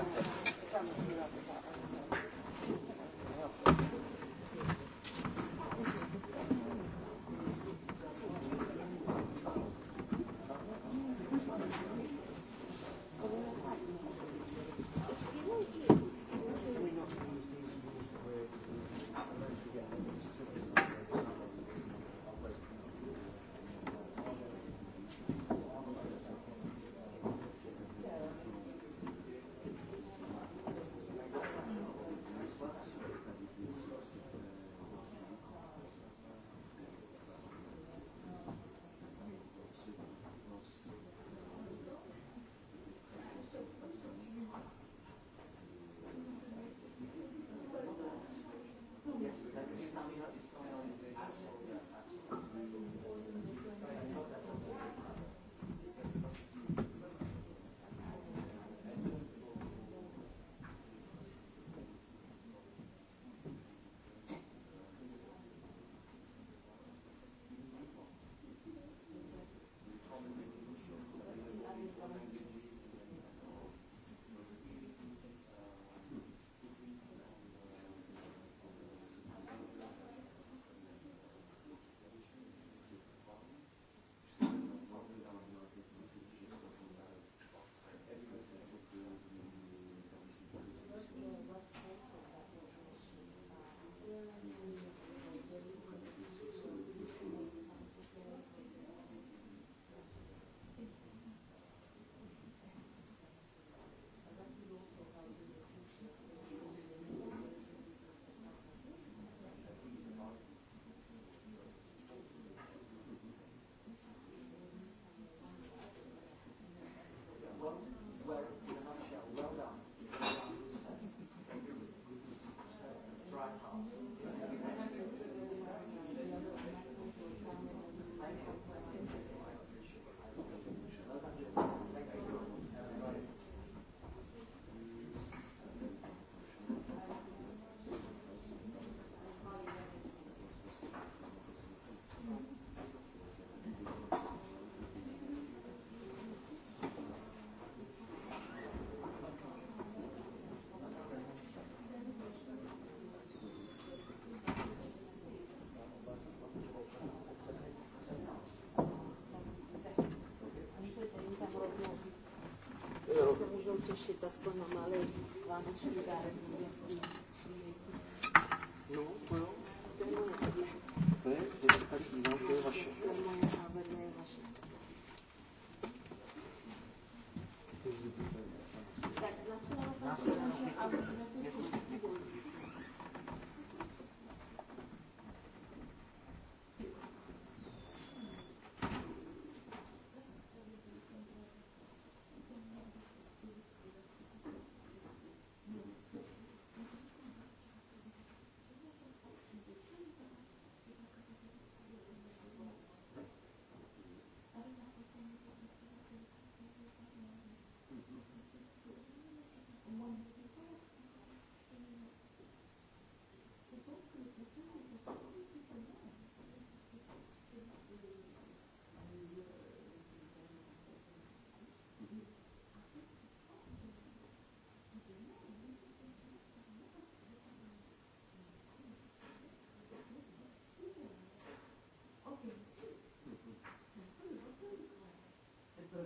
soutěži, ta dárek No, to Σε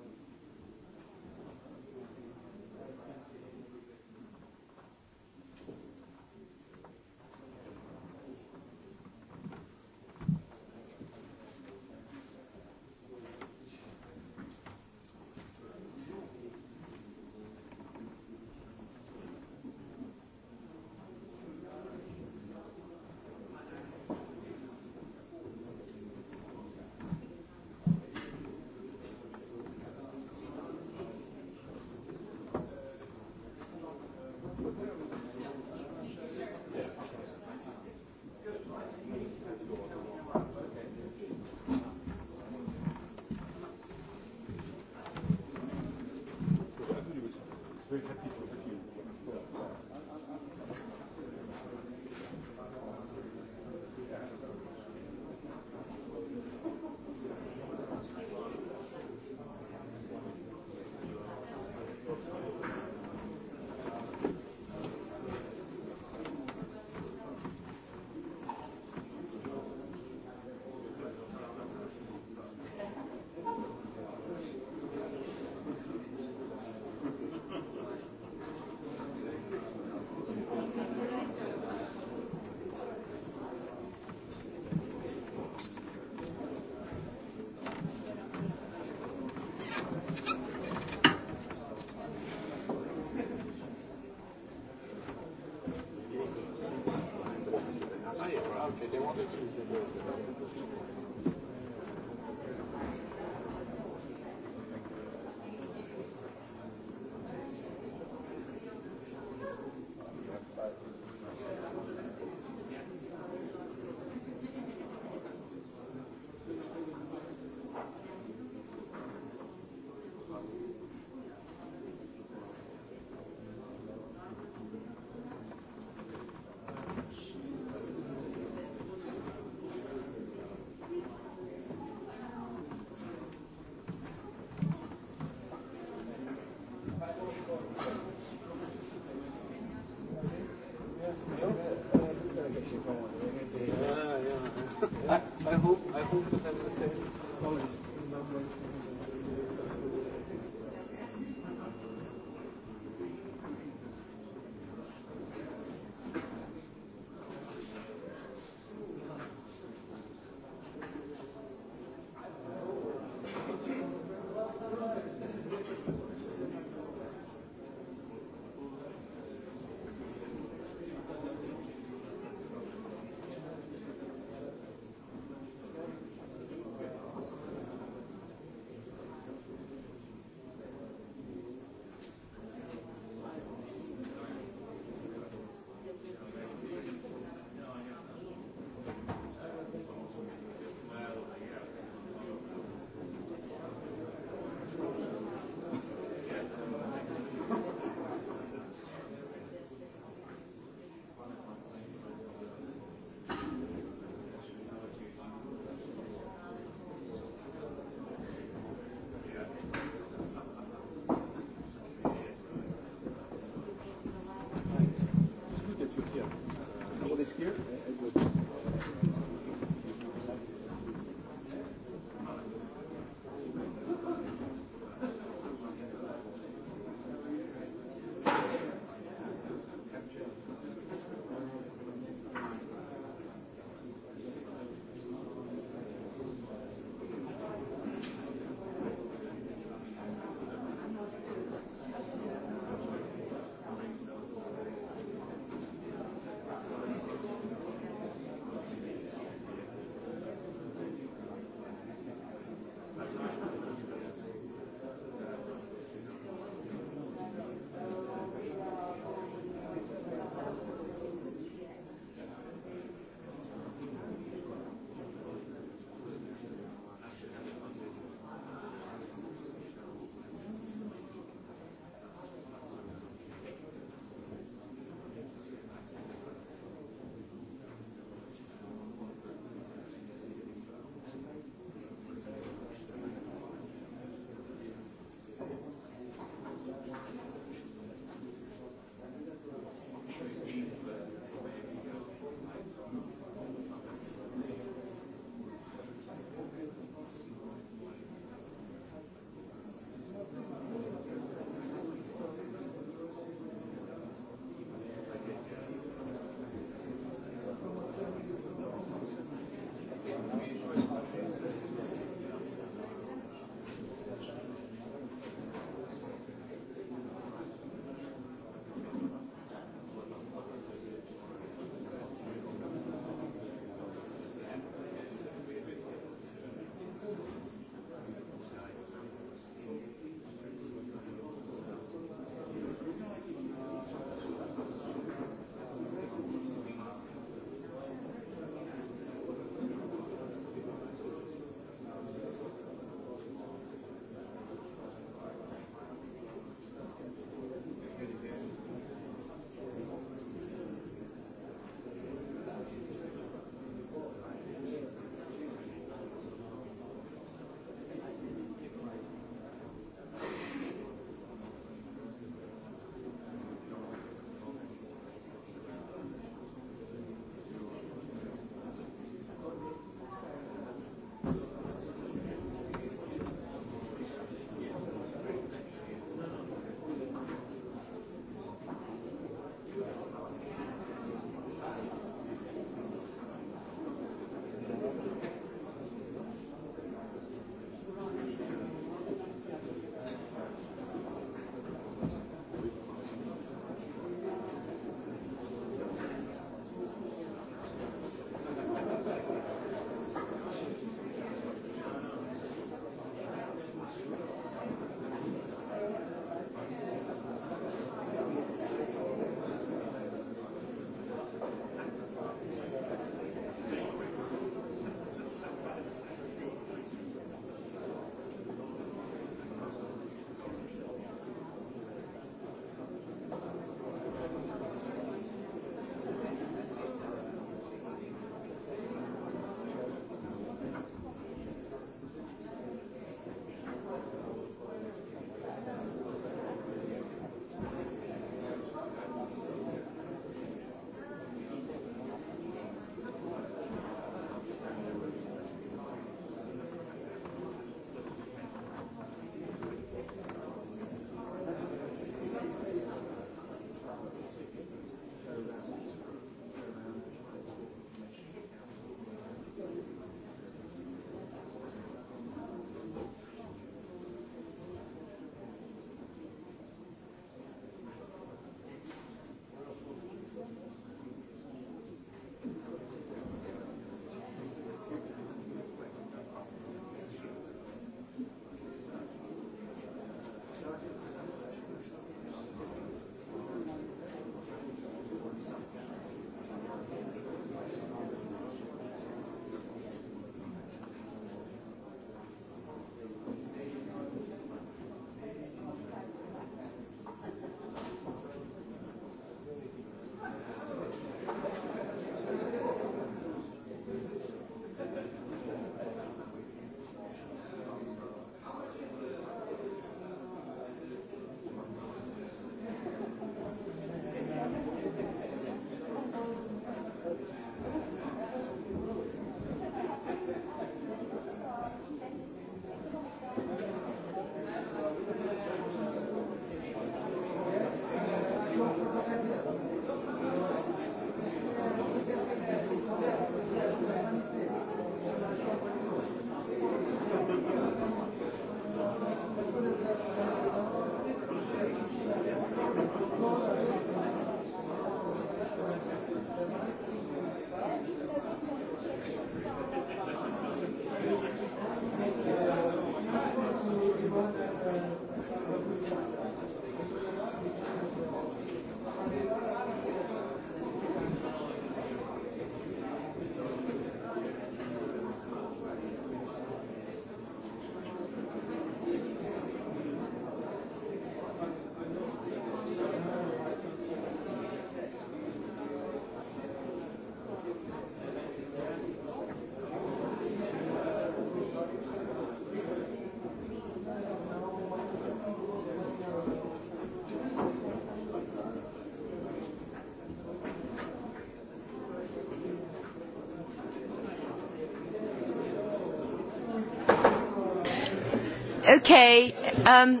Okay. Um,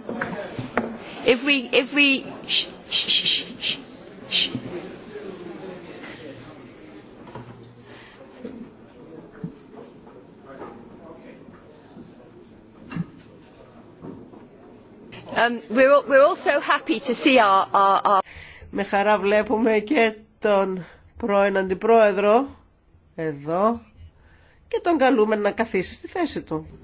if we, if we, shh, shh, shh, shh. Um, we're, we're also happy to see our, our, our... Με χαρά βλέπουμε και τον πρώην αντιπρόεδρο εδώ και τον καλούμε να καθίσει στη θέση του.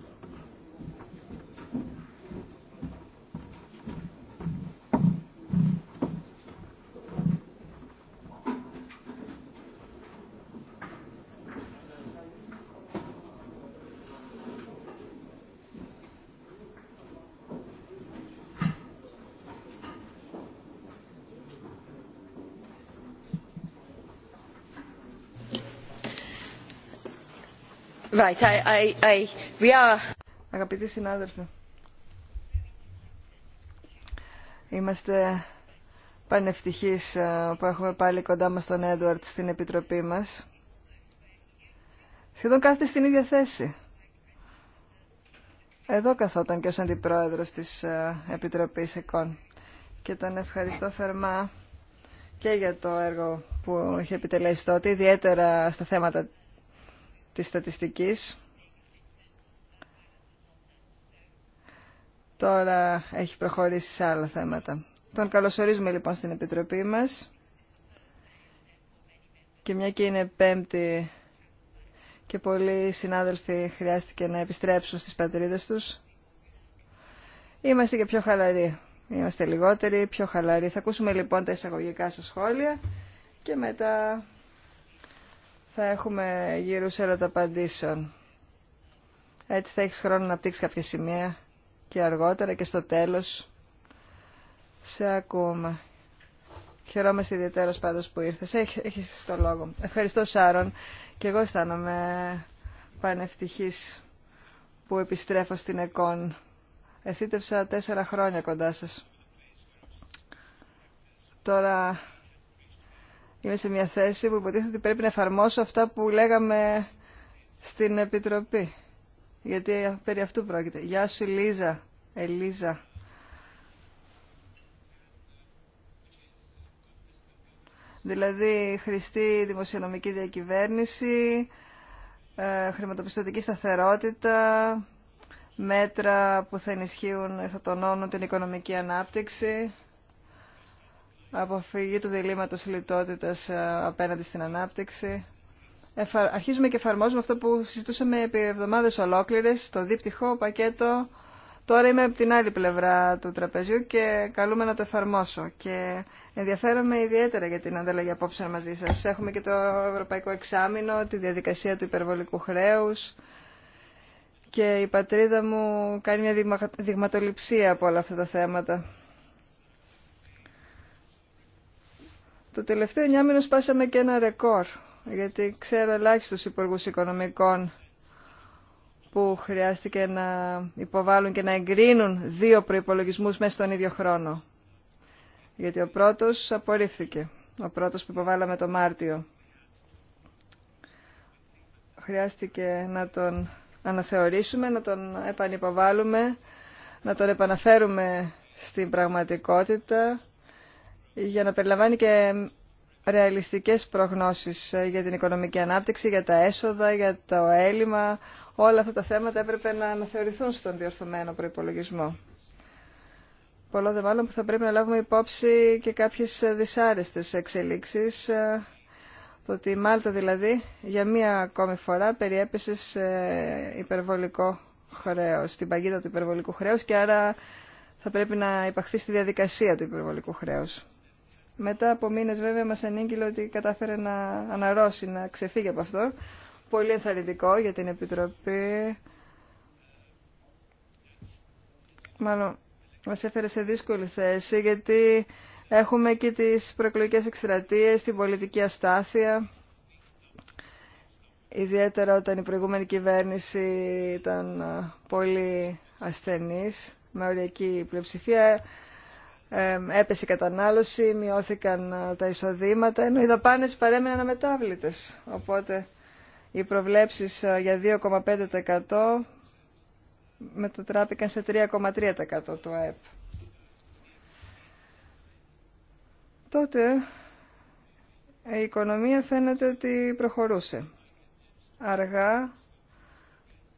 Αγαπητοί συνάδελφοι, είμαστε πανευτυχείς ε, που έχουμε πάλι κοντά μας τον Έντουαρτ στην Επιτροπή μας. Σχεδόν κάθεται στην ίδια θέση. Εδώ καθόταν και ως αντιπρόεδρος της ε, Επιτροπής ΕΚΟΝ. Και τον ευχαριστώ θερμά και για το έργο που είχε επιτελέσει τότε, ιδιαίτερα στα θέματα της στατιστικής. Τώρα έχει προχωρήσει σε άλλα θέματα. Τον καλωσορίζουμε λοιπόν στην Επιτροπή μας. Και μια και είναι πέμπτη και πολλοί συνάδελφοι χρειάστηκε να επιστρέψουν στις πατρίδες τους. Είμαστε και πιο χαλαροί. Είμαστε λιγότεροι, πιο χαλαροί. Θα ακούσουμε λοιπόν τα εισαγωγικά σας σχόλια και μετά θα έχουμε γύρους ερωταπαντήσεων. Έτσι θα έχεις χρόνο να πτύξεις κάποια σημεία και αργότερα και στο τέλος σε ακούμε. Χαιρόμαστε ιδιαίτερα πάντως που ήρθες. Έχεις το λόγο. Ευχαριστώ Σάρον και εγώ αισθάνομαι πανευτυχής που επιστρέφω στην ΕΚΟΝ. Εθήτευσα τέσσερα χρόνια κοντά σας. Τώρα είμαι σε μια θέση που υποτίθεται ότι πρέπει να εφαρμόσω αυτά που λέγαμε στην Επιτροπή. Γιατί περί αυτού πρόκειται. Γεια σου Λίζα, Ελίζα. Δηλαδή χρηστή δημοσιονομική διακυβέρνηση, ε, χρηματοπιστωτική σταθερότητα, μέτρα που θα ενισχύουν, θα τονώνουν την οικονομική ανάπτυξη αποφυγή του διλήμματος λιτότητας ε, απέναντι στην ανάπτυξη. Αρχίζουμε και εφαρμόζουμε αυτό που συζητούσαμε επί εβδομάδες ολόκληρες, το δίπτυχο πακέτο. Τώρα είμαι από την άλλη πλευρά του τραπεζιού και καλούμε να το εφαρμόσω. Και ενδιαφέρομαι ιδιαίτερα για την ανταλλαγή απόψε μαζί σα. Έχουμε και το Ευρωπαϊκό Εξάμεινο, τη διαδικασία του υπερβολικού χρέου Και η πατρίδα μου κάνει μια δειγματοληψία από όλα αυτά τα θέματα. Το τελευταίο 9 πάσαμε και ένα ρεκόρ, γιατί ξέρω ελάχιστους υπουργούς οικονομικών που χρειάστηκε να υποβάλουν και να εγκρίνουν δύο προϋπολογισμούς μέσα στον ίδιο χρόνο. Γιατί ο πρώτος απορρίφθηκε, ο πρώτος που υποβάλαμε το Μάρτιο. Χρειάστηκε να τον αναθεωρήσουμε, να τον επανυποβάλουμε, να τον επαναφέρουμε στην πραγματικότητα για να περιλαμβάνει και ρεαλιστικές προγνώσεις ε, για την οικονομική ανάπτυξη, για τα έσοδα, για το έλλειμμα. Όλα αυτά τα θέματα έπρεπε να αναθεωρηθούν στον διορθωμένο προϋπολογισμό. Πολλό δε μάλλον που θα πρέπει να λάβουμε υπόψη και κάποιες δυσάρεστες εξελίξεις. Ε, το ότι η Μάλτα δηλαδή για μία ακόμη φορά περιέπεσε σε υπερβολικό χρέος, στην παγίδα του υπερβολικού χρέους και άρα θα πρέπει να υπαχθεί στη διαδικασία του υπερβολικού χρέους. Μετά από μήνε βέβαια μα ανήγγειλε ότι κατάφερε να αναρρώσει, να ξεφύγει από αυτό. Πολύ ενθαρρυντικό για την Επιτροπή. Μάλλον μα έφερε σε δύσκολη θέση γιατί έχουμε και τι προεκλογικέ εκστρατείε, την πολιτική αστάθεια. Ιδιαίτερα όταν η προηγούμενη κυβέρνηση ήταν ε, πολύ ασθενής, με οριακή πλειοψηφία έπεσε η κατανάλωση, μειώθηκαν ε, τα εισοδήματα, ενώ οι δαπάνες παρέμειναν αμετάβλητες. Οπότε οι προβλέψεις ε, για 2,5% μετατράπηκαν σε 3,3% του ΑΕΠ. Τότε η οικονομία φαίνεται ότι προχωρούσε. Αργά,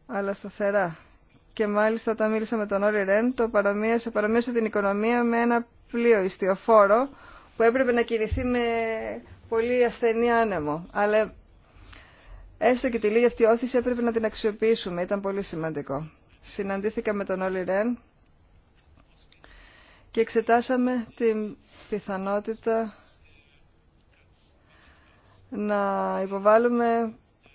αλλά σταθερά και μάλιστα όταν μίλησα με τον Όρι Ρεν, το παρομοίωσε, την οικονομία με ένα πλοίο ιστιοφόρο που έπρεπε να κινηθεί με πολύ ασθενή άνεμο. Αλλά έστω και τη λίγη αυτή όθηση έπρεπε να την αξιοποιήσουμε, ήταν πολύ σημαντικό. Συναντήθηκα με τον Όλι Ρεν και εξετάσαμε την πιθανότητα να υποβάλουμε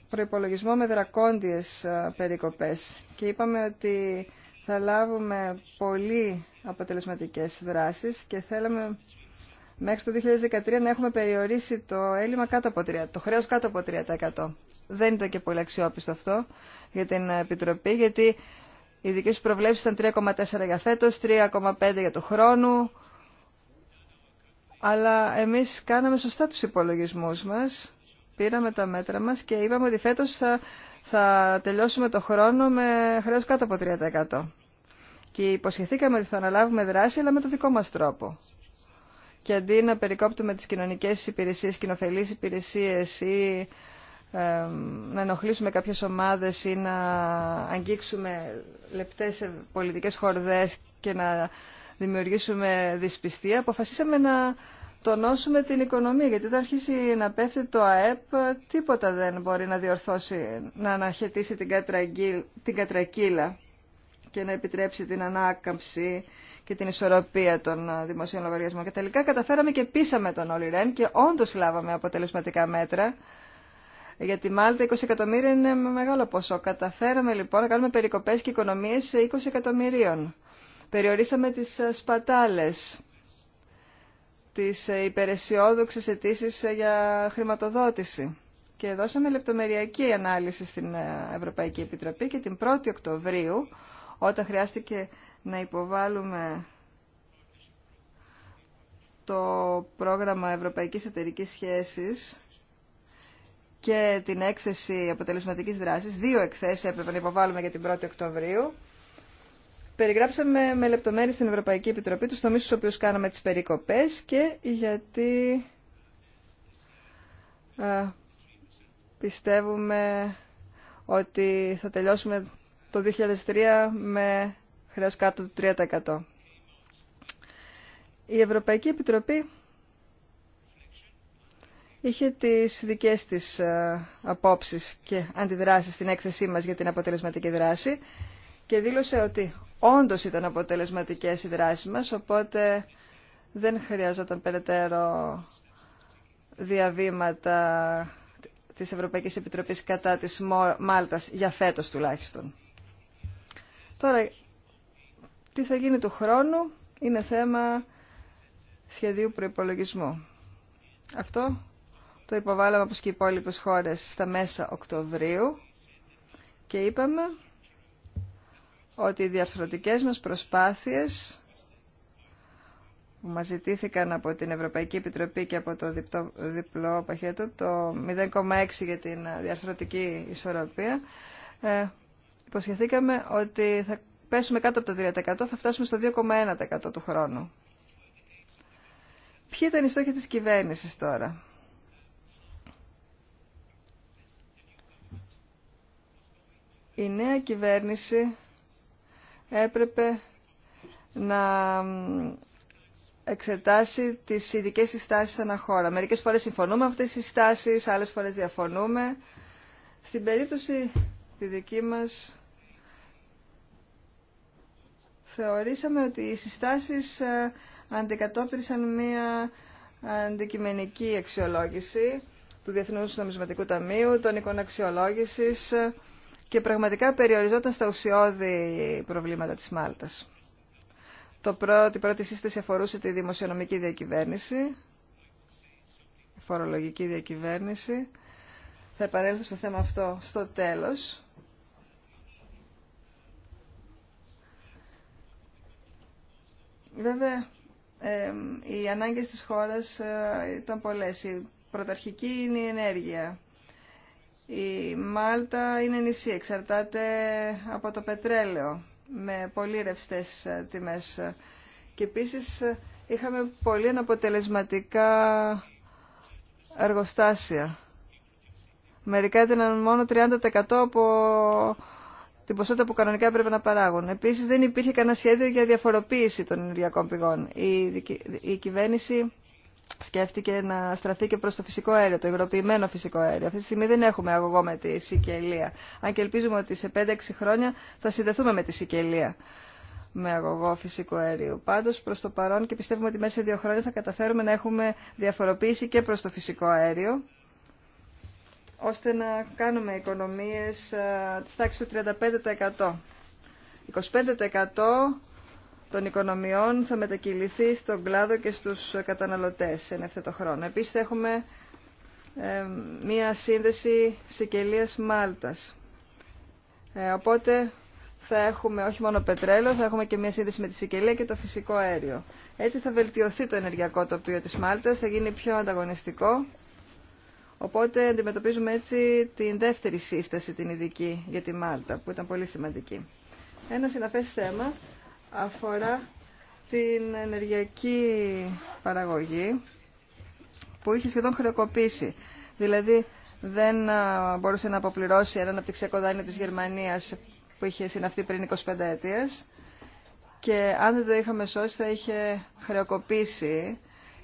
προϋπολογισμό με δρακόντιες περικοπές και είπαμε ότι θα λάβουμε πολύ αποτελεσματικές δράσεις και θέλαμε μέχρι το 2013 να έχουμε περιορίσει το έλλειμμα κάτω από 3, το χρέος κάτω από 3%. Δεν ήταν και πολύ αξιόπιστο αυτό για την Επιτροπή, γιατί οι δικέ σου προβλέψει ήταν 3,4 για φέτο, 3,5 για το χρόνο, αλλά εμείς κάναμε σωστά τους υπολογισμούς μας πήραμε τα μέτρα μας και είπαμε ότι φέτος θα, τελειώσουμε το χρόνο με χρέος κάτω από 3% Και υποσχεθήκαμε ότι θα αναλάβουμε δράση, αλλά με το δικό μας τρόπο. Και αντί να περικόπτουμε τις κοινωνικές υπηρεσίες, κοινοφελείς υπηρεσίες ή να ενοχλήσουμε κάποιες ομάδες ή να αγγίξουμε λεπτές πολιτικές χορδές και να δημιουργήσουμε δυσπιστία, αποφασίσαμε να τονώσουμε την οικονομία, γιατί όταν αρχίσει να πέφτει το ΑΕΠ, τίποτα δεν μπορεί να διορθώσει, να αναχαιτήσει την, την κατρακύλα και να επιτρέψει την ανάκαμψη και την ισορροπία των ε, δημοσίων λογαριασμών. Και τελικά καταφέραμε και πείσαμε τον Όλυ Ρεν και όντως λάβαμε αποτελεσματικά μέτρα. γιατί τη 20 εκατομμύρια είναι μεγάλο ποσό. Καταφέραμε λοιπόν να κάνουμε περικοπές και οικονομίες σε 20 εκατομμυρίων. Περιορίσαμε τις ε, σπατάλες τις υπεραισιόδοξες αιτήσει για χρηματοδότηση. Και δώσαμε λεπτομεριακή ανάλυση στην Ευρωπαϊκή Επιτροπή και την 1η Οκτωβρίου, όταν χρειάστηκε να υποβάλουμε το πρόγραμμα Ευρωπαϊκής Εταιρικής Σχέσης και την έκθεση αποτελεσματικής δράσης, δύο εκθέσεις έπρεπε να υποβάλουμε για την 1η Οκτωβρίου, Περιγράψαμε με λεπτομέρειες στην Ευρωπαϊκή Επιτροπή τους τομείς στους οποίους κάναμε τις περικοπές και γιατί πιστεύουμε ότι θα τελειώσουμε το 2003 με χρέος κάτω του 3%. Η Ευρωπαϊκή Επιτροπή είχε τις δικές της απόψεις και αντιδράσεις στην έκθεσή μας για την αποτελεσματική δράση και δήλωσε ότι όντως ήταν αποτελεσματικές οι δράσεις μας, οπότε δεν χρειάζονταν περαιτέρω διαβήματα της Ευρωπαϊκής Επιτροπής κατά της Μάλτας, για φέτος τουλάχιστον. Τώρα, τι θα γίνει του χρόνου είναι θέμα σχεδίου προϋπολογισμού. Αυτό το υποβάλαμε όπως και οι υπόλοιπε χώρες στα μέσα Οκτωβρίου και είπαμε ότι οι διαρθρωτικές μας προσπάθειες που μας ζητήθηκαν από την Ευρωπαϊκή Επιτροπή και από το διπλό παχέτο, το 0,6 για την διαρθρωτική ισορροπία, ε, υποσχεθήκαμε ότι θα πέσουμε κάτω από το 3%, θα φτάσουμε στο 2,1% του χρόνου. Ποιοι ήταν οι στόχοι της κυβέρνησης τώρα. Η νέα κυβέρνηση έπρεπε να εξετάσει τις ειδικέ συστάσεις αναχώρα. Μερικές φορές συμφωνούμε με αυτές τις συστάσεις, άλλες φορές διαφωνούμε. Στην περίπτωση τη δική μας θεωρήσαμε ότι οι συστάσεις ε, αντικατόπτρισαν μία αντικειμενική αξιολόγηση του Διεθνούς Νομισματικού Ταμείου, των εικοναξιολόγησης, αξιολόγησης, και πραγματικά περιοριζόταν στα ουσιώδη προβλήματα της Μάλτας. Το πρώτο, η πρώτη σύσταση αφορούσε τη δημοσιονομική διακυβέρνηση, φορολογική διακυβέρνηση. Θα επανέλθω στο θέμα αυτό στο τέλος. Βέβαια, οι ανάγκες της χώρας ε, ήταν πολλές. Η πρωταρχική είναι η ενέργεια η Μάλτα είναι νησί, εξαρτάται από το πετρέλαιο με πολύ ρευστέ ε, τιμές. Και επίσης ε, είχαμε πολύ αναποτελεσματικά εργοστάσια. Μερικά ήταν μόνο 30% από την ποσότητα που κανονικά έπρεπε να παράγουν. Επίσης δεν υπήρχε κανένα σχέδιο για διαφοροποίηση των ενεργειακών πηγών. Η, η κυβέρνηση σκέφτηκε να στραφεί και προς το φυσικό αέριο, το υγροποιημένο φυσικό αέριο. Αυτή τη στιγμή δεν έχουμε αγωγό με τη Σικελία. Αν και ελπίζουμε ότι σε 5-6 χρόνια θα συνδεθούμε με τη Σικελία με αγωγό φυσικού αερίου. Πάντω προ το παρόν και πιστεύουμε ότι μέσα σε δύο χρόνια θα καταφέρουμε να έχουμε διαφοροποίηση και προ το φυσικό αέριο, ώστε να κάνουμε οικονομίε ε, της τάξης του 35%. 25% των οικονομιών θα μετακυληθεί στον κλάδο και στους καταναλωτές εν το χρόνο. Επίσης θα έχουμε ε, μία σύνδεση Σικελίας Μάλτας. Ε, οπότε θα έχουμε όχι μόνο πετρέλαιο, θα έχουμε και μία σύνδεση με τη Σικελία και το φυσικό αέριο. Έτσι θα βελτιωθεί το ενεργειακό τοπίο της Μάλτας, θα γίνει πιο ανταγωνιστικό. Οπότε αντιμετωπίζουμε έτσι την δεύτερη σύσταση, την ειδική για τη Μάλτα, που ήταν πολύ σημαντική. Ένα συναφές θέμα αφορά την ενεργειακή παραγωγή που είχε σχεδόν χρεοκοπήσει. Δηλαδή δεν μπορούσε να αποπληρώσει ένα αναπτυξιακό δάνειο της Γερμανίας που είχε συναυθεί πριν 25 ετία και αν δεν το είχαμε σώσει θα είχε χρεοκοπήσει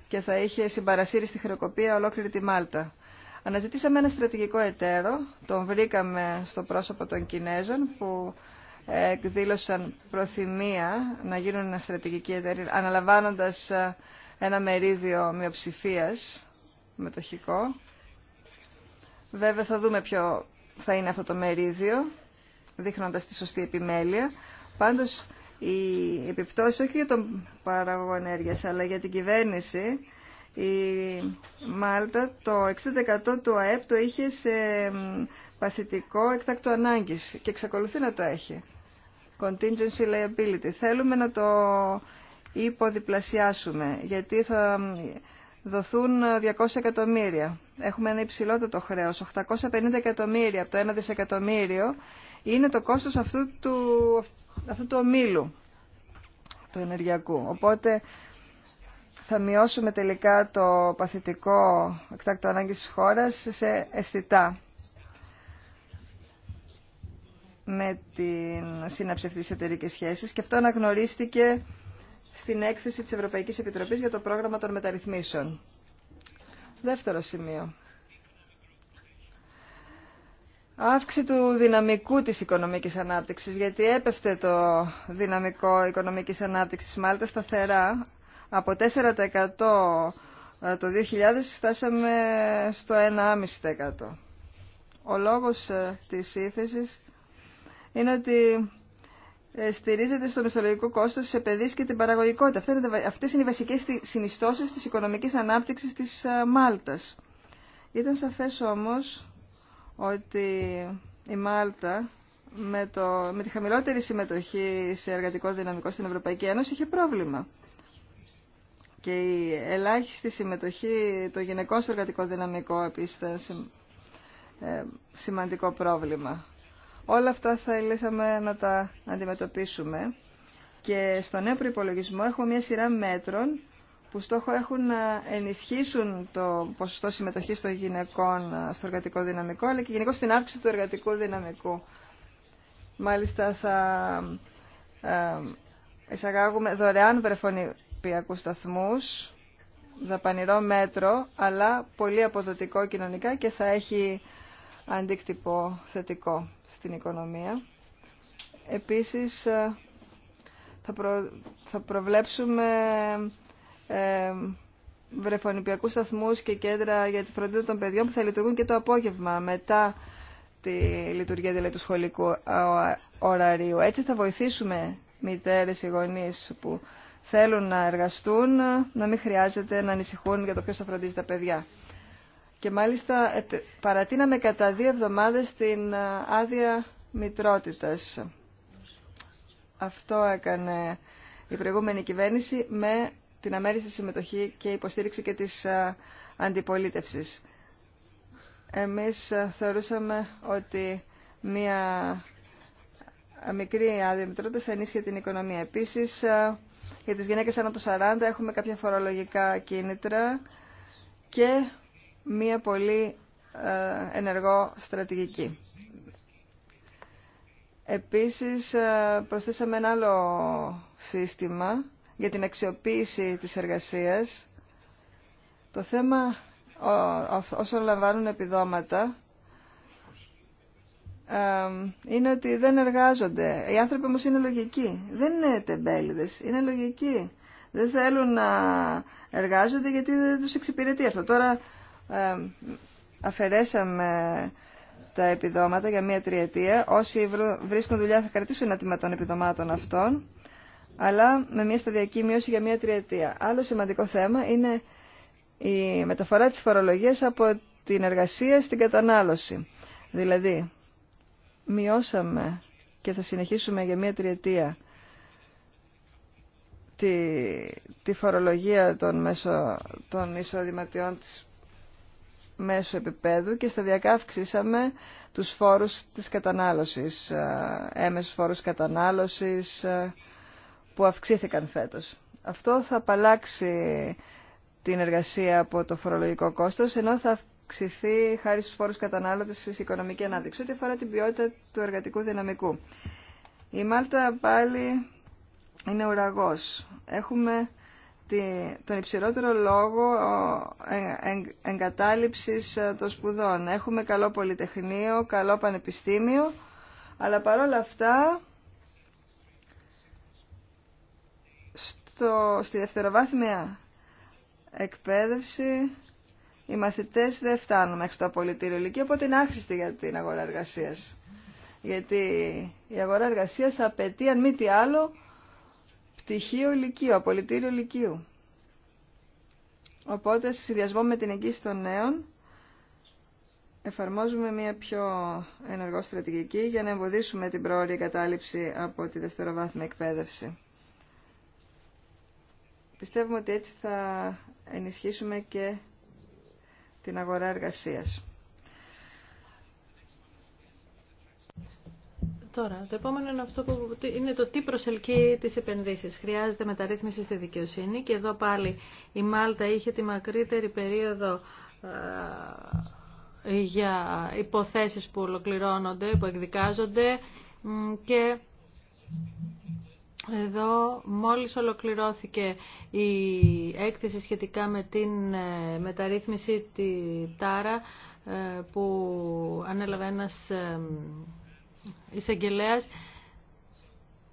και θα είχε συμπαρασύρει στη χρεοκοπία ολόκληρη τη Μάλτα. Αναζητήσαμε ένα στρατηγικό εταίρο, τον βρήκαμε στο πρόσωπο των Κινέζων που εκδήλωσαν προθυμία να γίνουν ένα στρατηγική εταιρεία, αναλαμβάνοντας ε, ένα μερίδιο μειοψηφία μετοχικό. Βέβαια θα δούμε ποιο θα είναι αυτό το μερίδιο, δείχνοντας τη σωστή επιμέλεια. Πάντως η επιπτώσει όχι για τον παραγωγό ενέργεια, αλλά για την κυβέρνηση, η Μάλτα το 60% του ΑΕΠ το είχε σε παθητικό εκτάκτο ανάγκης και εξακολουθεί να το έχει contingency liability. Θέλουμε να το υποδιπλασιάσουμε, γιατί θα δοθούν 200 εκατομμύρια. Έχουμε ένα υψηλότερο χρέος, 850 εκατομμύρια από το 1 δισεκατομμύριο είναι το κόστος αυτού του, αυτού του ομίλου του ενεργειακού. Οπότε θα μειώσουμε τελικά το παθητικό εκτάκτο ανάγκης της χώρας σε αισθητά με την σύναψη αυτής της εταιρικής σχέσης και αυτό αναγνωρίστηκε στην έκθεση της Ευρωπαϊκής Επιτροπής για το πρόγραμμα των μεταρρυθμίσεων. Δεύτερο σημείο. Αύξηση του δυναμικού της οικονομικής ανάπτυξης, γιατί έπεφτε το δυναμικό οικονομικής ανάπτυξης μάλιστα σταθερά. Από 4% το 2000 φτάσαμε στο 1,5%. Ο λόγος ε, της ύφεσης είναι ότι ε, στηρίζεται στο μισθολογικό κόστος σε επενδύσεις και την παραγωγικότητα. Αυτές είναι οι βασικές συνιστώσεις της οικονομικής ανάπτυξης της ε, Μάλτας. Ήταν σαφές όμως ότι η Μάλτα με, το, με τη χαμηλότερη συμμετοχή σε εργατικό δυναμικό στην Ευρωπαϊκή Ένωση είχε πρόβλημα. Και η ελάχιστη συμμετοχή των γυναικών στο εργατικό δυναμικό επίσης ήταν ε, σημαντικό πρόβλημα. Όλα αυτά θα ήλθαμε να τα αντιμετωπίσουμε και στο νέο προπολογισμό έχουμε μια σειρά μέτρων που στόχο έχουν να ενισχύσουν το ποσοστό συμμετοχής των γυναικών στο εργατικό δυναμικό, αλλά και γενικώ στην αύξηση του εργατικού δυναμικού. Μάλιστα θα ε, εισαγάγουμε δωρεάν βρεφονιπιακούς σταθμούς, δαπανηρό μέτρο, αλλά πολύ αποδοτικό κοινωνικά και θα έχει αντίκτυπο θετικό στην οικονομία. Επίσης, ε, θα, θα προβλέψουμε ε, βρεφονιπιακούς σταθμούς και κέντρα για τη φροντίδα των παιδιών που θα λειτουργούν και το απόγευμα μετά τη λειτουργία δηλαδή, του σχολικού ωραρίου. Έτσι θα βοηθήσουμε μητέρες ή γονείς που θέλουν να εργαστούν να μην χρειάζεται να ανησυχούν για το ποιος θα φροντίζει τα παιδιά. Και μάλιστα ε, παρατείναμε κατά δύο εβδομάδες την ε, άδεια μητρότητας. Αυτό έκανε η προηγούμενη κυβέρνηση με την αμέριστη συμμετοχή και υποστήριξη και της ε, αντιπολίτευσης. Εμείς θεωρούσαμε ότι μία μικρή άδεια μητρότητας θα ενίσχυε την οικονομία. Επίσης, για τις γυναίκες άνω των 40 έχουμε κάποια φορολογικά κίνητρα και μία πολύ ε, ενεργό στρατηγική. Επίσης, ε, προσθέσαμε ένα άλλο σύστημα για την αξιοποίηση της εργασίας. Το θέμα όσων λαμβάνουν επιδόματα ε, είναι ότι δεν εργάζονται. Οι άνθρωποι όμως είναι λογικοί. Δεν είναι τεμπέληδες, είναι λογικοί. Δεν θέλουν να εργάζονται γιατί δεν τους εξυπηρετεί αυτό. Τώρα ε, αφαιρέσαμε τα επιδόματα για μία τριετία. Όσοι βρίσκουν δουλειά θα κρατήσουν ένα των επιδομάτων αυτών, αλλά με μία σταδιακή μείωση για μία τριετία. Άλλο σημαντικό θέμα είναι η μεταφορά της φορολογίας από την εργασία στην κατανάλωση. Δηλαδή, μειώσαμε και θα συνεχίσουμε για μία τριετία τη, τη φορολογία των, μέσω, των εισοδηματιών της μέσω επίπεδου και σταδιακά αυξήσαμε τους φόρους της κατανάλωσης, ε, έμεσους φόρους κατανάλωσης ε, που αυξήθηκαν φέτος. Αυτό θα απαλλάξει την εργασία από το φορολογικό κόστος, ενώ θα αυξηθεί χάρη στους φόρους κατανάλωσης η οικονομική ανάδειξη, ό,τι αφορά την ποιότητα του εργατικού δυναμικού. Η Μάλτα πάλι είναι ουραγός. Έχουμε τον υψηλότερο λόγο ε, εγκατάλειψης ε, των σπουδών. Έχουμε καλό πολυτεχνείο, καλό πανεπιστήμιο, αλλά παρόλα αυτά στο, στη δευτεροβάθμια εκπαίδευση οι μαθητές δεν φτάνουν μέχρι το απολυτήριο ηλικία, οπότε είναι άχρηστη για την αγορά εργασίας. Γιατί η αγορά εργασίας απαιτεί, αν μη τι άλλο, Στοιχείο ηλικίου, απολυτήριο ηλικίου. Οπότε, σε συνδυασμό με την εγγύηση των νέων, εφαρμόζουμε μια πιο ενεργό στρατηγική για να εμποδίσουμε την πρόορη κατάληψη από τη δευτεροβάθμια εκπαίδευση. Πιστεύουμε ότι έτσι θα ενισχύσουμε και την αγορά εργασίας. Τώρα, το επόμενο είναι αυτό που είναι το τι προσελκύει τι επενδύσει. Χρειάζεται μεταρρύθμιση στη δικαιοσύνη και εδώ πάλι η Μάλτα είχε τη μακρύτερη περίοδο ε, για υποθέσεις που ολοκληρώνονται, που εκδικάζονται και εδώ μόλις ολοκληρώθηκε η έκθεση σχετικά με την ε, μεταρρύθμιση τη ΤΑΡΑ ε, που ανέλαβε ένας εισαγγελέα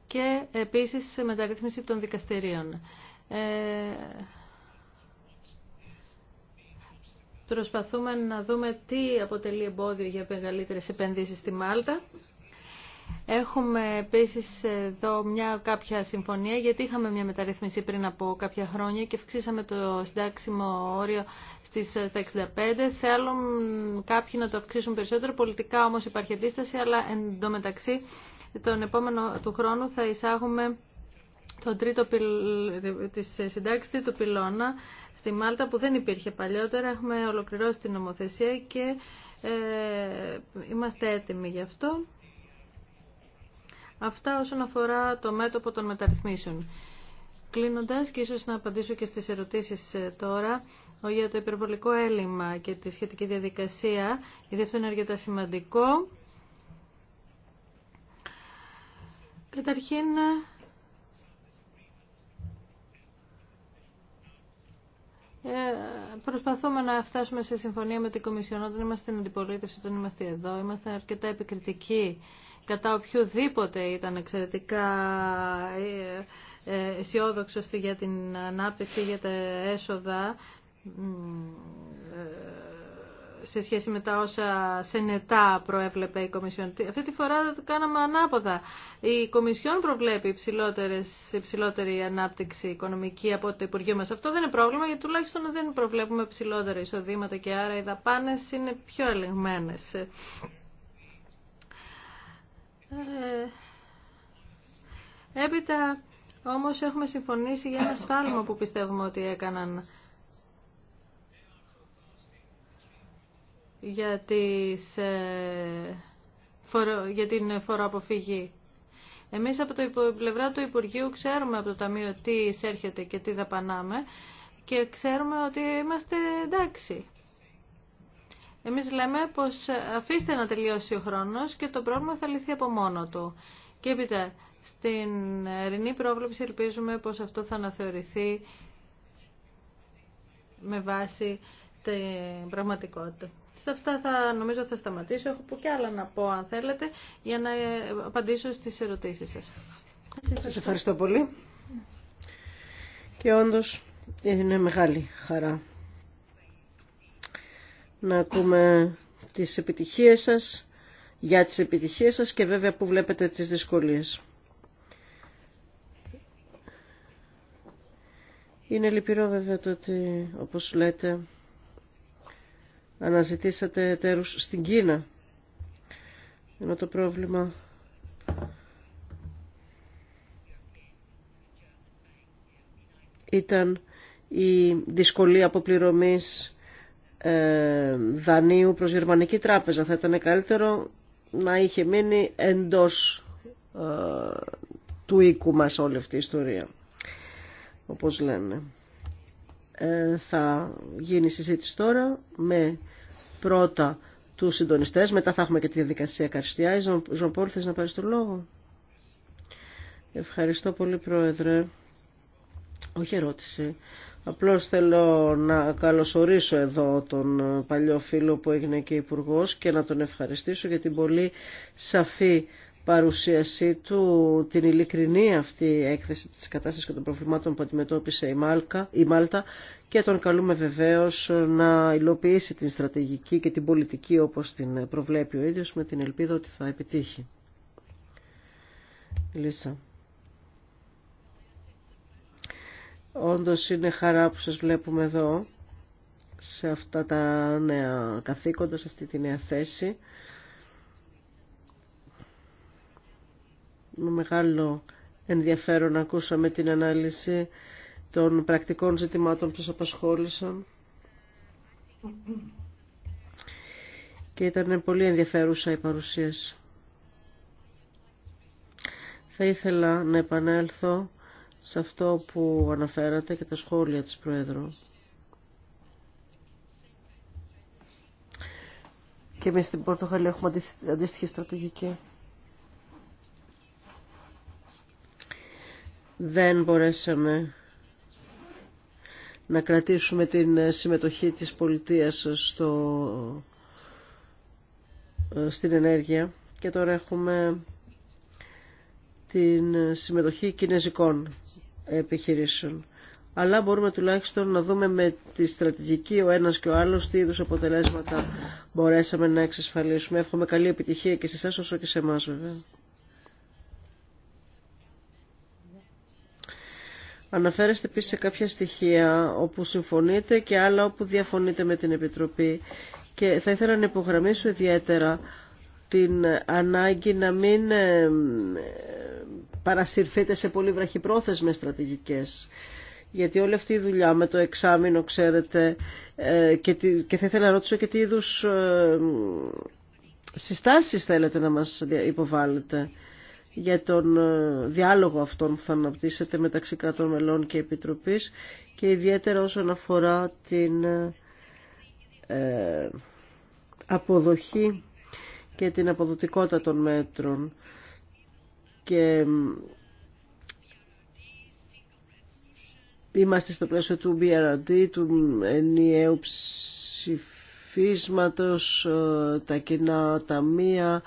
και επίσης μεταρρύθμιση των δικαστηρίων. Ε, προσπαθούμε να δούμε τι αποτελεί εμπόδιο για μεγαλύτερε επενδύσεις στη Μάλτα Έχουμε επίσης εδώ μια κάποια συμφωνία γιατί είχαμε μια μεταρρύθμιση πριν από κάποια χρόνια και αυξήσαμε το συντάξιμο όριο στις, 65. Ε, Θέλουν κάποιοι να το αυξήσουν περισσότερο, πολιτικά όμως υπάρχει αντίσταση, αλλά μεταξύ τον επόμενο του χρόνου θα εισάγουμε το τρίτο της του πυλώνα στη Μάλτα που δεν υπήρχε παλιότερα. Έχουμε ολοκληρώσει την νομοθεσία και ε, είμαστε έτοιμοι γι' αυτό. Αυτά όσον αφορά το μέτωπο των μεταρρυθμίσεων. Κλείνοντα και ίσω να απαντήσω και στις ερωτήσεις ε, τώρα για το υπερβολικό έλλειμμα και τη σχετική διαδικασία, γιατί αυτό είναι αρκετά σημαντικό. Καταρχήν, ε, προσπαθούμε να φτάσουμε σε συμφωνία με την Κομισιόν. Όταν είμαστε στην αντιπολίτευση, όταν είμαστε εδώ, είμαστε αρκετά επικριτικοί κατά οποιοδήποτε ήταν εξαιρετικά ε, ε, αισιόδοξο για την ανάπτυξη, για τα έσοδα ε, σε σχέση με τα όσα σενετά προέβλεπε η Κομισιόν. Αυτή τη φορά το κάναμε ανάποδα. Η Κομισιόν προβλέπει υψηλότερη ανάπτυξη οικονομική από το Υπουργείο μας. Αυτό δεν είναι πρόβλημα γιατί τουλάχιστον δεν προβλέπουμε υψηλότερα εισοδήματα και άρα οι δαπάνες είναι πιο ελεγμένες. Ε, έπειτα όμως έχουμε συμφωνήσει για ένα σφάλμα που πιστεύουμε ότι έκαναν για, τις, ε, για την φοροαποφυγή. Εμείς από το πλευρά του Υπουργείου ξέρουμε από το Ταμείο τι εισέρχεται και τι δαπανάμε και ξέρουμε ότι είμαστε εντάξει. Εμείς λέμε πως αφήστε να τελειώσει ο χρόνος και το πρόβλημα θα λυθεί από μόνο του. Και έπειτα, στην ερηνή πρόβλεψη ελπίζουμε πως αυτό θα αναθεωρηθεί με βάση την πραγματικότητα. Σε αυτά θα νομίζω θα σταματήσω. Έχω που και άλλα να πω αν θέλετε για να απαντήσω στις ερωτήσεις σας. Σας ευχαριστώ πολύ. Και όντως είναι μεγάλη χαρά να ακούμε τις επιτυχίες σας, για τις επιτυχίες σας και βέβαια που βλέπετε τις δυσκολίες. Είναι λυπηρό βέβαια το ότι, όπως λέτε, αναζητήσατε εταίρους στην Κίνα. Ενώ το πρόβλημα ήταν η δυσκολία αποπληρωμής ε, δανείου προς Γερμανική τράπεζα. Θα ήταν καλύτερο να είχε μείνει εντός ε, του οίκου μας όλη αυτή η ιστορία, όπως λένε. Ε, θα γίνει συζήτηση τώρα με πρώτα τους συντονιστές, μετά θα έχουμε και τη διαδικασία καρστιά. Ζωμπόλ, θες να πάρεις το λόγο. Ευχαριστώ πολύ, Πρόεδρε. Όχι ερώτηση. Απλώς θέλω να καλωσορίσω εδώ τον παλιό φίλο που έγινε και υπουργό και να τον ευχαριστήσω για την πολύ σαφή παρουσίασή του, την ειλικρινή αυτή έκθεση της κατάστασης και των προβλημάτων που αντιμετώπισε η, Μάλκα, η Μάλτα και τον καλούμε βεβαίως να υλοποιήσει την στρατηγική και την πολιτική όπως την προβλέπει ο ίδιος με την ελπίδα ότι θα επιτύχει. Λίσσα. Όντως είναι χαρά που σας βλέπουμε εδώ σε αυτά τα νέα καθήκοντα, σε αυτή τη νέα θέση. Με μεγάλο ενδιαφέρον ακούσαμε την ανάλυση των πρακτικών ζητημάτων που σας απασχόλησαν. Και ήταν πολύ ενδιαφέρουσα η παρουσίαση. Θα ήθελα να επανέλθω σε αυτό που αναφέρατε και τα σχόλια της Πρόεδρου. Και εμείς στην Πορτογαλία έχουμε αντίστοιχη στρατηγική. Δεν μπορέσαμε να κρατήσουμε την συμμετοχή της πολιτείας στο, στην ενέργεια και τώρα έχουμε την συμμετοχή κινέζικων επιχειρήσεων. Αλλά μπορούμε τουλάχιστον να δούμε με τη στρατηγική ο ένας και ο άλλος τι είδους αποτελέσματα μπορέσαμε να εξασφαλίσουμε. Εύχομαι καλή επιτυχία και σε εσάς όσο και σε εμάς βέβαια. Αναφέρεστε επίσης σε κάποια στοιχεία όπου συμφωνείτε και άλλα όπου διαφωνείτε με την Επιτροπή. Και θα ήθελα να υπογραμμίσω ιδιαίτερα την ανάγκη να μην παρασυρθείτε σε πολύ βραχυπρόθεσμες στρατηγικές. Γιατί όλη αυτή η δουλειά με το εξάμεινο, ξέρετε, ε, και, και θα ήθελα να ρωτήσω και τι είδους ε, συστάσεις θέλετε να μας υποβάλλετε για τον ε, διάλογο αυτόν που θα αναπτύσσετε μεταξύ κρατών μελών και επιτροπής και ιδιαίτερα όσον αφορά την αποδοχή και την αποδοτικότητα των μέτρων και είμαστε στο πλαίσιο του BRD, του ενιαίου ψηφίσματος, ε, τα κοινά ταμεία,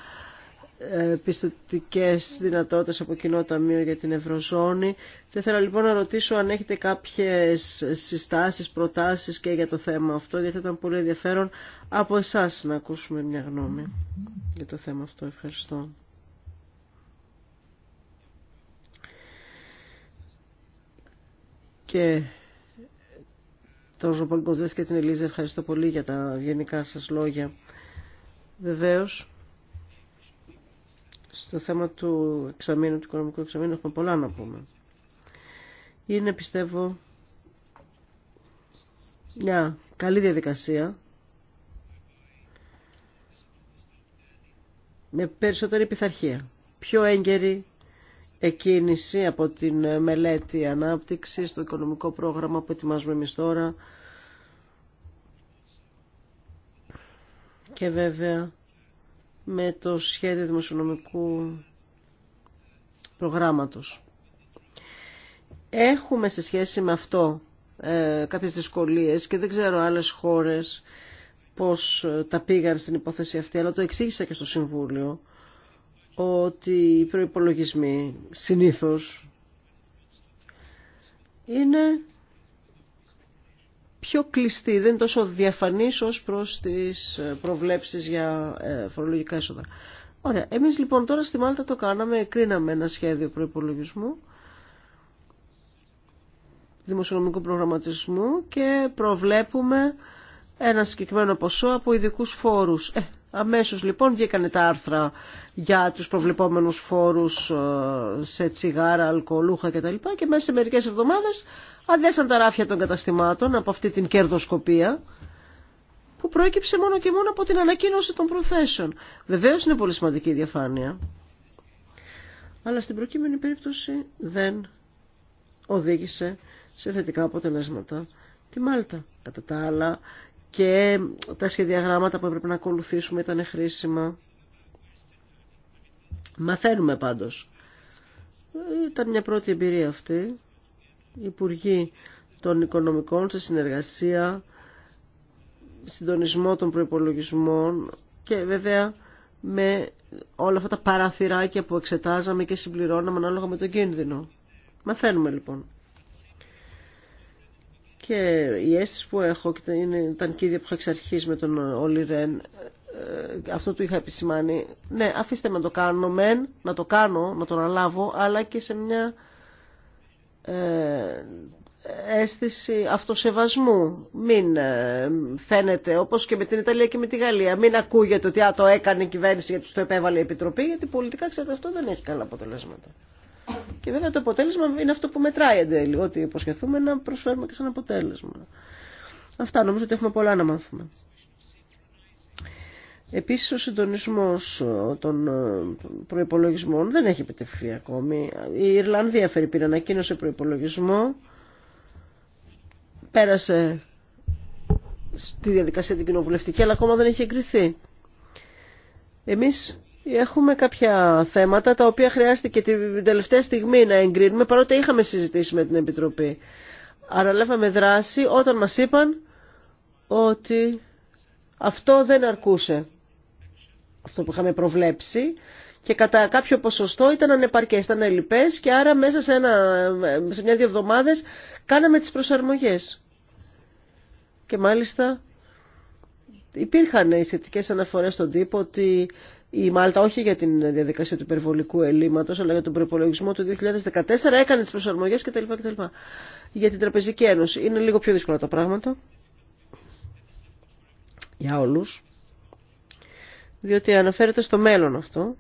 ε, πιστοτικές δυνατότητες από κοινό ταμείο για την Ευρωζώνη. Θα ήθελα λοιπόν να ρωτήσω αν έχετε κάποιες συστάσεις, προτάσεις και για το θέμα αυτό, γιατί ήταν πολύ ενδιαφέρον από εσάς να ακούσουμε μια γνώμη για το θέμα αυτό. Ευχαριστώ. και τον Ζωπολ και την Ελίζα ευχαριστώ πολύ για τα γενικά σας λόγια. Βεβαίως, στο θέμα του εξαμήνου, του οικονομικού εξαμήνου έχουμε πολλά να πούμε. Είναι πιστεύω μια καλή διαδικασία με περισσότερη πειθαρχία, πιο έγκαιρη εκκίνηση από την μελέτη ανάπτυξη στο οικονομικό πρόγραμμα που ετοιμάζουμε εμείς τώρα. Και βέβαια με το σχέδιο δημοσιονομικού προγράμματος. Έχουμε σε σχέση με αυτό ε, κάποιες δυσκολίες και δεν ξέρω άλλες χώρες πώς ε, τα πήγαν στην υπόθεση αυτή, αλλά το εξήγησα και στο Συμβούλιο ότι οι προϋπολογισμοί συνήθως είναι πιο κλειστοί, δεν είναι τόσο διαφανείς ως προς τις προβλέψεις για ε, φορολογικά έσοδα. Ωραία. Εμείς λοιπόν τώρα στη Μάλτα το κάναμε, κρίναμε ένα σχέδιο προϋπολογισμού, δημοσιονομικού προγραμματισμού και προβλέπουμε ένα συγκεκριμένο ποσό από ειδικού φόρους. Ε, Αμέσως λοιπόν βγήκανε τα άρθρα για τους προβλεπόμενους φόρους ε, σε τσιγάρα, αλκοολούχα κτλ. Και μέσα σε μερικές εβδομάδες αδέσαν τα ράφια των καταστημάτων από αυτή την κερδοσκοπία που προέκυψε μόνο και μόνο από την ανακοίνωση των προθέσεων. Βεβαίως είναι πολύ σημαντική η διαφάνεια. Αλλά στην προκείμενη περίπτωση δεν οδήγησε σε θετικά αποτελέσματα τη Μάλτα. Κατά τα άλλα, και τα σχεδιαγράμματα που έπρεπε να ακολουθήσουμε ήταν χρήσιμα. Μαθαίνουμε πάντως. Ήταν μια πρώτη εμπειρία αυτή. η Υπουργοί των Οικονομικών σε συνεργασία, συντονισμό των προϋπολογισμών και βέβαια με όλα αυτά τα παραθυράκια που εξετάζαμε και συμπληρώναμε ανάλογα με τον κίνδυνο. Μαθαίνουμε λοιπόν και η αίσθηση που έχω, και ήταν κύρια που είχα εξ αρχή με τον Όλυ Ρεν, ε, αυτό του είχα επισημάνει, ναι αφήστε με να το κάνω μεν, να το κάνω, να το αναλάβω, αλλά και σε μια ε, αίσθηση αυτοσεβασμού. Μην ε, φαίνεται, όπως και με την Ιταλία και με τη Γαλλία, μην ακούγεται ότι α, το έκανε η κυβέρνηση γιατί το επέβαλε η Επιτροπή, γιατί πολιτικά ξέρετε αυτό δεν έχει καλά αποτελέσματα. Και βέβαια το αποτέλεσμα είναι αυτό που μετράει εν τέλει, ότι υποσχεθούμε να προσφέρουμε και σαν αποτέλεσμα. Αυτά νομίζω ότι έχουμε πολλά να μάθουμε. Επίσης ο συντονισμό ε, των ε, προπολογισμών δεν έχει επιτευχθεί ακόμη. Η Ιρλανδία φέρει πήρε ανακοίνωσε προπολογισμό. πέρασε στη διαδικασία την κοινοβουλευτική αλλά ακόμα δεν έχει εγκριθεί. Εμείς Έχουμε κάποια θέματα τα οποία χρειάστηκε την τελευταία στιγμή να εγκρίνουμε παρότι είχαμε συζητήσει με την Επιτροπή. λέγαμε δράση όταν μας είπαν ότι αυτό δεν αρκούσε. Αυτό που είχαμε προβλέψει και κατά κάποιο ποσοστό ήταν ανεπαρκές, ήταν ελλειπές και άρα μέσα σε, σε μια-δύο εβδομάδες κάναμε τις προσαρμογές. Και μάλιστα υπήρχαν οι σχετικές αναφορές στον τύπο ότι η Μάλτα όχι για την διαδικασία του υπερβολικού ελλείμματος, αλλά για τον προπολογισμό του 2014 έκανε τις προσαρμογές κτλ. Για την Τραπεζική Ένωση είναι λίγο πιο δύσκολα τα πράγματα για όλους, διότι αναφέρεται στο μέλλον αυτό.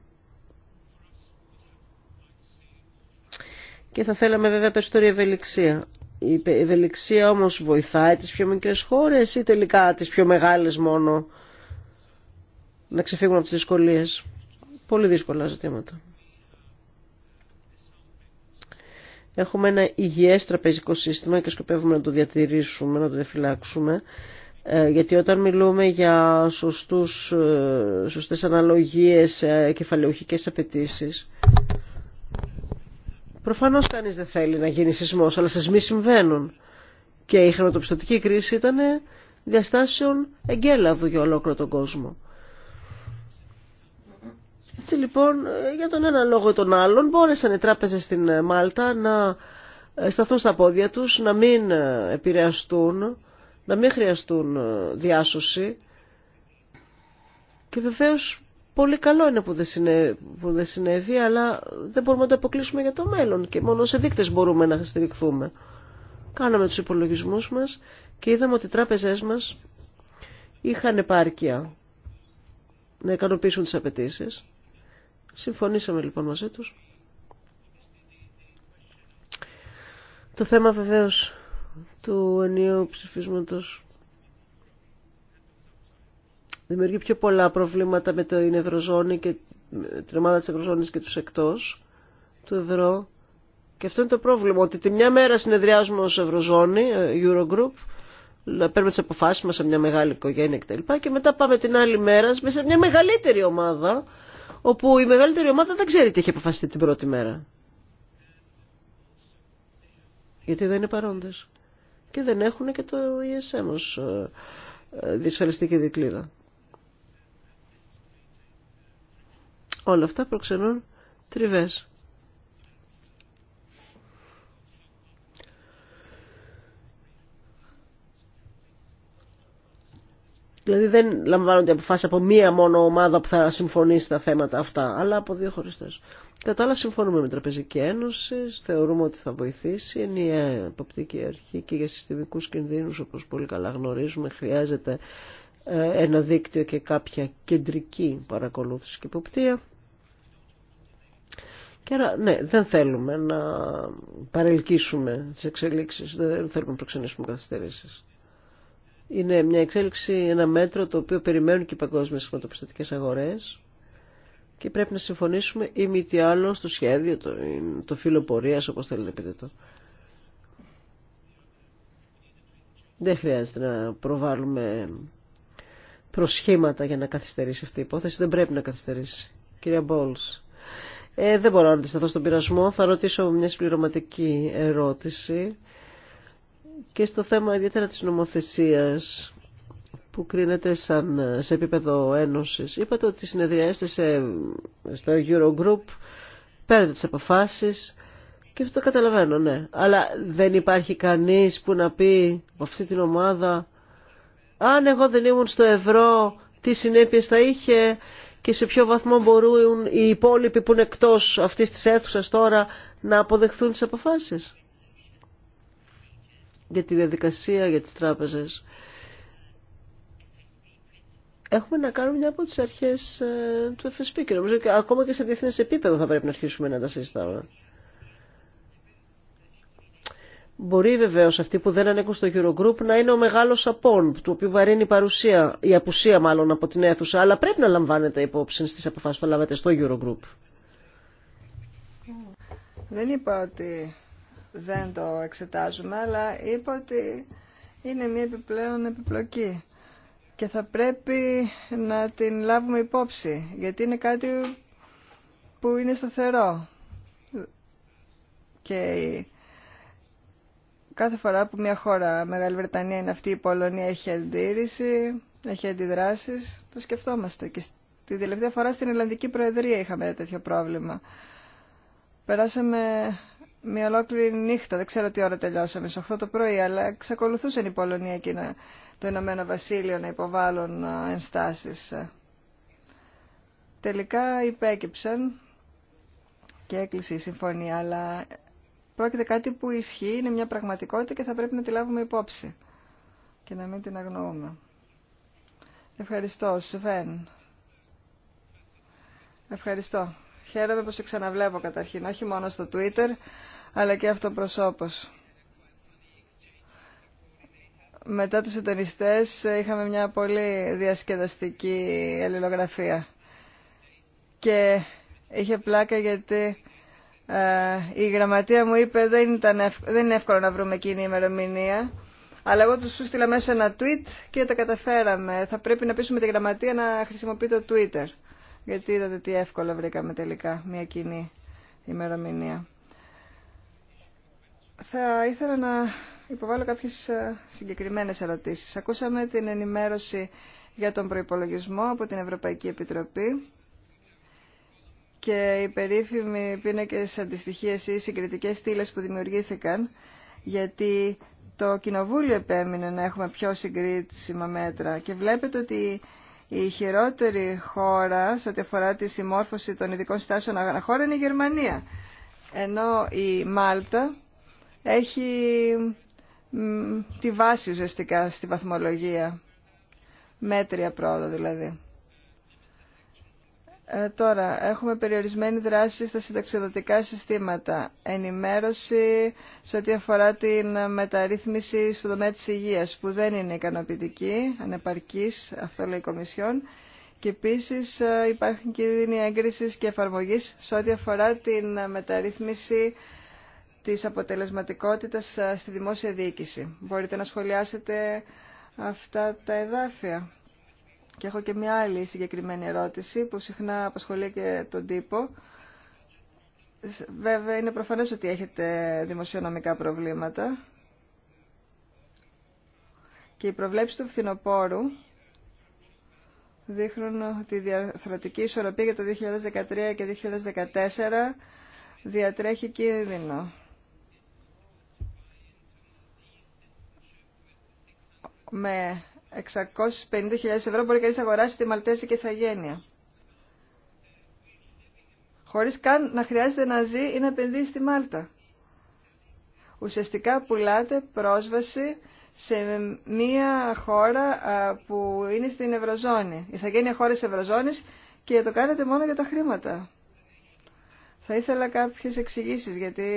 Και θα θέλαμε βέβαια περισσότερη ευελιξία. Η ευελιξία όμως βοηθάει τις πιο μικρές χώρες ή τελικά τις πιο μεγάλες μόνο να ξεφύγουμε από τις δυσκολίες. Πολύ δύσκολα ζητήματα. Έχουμε ένα υγιές τραπεζικό σύστημα και σκοπεύουμε να το διατηρήσουμε, να το διαφυλάξουμε. Ε, γιατί όταν μιλούμε για σωστούς, ε, σωστές αναλογίες, ε, κεφαλαιοχικές απαιτήσει. προφανώς κανείς δεν θέλει να γίνει σεισμός, αλλά σεισμοί συμβαίνουν. Και η χρηματοπιστωτική κρίση ήταν διαστάσεων εγκέλαδου για ολόκληρο τον κόσμο. Έτσι λοιπόν, ε, για τον ένα λόγο ή τον άλλον, μπόρεσαν οι τράπεζε στην ε, Μάλτα να ε, σταθούν στα πόδια τους, να μην επηρεαστούν, να μην χρειαστούν διάσωση. Και βεβαίως πολύ καλό είναι που δεν, συνέβη, που δεν αλλά δεν μπορούμε να το αποκλείσουμε για το μέλλον και μόνο σε δείκτε μπορούμε να στηριχθούμε. Κάναμε τους υπολογισμού μα και είδαμε ότι οι τράπεζε μα είχαν επάρκεια να ικανοποιήσουν τι απαιτήσει. Συμφωνήσαμε λοιπόν μαζί τους. Το θέμα βεβαίως του ενίου ψηφίσματος δημιουργεί πιο πολλά προβλήματα με την Ευρωζώνη και την ομάδα της Ευρωζώνης και τους εκτός του ευρώ. Και αυτό είναι το πρόβλημα, ότι τη μια μέρα συνεδριάζουμε ως Ευρωζώνη, ε, Eurogroup, παίρνουμε τι αποφάσεις μας σε μια μεγάλη οικογένεια κτλ. Και μετά πάμε την άλλη μέρα σε μια μεγαλύτερη ομάδα, όπου η μεγαλύτερη ομάδα δεν ξέρει τι έχει αποφασιστεί την πρώτη μέρα. Γιατί δεν είναι παρόντες. Και δεν έχουν και το ESM ως ε, ε, δυσφαλιστική δικλίδα. Όλα αυτά προξενούν τριβές. Δηλαδή δεν λαμβάνονται αποφάσει από μία μόνο ομάδα που θα συμφωνήσει τα θέματα αυτά, αλλά από δύο χωριστέ. Κατά άλλα συμφωνούμε με την Τραπεζική Ένωση, θεωρούμε ότι θα βοηθήσει, η εποπτική αρχή και για συστημικούς κινδύνους, όπω πολύ καλά γνωρίζουμε, χρειάζεται ε, ένα δίκτυο και κάποια κεντρική παρακολούθηση και υποπτία. Και άρα, ναι, δεν θέλουμε να παρελκύσουμε τις εξελίξεις, δεν θέλουμε να προξενήσουμε καθυστερήσεις. Είναι μια εξέλιξη, ένα μέτρο το οποίο περιμένουν και οι παγκόσμιες χρηματοπιστωτικές αγορές και πρέπει να συμφωνήσουμε ή μη τι άλλο στο σχέδιο, το, το φύλλο πορείας, όπως θέλετε να πείτε το. Δεν χρειάζεται να προβάλλουμε προσχήματα για να καθυστερήσει αυτή η υπόθεση. Δεν πρέπει να καθυστερήσει. Κυρία Μπόλς. Ε, δεν μπορώ να αντισταθώ στον πειρασμό. Θα ρωτήσω μια συμπληρωματική ερώτηση και στο θέμα ιδιαίτερα της νομοθεσίας που κρίνεται σαν, ε, σε επίπεδο ένωσης. Είπατε ότι συνεδριάζετε σε, στο Eurogroup, παίρνετε τις αποφάσεις και αυτό το καταλαβαίνω, ναι. Αλλά δεν υπάρχει κανείς που να πει αυτή την ομάδα αν εγώ δεν ήμουν στο ευρώ, τι συνέπειες θα είχε και σε ποιο βαθμό μπορούν οι υπόλοιποι που είναι εκτός αυτής της αίθουσας τώρα να αποδεχθούν τις αποφάσεις για τη διαδικασία για τις τράπεζες. Έχουμε να κάνουμε μια από τις αρχές ε, του FSP και νομίζω και ακόμα και σε διεθνές επίπεδο θα πρέπει να αρχίσουμε να τα συζητάμε. Μπορεί βεβαίω αυτοί που δεν ανήκουν στο Eurogroup να είναι ο μεγάλο απόν, του οποίου βαρύνει η παρουσία, η απουσία μάλλον από την αίθουσα, αλλά πρέπει να λαμβάνετε υπόψη στι αποφάσει που λάβετε στο Eurogroup. Δεν είπα ότι δεν το εξετάζουμε, αλλά είπα ότι είναι μια επιπλέον επιπλοκή και θα πρέπει να την λάβουμε υπόψη, γιατί είναι κάτι που είναι σταθερό. Και κάθε φορά που μια χώρα, Μεγάλη Βρετανία είναι αυτή, η Πολωνία έχει αντίρρηση, έχει αντιδράσεις, το σκεφτόμαστε. Και την τελευταία φορά στην Ιρλανδική Προεδρία είχαμε τέτοιο πρόβλημα. Περάσαμε μια ολόκληρη νύχτα, δεν ξέρω τι ώρα τελειώσαμε, στις 8 το πρωί, αλλά εξακολουθούσαν η Πολωνία και το Ηνωμένο Βασίλειο να υποβάλλουν ενστάσεις. Τελικά υπέκυψαν και έκλεισε η συμφωνία, αλλά πρόκειται κάτι που ισχύει, είναι μια πραγματικότητα και θα πρέπει να τη λάβουμε υπόψη και να μην την αγνοούμε. Ευχαριστώ, Σβέν. Ευχαριστώ. Χαίρομαι που σε ξαναβλέπω καταρχήν, όχι μόνο στο Twitter, αλλά και αυτοπροσώπως. Μετά τους συντονιστές ε, είχαμε μια πολύ διασκεδαστική ελληλογραφία και είχε πλάκα γιατί ε, η γραμματεία μου είπε δεν, ήταν δεν είναι εύκολο να βρούμε εκείνη η ημερομηνία αλλά εγώ τους σου στείλα μέσα ένα tweet και τα καταφέραμε. Θα πρέπει να πείσουμε τη γραμματεία να χρησιμοποιεί το Twitter γιατί είδατε τι εύκολα βρήκαμε τελικά μια κοινή ημερομηνία. Θα ήθελα να υποβάλω κάποιες ε, συγκεκριμένες ερωτήσεις. Ακούσαμε την ενημέρωση για τον προϋπολογισμό από την Ευρωπαϊκή Επιτροπή και οι περίφημοι πίνακες αντιστοιχίες ή συγκριτικές στήλε που δημιουργήθηκαν γιατί το Κοινοβούλιο επέμεινε να έχουμε πιο συγκρίσιμα μέτρα και βλέπετε ότι η χειρότερη χώρα σε ό,τι αφορά τη συμμόρφωση των ειδικών στάσεων αναχώρα είναι η Γερμανία συμμορφωση των ειδικων στασεων αγαναχωρα ειναι η Μάλτα έχει τη βάση ουσιαστικά στη βαθμολογία. Μέτρια πρόοδο δηλαδή. Ε, τώρα, έχουμε περιορισμένη δράση στα συνταξιδοτικά συστήματα. Ενημέρωση σε ό,τι αφορά την μεταρρύθμιση στο δομέα της υγείας, που δεν είναι ικανοποιητική, ανεπαρκής, αυτό λέει η Κομισιόν. Και επίση ε, υπάρχουν κίνδυνοι έγκριση και εφαρμογή σε ό,τι αφορά την μεταρρύθμιση της αποτελεσματικότητας ε, στη δημόσια διοίκηση. Μπορείτε να σχολιάσετε αυτά τα εδάφια. Και έχω και μια άλλη συγκεκριμένη ερώτηση που συχνά απασχολεί και τον τύπο. Βέβαια είναι προφανές ότι έχετε δημοσιονομικά προβλήματα και οι προβλέψεις του φθινοπόρου δείχνουν ότι η διαθροτική ισορροπία για το 2013 και 2014 διατρέχει κίνδυνο. με 650.000 ευρώ μπορεί κανείς να αγοράσει τη και Θαγένεια. Χωρίς καν να χρειάζεται να ζει ή να επενδύει στη Μάλτα. Ουσιαστικά πουλάτε πρόσβαση σε μία χώρα που είναι στην Ευρωζώνη. Η Ιθαγένεια χώρες στην ευρωζωνη η χώρα της ευρωζωνης και το κάνετε μόνο για τα χρήματα. Θα ήθελα κάποιες εξηγήσεις γιατί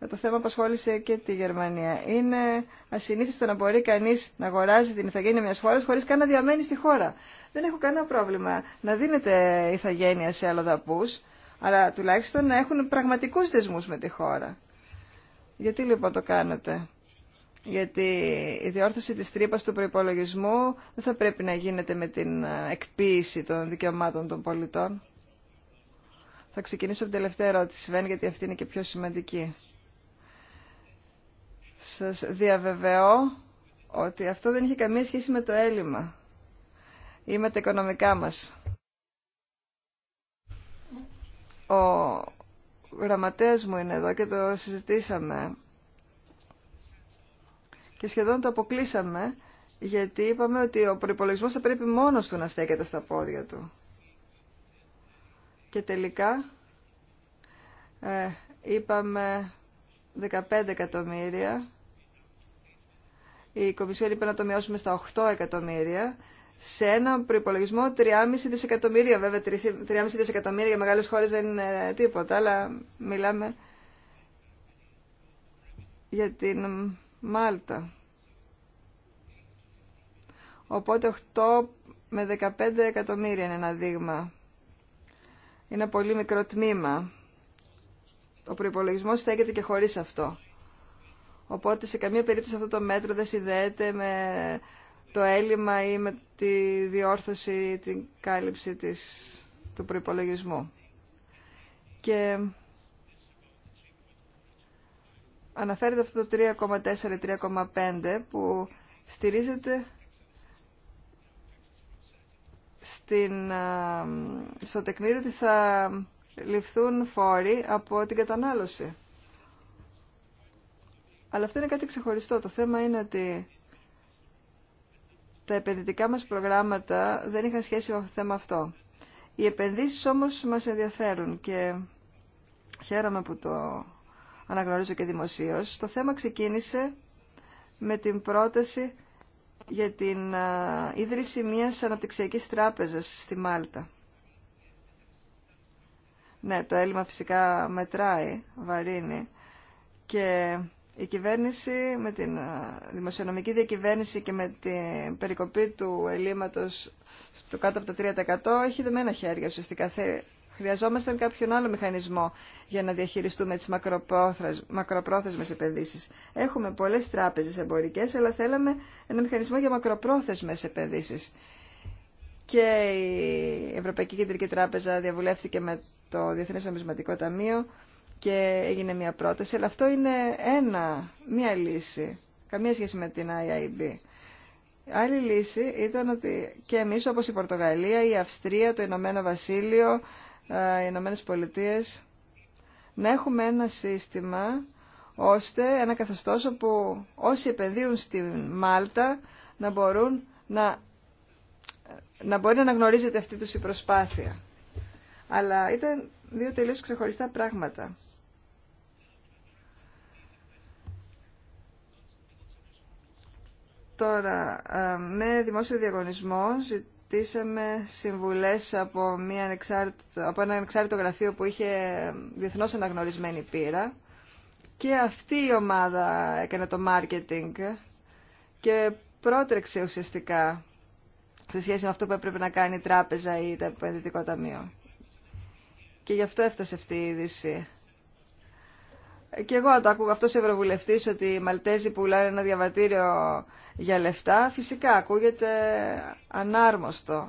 ε, το θέμα απασχόλησε και τη Γερμανία. Είναι ασυνήθιστο να μπορεί κανεί να αγοράζει την ηθαγένεια μια χώρα χωρί καν να διαμένει στη χώρα. Δεν έχω κανένα πρόβλημα να δίνεται ηθαγένεια σε αλλοδαπού, αλλά τουλάχιστον να έχουν πραγματικού δεσμού με τη χώρα. Γιατί λοιπόν το κάνετε. Γιατί η διόρθωση της τρύπας του προϋπολογισμού δεν θα πρέπει να γίνεται με την ε, εκποίηση των δικαιωμάτων των πολιτών. Θα ξεκινήσω από την τελευταία ερώτηση, Βέν, γιατί αυτή είναι και πιο σημαντική. Σας διαβεβαιώ ότι αυτό δεν είχε καμία σχέση με το έλλειμμα ή με τα οικονομικά μας. Ο γραμματέας μου είναι εδώ και το συζητήσαμε και σχεδόν το αποκλείσαμε γιατί είπαμε ότι ο προϋπολογισμός θα πρέπει μόνος του να στέκεται στα πόδια του. Και τελικά ε, είπαμε 15 εκατομμύρια. Η Κομισιόν είπε να το μειώσουμε στα 8 εκατομμύρια σε ένα προπολογισμό 3,5 δισεκατομμύρια. Βέβαια, 3,5 δισεκατομμύρια για μεγάλε χώρε δεν είναι τίποτα, αλλά μιλάμε για την Μάλτα. Οπότε 8 με 15 εκατομμύρια είναι ένα δείγμα. Είναι πολύ μικρό τμήμα ο προπολογισμό στέκεται και χωρί αυτό. Οπότε σε καμία περίπτωση αυτό το μέτρο δεν συνδέεται με το έλλειμμα ή με τη διόρθωση, την κάλυψη της, του προπολογισμού. Και αναφέρεται αυτό το 3,4-3,5 που στηρίζεται στην, στο τεκμήριο ότι θα ληφθούν φόροι από την κατανάλωση. Αλλά αυτό είναι κάτι ξεχωριστό. Το θέμα είναι ότι τα επενδυτικά μας προγράμματα δεν είχαν σχέση με το θέμα αυτό. Οι επενδύσεις όμως μας ενδιαφέρουν και χαίρομαι που το αναγνωρίζω και δημοσίως. Το θέμα ξεκίνησε με την πρόταση για την ε, ίδρυση μιας αναπτυξιακής τράπεζας στη Μάλτα. Ναι, το έλλειμμα φυσικά μετράει, βαρύνει. Και η κυβέρνηση με την ε, δημοσιονομική διακυβέρνηση και με την περικοπή του ελλείμματος στο κάτω από τα 3% έχει δεμένα χέρια ουσιαστικά. χρειαζόμαστε κάποιον άλλο μηχανισμό για να διαχειριστούμε τις μακροπρόθεσμες επενδύσεις. Έχουμε πολλές τράπεζες εμπορικές, αλλά θέλαμε ένα μηχανισμό για μακροπρόθεσμες επενδύσεις και η Ευρωπαϊκή Κεντρική Τράπεζα διαβουλεύθηκε με το Διεθνές Νομισματικό Ταμείο και έγινε μια πρόταση, αλλά αυτό είναι ένα, μια λύση, καμία σχέση με την IIB. Άλλη λύση ήταν ότι και εμείς όπως η Πορτογαλία, η Αυστρία, το Ηνωμένο Βασίλειο, ε, οι Ηνωμένε Πολιτείε, να έχουμε ένα σύστημα ώστε ένα καθεστώς όπου όσοι επενδύουν στη Μάλτα να μπορούν να να μπορεί να αναγνωρίζεται αυτή τους η προσπάθεια. Αλλά ήταν δύο τελείως ξεχωριστά πράγματα. Τώρα, με δημόσιο διαγωνισμό ζητήσαμε συμβουλές από, μια από ένα ανεξάρτητο γραφείο που είχε διεθνώς αναγνωρισμένη πείρα και αυτή η ομάδα έκανε το μάρκετινγκ και πρότρεξε ουσιαστικά σε σχέση με αυτό που έπρεπε να κάνει η τράπεζα ή το επενδυτικό ταμείο. Και γι' αυτό έφτασε αυτή η είδηση. Και εγώ το ακούγα αυτός ο Ευρωβουλευτής ότι οι Μαλτέζοι πουλάνε ένα διαβατήριο για λεφτά. Φυσικά ακούγεται ανάρμοστο.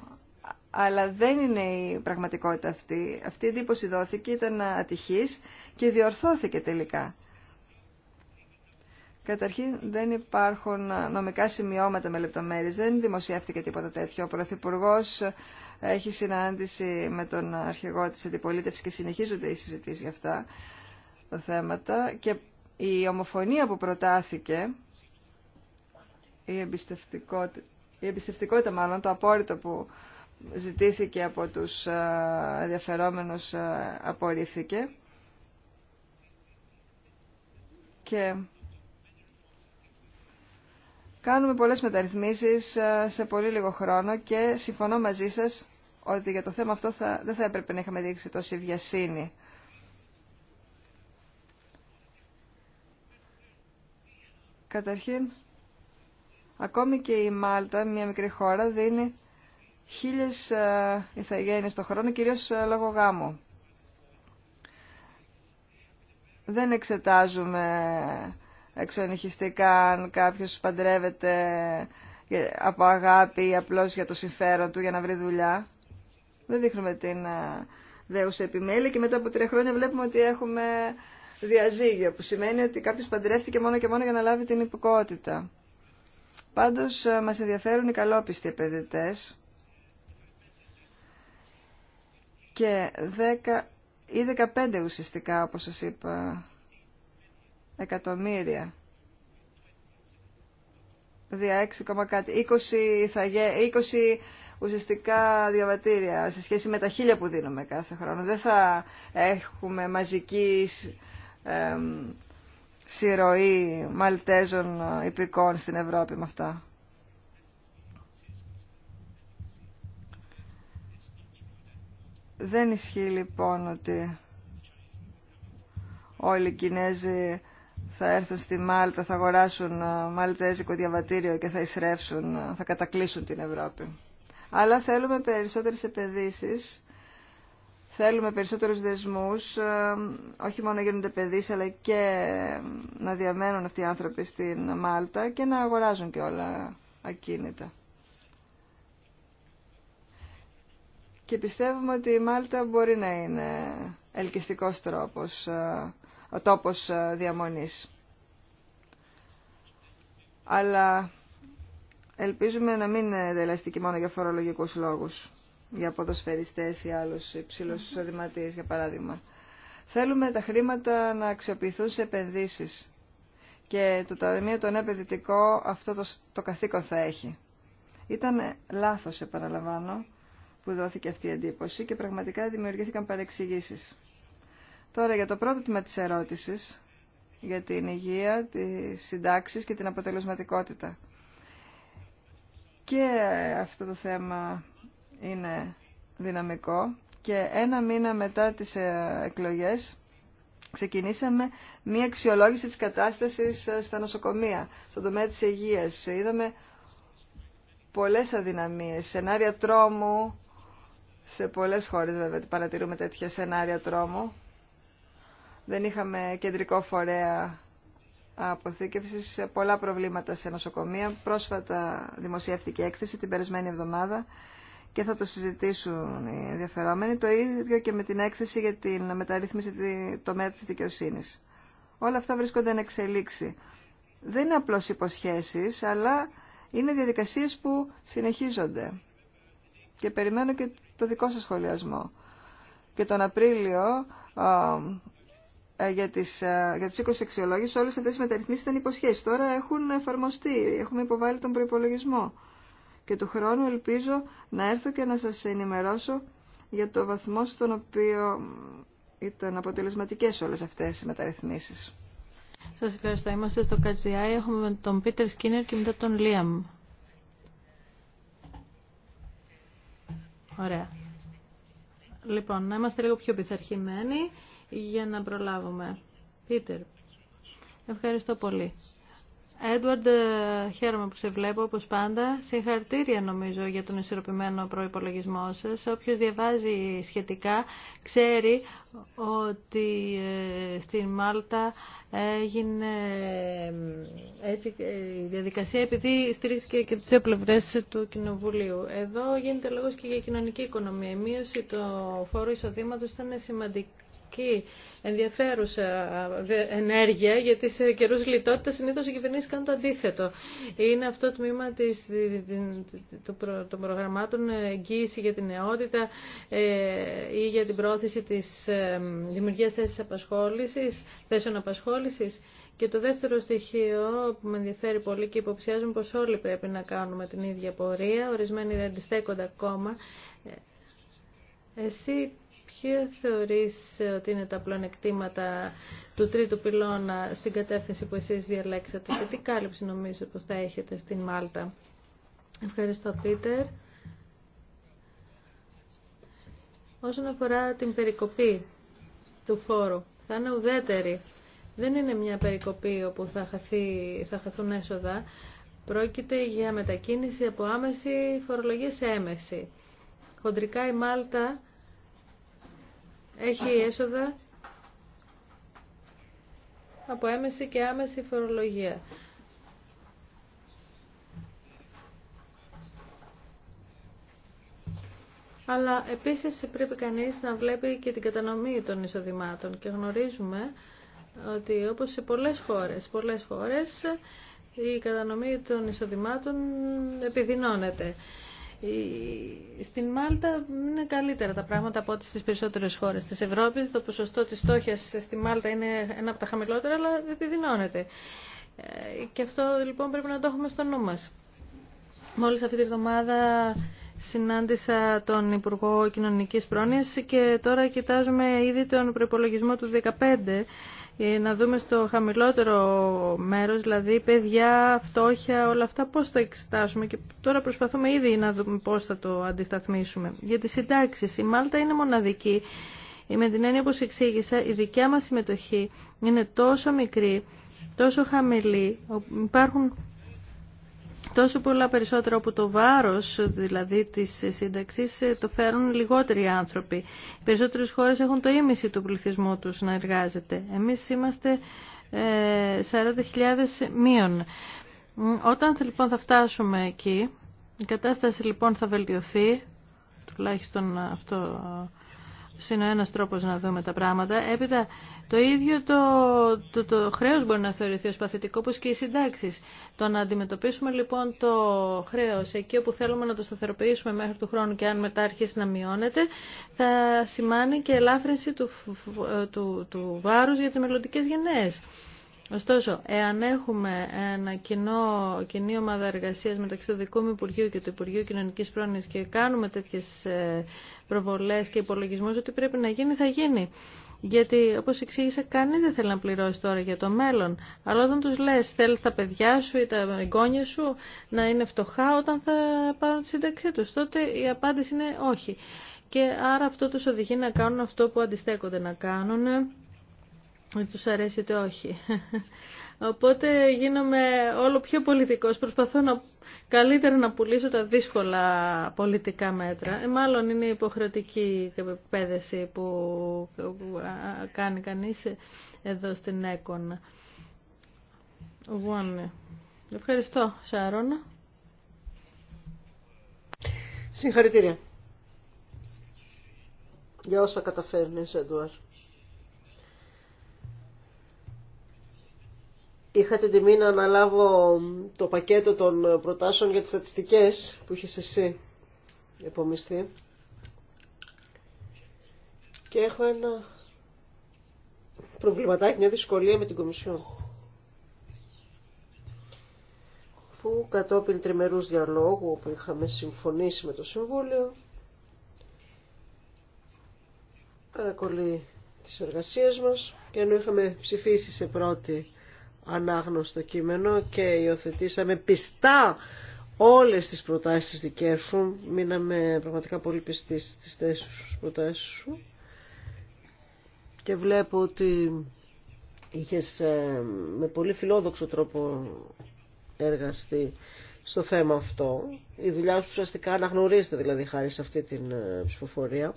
Αλλά δεν είναι η πραγματικότητα αυτή. Αυτή η εντύπωση δόθηκε, ήταν ατυχής και διορθώθηκε τελικά. Καταρχήν δεν υπάρχουν νομικά σημειώματα με λεπτομέρειε δεν δημοσιεύτηκε τίποτα τέτοιο. Ο Πρωθυπουργό έχει συνάντηση με τον αρχηγό της αντιπολίτευση και συνεχίζονται οι συζητήσεις για αυτά τα θέματα και η ομοφωνία που προτάθηκε, η εμπιστευτικότητα, η εμπιστευτικότητα μάλλον, το απόρριτο που ζητήθηκε από τους ε, ενδιαφερόμενους ε, απορρίφθηκε και Κάνουμε πολλές μεταρρυθμίσεις ε, σε πολύ λίγο χρόνο και συμφωνώ μαζί σας ότι για το θέμα αυτό θα, δεν θα έπρεπε να είχαμε δείξει τόση βιασύνη. Καταρχήν, ακόμη και η Μάλτα, μια μικρή χώρα, δίνει χίλιες ε, ηθαγένειες το χρόνο, κυρίως ε, λόγω γάμου. Δεν εξετάζουμε εξονυχιστικά αν κάποιος παντρεύεται από αγάπη ή απλώς για το συμφέρον του για να βρει δουλειά. Δεν δείχνουμε την ε, δέουσα επιμέλεια και μετά από τρία χρόνια βλέπουμε ότι έχουμε διαζύγιο που σημαίνει ότι κάποιος παντρεύτηκε μόνο και μόνο για να λάβει την υποκότητα. Πάντως ε, μας ενδιαφέρουν οι καλόπιστοι επενδυτές και 10 ή 15 ουσιαστικά όπως σας είπα εκατομμύρια. Δια 6, κάτι. 20, θα, 20 ουσιαστικά διαβατήρια σε σχέση με τα χίλια που δίνουμε κάθε χρόνο. Δεν θα έχουμε μαζική ε, συρροή Μαλτέζων υπηκών στην Ευρώπη με αυτά. Δεν ισχύει λοιπόν ότι όλοι οι Κινέζοι θα έρθουν στη Μάλτα, θα αγοράσουν ε, μαλτέζικο διαβατήριο και θα εισρεύσουν, ε, θα κατακλείσουν την Ευρώπη. Αλλά θέλουμε περισσότερες επενδύσεις, θέλουμε περισσότερους δεσμούς, ε, όχι μόνο να γίνονται επενδύσεις, αλλά και να διαμένουν αυτοί οι άνθρωποι στην Μάλτα και να αγοράζουν και όλα ακίνητα. Και πιστεύουμε ότι η Μάλτα μπορεί να είναι ελκυστικός τρόπος ο τόπος ε, διαμονής. Αλλά ελπίζουμε να μην είναι και μόνο για φορολογικούς λόγους, για ποδοσφαιριστές ή άλλους υψηλούς εισοδηματίες, για παράδειγμα. Θέλουμε τα χρήματα να αξιοποιηθούν σε επενδύσεις και το Ταμείο των επενδυτικό αυτό το, το καθήκον θα έχει. Ήταν λάθος, επαναλαμβάνω, που δόθηκε αυτή η εντύπωση και πραγματικά δημιουργήθηκαν παρεξηγήσεις. Τώρα για το πρώτο τμήμα της ερώτησης, για την υγεία, τις συντάξεις και την αποτελεσματικότητα. Και αυτό το θέμα είναι δυναμικό και ένα μήνα μετά τις ε, εκλογές ξεκινήσαμε μία αξιολόγηση της κατάστασης ε, στα νοσοκομεία, στον τομέα της υγείας. Είδαμε πολλές αδυναμίες, σενάρια τρόμου, σε πολλές χώρες βέβαια παρατηρούμε τέτοια σενάρια τρόμου δεν είχαμε κεντρικό φορέα αποθήκευσης, πολλά προβλήματα σε νοσοκομεία. Πρόσφατα δημοσιεύτηκε έκθεση την περασμένη εβδομάδα και θα το συζητήσουν οι ενδιαφερόμενοι. Το ίδιο και με την έκθεση για την μεταρρύθμιση τομέα της δικαιοσύνης. Όλα αυτά βρίσκονται εν εξελίξη. Δεν είναι απλώς υποσχέσεις, αλλά είναι διαδικασίες που συνεχίζονται. Και περιμένω και το δικό σας σχολιασμό. Και τον Απρίλιο ε, για, τις, ε, για τις Όλε αυτέ όλες αυτές οι μεταρρυθμίσεις ήταν υποσχέσεις. Τώρα έχουν εφαρμοστεί, έχουμε υποβάλει τον προϋπολογισμό. Και του χρόνου ελπίζω να έρθω και να σας ενημερώσω για το βαθμό στον οποίο ήταν αποτελεσματικές όλες αυτές οι μεταρρυθμίσεις. Σας ευχαριστώ. Είμαστε στο Κατζιάι. Έχουμε τον Πίτερ Σκίνερ και μετά τον Λίαμ. Ωραία. Λοιπόν, να είμαστε λίγο πιο πειθαρχημένοι για να προλάβουμε. Πίτερ, ευχαριστώ πολύ. Έντουαρντ, ε, χαίρομαι που σε βλέπω όπως πάντα. Συγχαρητήρια νομίζω για τον ισορροπημένο προϋπολογισμό σας. Όποιος διαβάζει σχετικά ξέρει ότι ε, στην Μάλτα έγινε ε, έτσι, η διαδικασία επειδή στηρίχθηκε και τις δύο πλευρές του Κοινοβουλίου. Εδώ γίνεται λόγος και για κοινωνική οικονομία. Η μείωση του φόρου εισοδήματος ήταν σημαντική και ενδιαφέρουσα ε, ενέργεια, γιατί σε καιρούς λιτότητα συνήθως οι κυβερνήσεις κάνουν το αντίθετο. Είναι αυτό το τμήμα της, των προγραμμάτων ε, εγγύηση για την νεότητα ε, ή για την πρόθεση της δημιουργίας θέσης απασχόλησης, θέσεων απασχόλησης. Και το δεύτερο στοιχείο που με ενδιαφέρει πολύ και υποψιάζουν πως όλοι πρέπει να κάνουμε την ίδια πορεία, ορισμένοι δεν αντιστέκονται ακόμα. Εσύ Ποιο θεωρείς ότι είναι τα πλονεκτήματα του τρίτου πυλώνα στην κατεύθυνση που εσείς διαλέξατε και τι κάλυψη νομίζω πως θα έχετε στην Μάλτα. Ευχαριστώ Πίτερ. Όσον αφορά την περικοπή του φόρου, θα είναι ουδέτερη. Δεν είναι μια περικοπή όπου θα, χαθεί, θα χαθούν έσοδα. Πρόκειται για μετακίνηση από άμεση φορολογία σε έμεση. Χοντρικά η Μάλτα έχει έσοδα από έμεση και άμεση φορολογία. Αλλά επίσης πρέπει κανείς να βλέπει και την κατανομή των εισοδημάτων και γνωρίζουμε ότι όπως σε πολλές χώρες, πολλές χώρες η κατανομή των εισοδημάτων επιδεινώνεται. Στην Μάλτα είναι καλύτερα τα πράγματα από ό,τι στις περισσότερες χώρες της Ευρώπης. Το ποσοστό της στόχιας στη Μάλτα είναι ένα από τα χαμηλότερα, αλλά επιδεινώνεται. Ε, και αυτό λοιπόν πρέπει να το έχουμε στο νου μας. Μόλις αυτή τη εβδομάδα συνάντησα τον Υπουργό Κοινωνικής Πρόνοιας και τώρα κοιτάζουμε ήδη τον προπολογισμό του 2015 ε, να δούμε στο χαμηλότερο μέρος, δηλαδή παιδιά, φτώχεια, όλα αυτά πώς θα εξετάσουμε και τώρα προσπαθούμε ήδη να δούμε πώς θα το αντισταθμίσουμε. Για τις συντάξεις, η Μάλτα είναι μοναδική. Ε, με την έννοια όπως εξήγησα, η δικιά μας συμμετοχή είναι τόσο μικρή, τόσο χαμηλή, υπάρχουν τόσο πολλά περισσότερα από το βάρος δηλαδή της σύνταξης το φέρουν λιγότεροι άνθρωποι. Οι περισσότερες χώρες έχουν το ίμιση του πληθυσμού τους να εργάζεται. Εμείς είμαστε 40.000 ε, μείων. Όταν λοιπόν θα φτάσουμε εκεί, η κατάσταση λοιπόν θα βελτιωθεί, τουλάχιστον αυτό είναι ένα ένας τρόπος να δούμε τα πράγματα. Έπειτα το ίδιο το, το, το χρέος μπορεί να θεωρηθεί ως παθητικό όπως και οι συντάξει. Το να αντιμετωπίσουμε λοιπόν το χρέος εκεί όπου θέλουμε να το σταθεροποιήσουμε μέχρι του χρόνου και αν μετά αρχίσει να μειώνεται θα σημάνει και ελάφρυνση του, ε, του, του, βάρους για τις μελλοντικέ γενναίες. Ωστόσο, εάν έχουμε ένα κοινό, κοινή ομάδα εργασία μεταξύ του δικού μου Υπουργείου και του Υπουργείου Κοινωνική Πρόνοια και κάνουμε τέτοιε προβολέ και υπολογισμού, ότι πρέπει να γίνει, θα γίνει. Γιατί, όπω εξήγησα, κανεί δεν θέλει να πληρώσει τώρα για το μέλλον. Αλλά όταν του λε, θέλει τα παιδιά σου ή τα εγγόνια σου να είναι φτωχά όταν θα πάρουν τη σύνταξή του, τότε η απάντηση είναι όχι. Και άρα αυτό του οδηγεί να κάνουν αυτό που αντιστέκονται να κάνουν ε, τους αρέσει είτε όχι. [LAUGHS] Οπότε γίνομαι όλο πιο πολιτικός. Προσπαθώ να καλύτερα να πουλήσω τα δύσκολα πολιτικά μέτρα. Ε, μάλλον είναι η υποχρεωτική εκπαίδευση που κάνει κανείς εδώ στην ΕΚΟΝ. Ευχαριστώ, Σαρώνα. Συγχαρητήρια. Για όσα καταφέρνεις, Εντουάρ. Είχα την τιμή να αναλάβω το πακέτο των προτάσεων για τις στατιστικές που είχες εσύ επομιστεί. Και έχω ένα προβληματάκι, μια δυσκολία με την Κομισιό. Που κατόπιν τριμερούς διαλόγου που είχαμε συμφωνήσει με το Συμβούλιο παρακολεί τις εργασίες μας και ενώ είχαμε ψηφίσει σε πρώτη ανάγνωστο κείμενο και υιοθετήσαμε πιστά όλες τις προτάσεις της δικές σου. Μείναμε πραγματικά πολύ πιστοί στις θέσεις σου, προτάσεις σου. Και βλέπω ότι είχες ε, με πολύ φιλόδοξο τρόπο εργαστεί στο θέμα αυτό. Η δουλειά σου ουσιαστικά αναγνωρίζεται δηλαδή χάρη σε αυτή την ε, ψηφοφορία.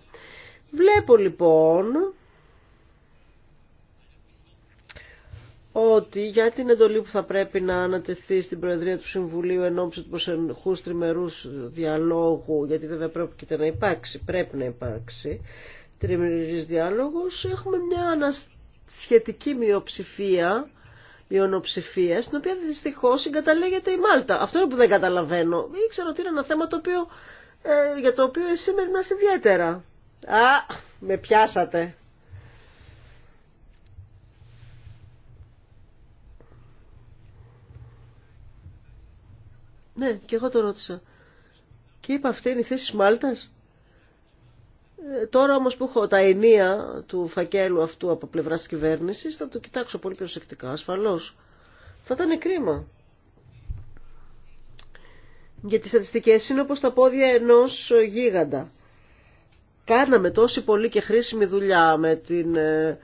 Βλέπω λοιπόν ότι για την εντολή που θα πρέπει να ανατεθεί στην Προεδρία του Συμβουλίου εν ώψη του προσεχού τριμερού διαλόγου, γιατί βέβαια πρέπει να υπάρξει, πρέπει να υπάρξει τριμερή διάλογο, έχουμε μια σχετική μειοψηφία, μειονοψηφία, στην οποία δυστυχώ συγκαταλέγεται η Μάλτα. Αυτό είναι που δεν καταλαβαίνω. Ήξερα ότι είναι ένα θέμα το οποίο, ε, για το οποίο εσύ με ιδιαίτερα. Α, με πιάσατε. Ναι, και εγώ το ρώτησα. Και είπα αυτή είναι η θέση της Μάλτας. Ε, τώρα όμως που έχω τα ενία του φακέλου αυτού από πλευρά της κυβέρνησης θα το κοιτάξω πολύ προσεκτικά, ασφαλώς. Θα ήταν κρίμα. Γιατί οι στατιστικές είναι όπως τα πόδια ενός γίγαντα. Κάναμε τόση πολύ και χρήσιμη δουλειά με την... Ε,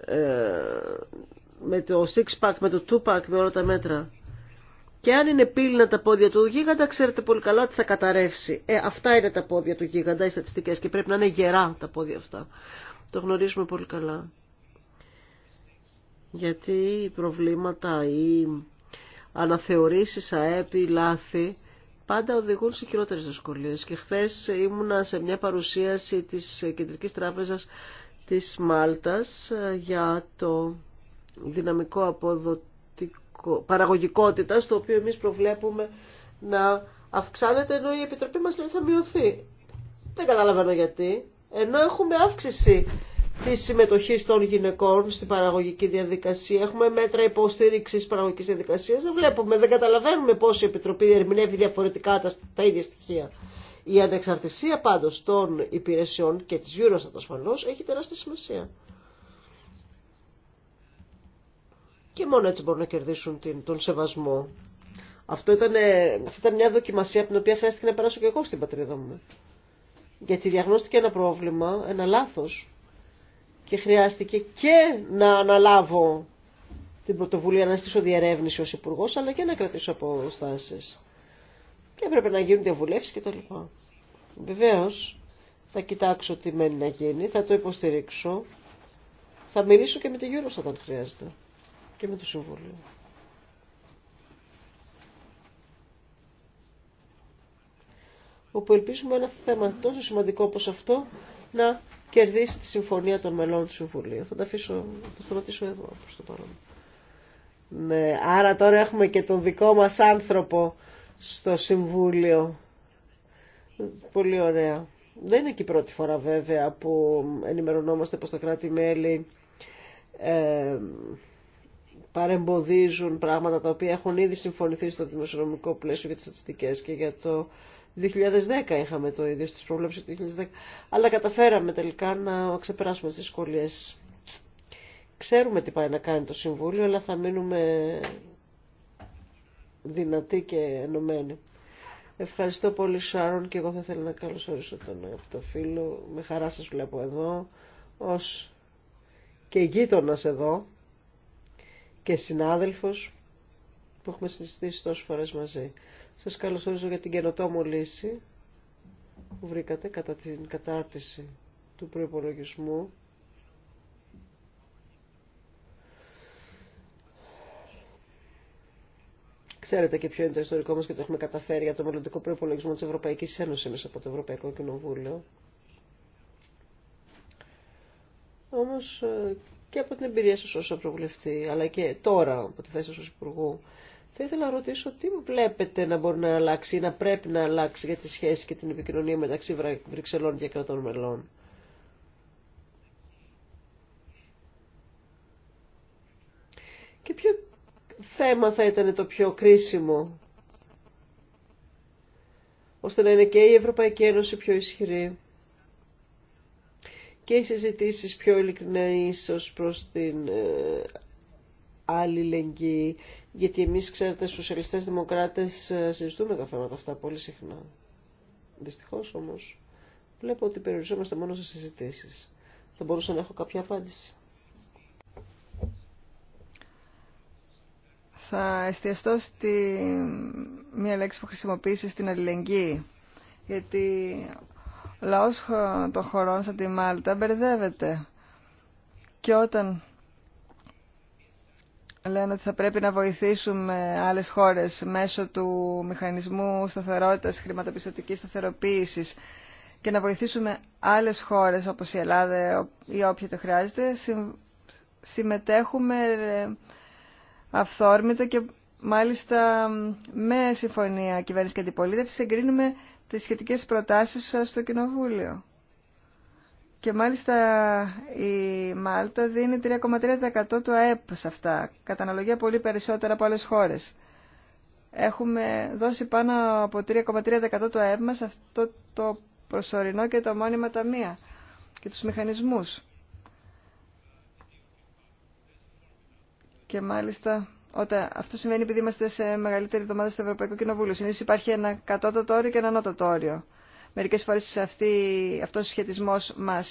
ε με το six pack, με το two pack, με όλα τα μέτρα. Και αν είναι πύληνα τα πόδια του γίγαντα, ξέρετε πολύ καλά ότι θα καταρρεύσει. Ε, αυτά είναι τα πόδια του γίγαντα, οι στατιστικές, και πρέπει να είναι γερά τα πόδια αυτά. Το γνωρίζουμε πολύ καλά. Γιατί οι προβλήματα, οι αναθεωρήσεις, αέπι, λάθη, πάντα οδηγούν σε χειρότερες δυσκολίε. Και χθε ήμουνα σε μια παρουσίαση της Κεντρικής Τράπεζας της Μάλτας ε, για το δυναμικό απόδοτο παραγωγικότητα, το οποίο εμείς προβλέπουμε να αυξάνεται, ενώ η Επιτροπή μας λέει θα μειωθεί. Δεν καταλαβαίνω γιατί. Ενώ έχουμε αύξηση τη συμμετοχή των γυναικών στην παραγωγική διαδικασία, έχουμε μέτρα υποστήριξη τη παραγωγική διαδικασία, δεν βλέπουμε, δεν καταλαβαίνουμε πώ η Επιτροπή ερμηνεύει διαφορετικά τα, ίδια στοιχεία. Η ανεξαρτησία πάντω των υπηρεσιών και τη Eurostat ασφαλώ έχει τεράστια σημασία. και μόνο έτσι μπορούν να κερδίσουν τον σεβασμό. Αυτό ήταν, αυτή ήταν μια δοκιμασία από την οποία χρειάστηκε να περάσω και εγώ στην πατρίδα μου. Γιατί διαγνώστηκε ένα πρόβλημα, ένα λάθος και χρειάστηκε και να αναλάβω την πρωτοβουλία να στήσω διερεύνηση ως υπουργό, αλλά και να κρατήσω αποστάσεις. Και έπρεπε να γίνουν διαβουλεύσεις κτλ. Βεβαίω, θα κοιτάξω τι μένει να γίνει, θα το υποστηρίξω, θα μιλήσω και με τη γύρω όταν χρειάζεται και με το Συμβούλιο. όπου ελπίζουμε ένα θέμα τόσο σημαντικό όπως αυτό να κερδίσει τη συμφωνία των μελών του Συμβουλίου. Θα, τα αφήσω, θα σταματήσω εδώ προς το παρόν. Ναι, άρα τώρα έχουμε και τον δικό μας άνθρωπο στο Συμβούλιο. Πολύ ωραία. Δεν είναι και η πρώτη φορά βέβαια που ενημερωνόμαστε πως τα κράτη-μέλη ε, παρεμποδίζουν πράγματα τα οποία έχουν ήδη συμφωνηθεί στο δημοσιονομικό πλαίσιο για τις στατιστικές και για το 2010 είχαμε το ίδιο στις προβλέψεις του 2010, αλλά καταφέραμε τελικά να ξεπεράσουμε τις δυσκολίε. Ξέρουμε τι πάει να κάνει το Συμβούλιο, αλλά θα μείνουμε δυνατοί και ενωμένοι. Ευχαριστώ πολύ Σάρων και εγώ θα ήθελα να καλωσορίσω τον φίλο. Με χαρά σας βλέπω εδώ, ως και γείτονα εδώ και συνάδελφος που έχουμε συζητήσει τόσες φορές μαζί. Σας καλωσορίζω για την καινοτόμο λύση που βρήκατε κατά την κατάρτιση του προϋπολογισμού. Ξέρετε και ποιο είναι το ιστορικό μας και το έχουμε καταφέρει για το μελλοντικό προϋπολογισμό της Ευρωπαϊκής Ένωσης από το Ευρωπαϊκό Κοινοβούλιο. Όμως ε, και από την εμπειρία σας ως Ευρωβουλευτή, αλλά και τώρα από τη θέση σας ως Υπουργού, θα ήθελα να ρωτήσω τι βλέπετε να μπορεί να αλλάξει ή να πρέπει να αλλάξει για τη σχέση και την επικοινωνία μεταξύ Βρυξελών και κρατών μελών. Και ποιο θέμα θα ήταν το πιο κρίσιμο, ώστε να είναι και η Ευρωπαϊκή Ένωση πιο ισχυρή και οι συζητήσεις πιο ειλικρινέ ίσω προς την ε, αλληλεγγύη, γιατί εμείς, ξέρετε, στου σοσιαλιστές δημοκράτες ε, συζητούμε τα θέματα αυτά πολύ συχνά. Δυστυχώς όμως βλέπω ότι περιοριζόμαστε μόνο σε συζητήσεις. Θα μπορούσα να έχω κάποια απάντηση. Θα εστιαστώ στη μία λέξη που χρησιμοποίησε στην αλληλεγγύη. Γιατί λαός των χωρών σαν τη Μάλτα μπερδεύεται. Και όταν λένε ότι θα πρέπει να βοηθήσουμε άλλες χώρες μέσω του μηχανισμού σταθερότητας, χρηματοπιστωτικής σταθεροποίησης και να βοηθήσουμε άλλες χώρες όπως η Ελλάδα ή όποια το χρειάζεται, συμμετέχουμε ε, αυθόρμητα και μάλιστα με συμφωνία κυβέρνηση και αντιπολίτευση εγκρίνουμε τις σχετικές προτάσεις στο Κοινοβούλιο. Και μάλιστα η Μάλτα δίνει 3,3% του ΑΕΠ σε αυτά. Καταναλογία πολύ περισσότερα από άλλες χώρες. Έχουμε δώσει πάνω από 3,3% του ΑΕΠ μας αυτό το προσωρινό και τα μόνιμα ταμεία και τους μηχανισμούς. Και μάλιστα όταν, αυτό σημαίνει επειδή είμαστε σε μεγαλύτερη εβδομάδα στο Ευρωπαϊκό Κοινοβούλιο. Συνήθω υπάρχει ένα κατώτατο όριο και ένα ανώτατο όριο. Μερικέ φορέ αυτό ο σχετισμό μα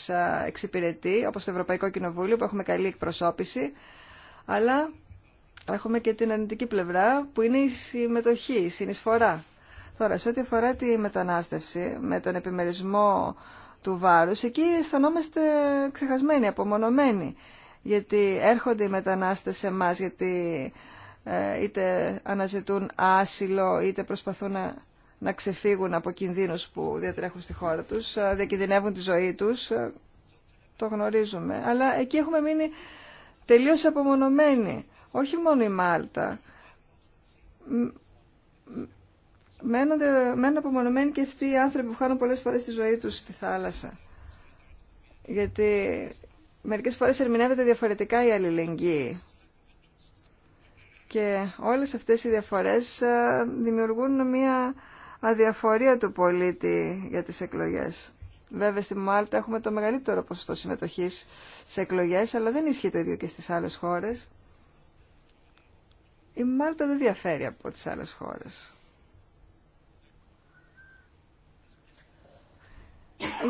εξυπηρετεί, όπω το Ευρωπαϊκό Κοινοβούλιο, που έχουμε καλή εκπροσώπηση. Αλλά έχουμε και την αρνητική πλευρά, που είναι η συμμετοχή, η συνεισφορά. Τώρα, σε ό,τι αφορά τη μετανάστευση, με τον επιμερισμό του βάρους, εκεί αισθανόμαστε ξεχασμένοι, απομονωμένοι γιατί έρχονται οι μετανάστες σε εμά γιατί ε, είτε αναζητούν άσυλο, είτε προσπαθούν να, να ξεφύγουν από κινδύνους που διατρέχουν στη χώρα τους, ε, διακινδυνεύουν τη ζωή τους, ε, το γνωρίζουμε. Αλλά εκεί έχουμε μείνει τελείως απομονωμένοι, όχι μόνο η Μάλτα. Μένονται, μένουν απομονωμένοι και αυτοί οι άνθρωποι που χάνουν πολλές φορές τη ζωή τους στη θάλασσα. Γιατί μερικές φορές ερμηνεύεται διαφορετικά η αλληλεγγύη. Και όλες αυτές οι διαφορές ε, δημιουργούν μια αδιαφορία του πολίτη για τις εκλογές. Βέβαια στη Μάλτα έχουμε το μεγαλύτερο ποσοστό συμμετοχής σε εκλογές, αλλά δεν ισχύει το ίδιο και στις άλλες χώρες. Η Μάλτα δεν διαφέρει από τις άλλες χώρες.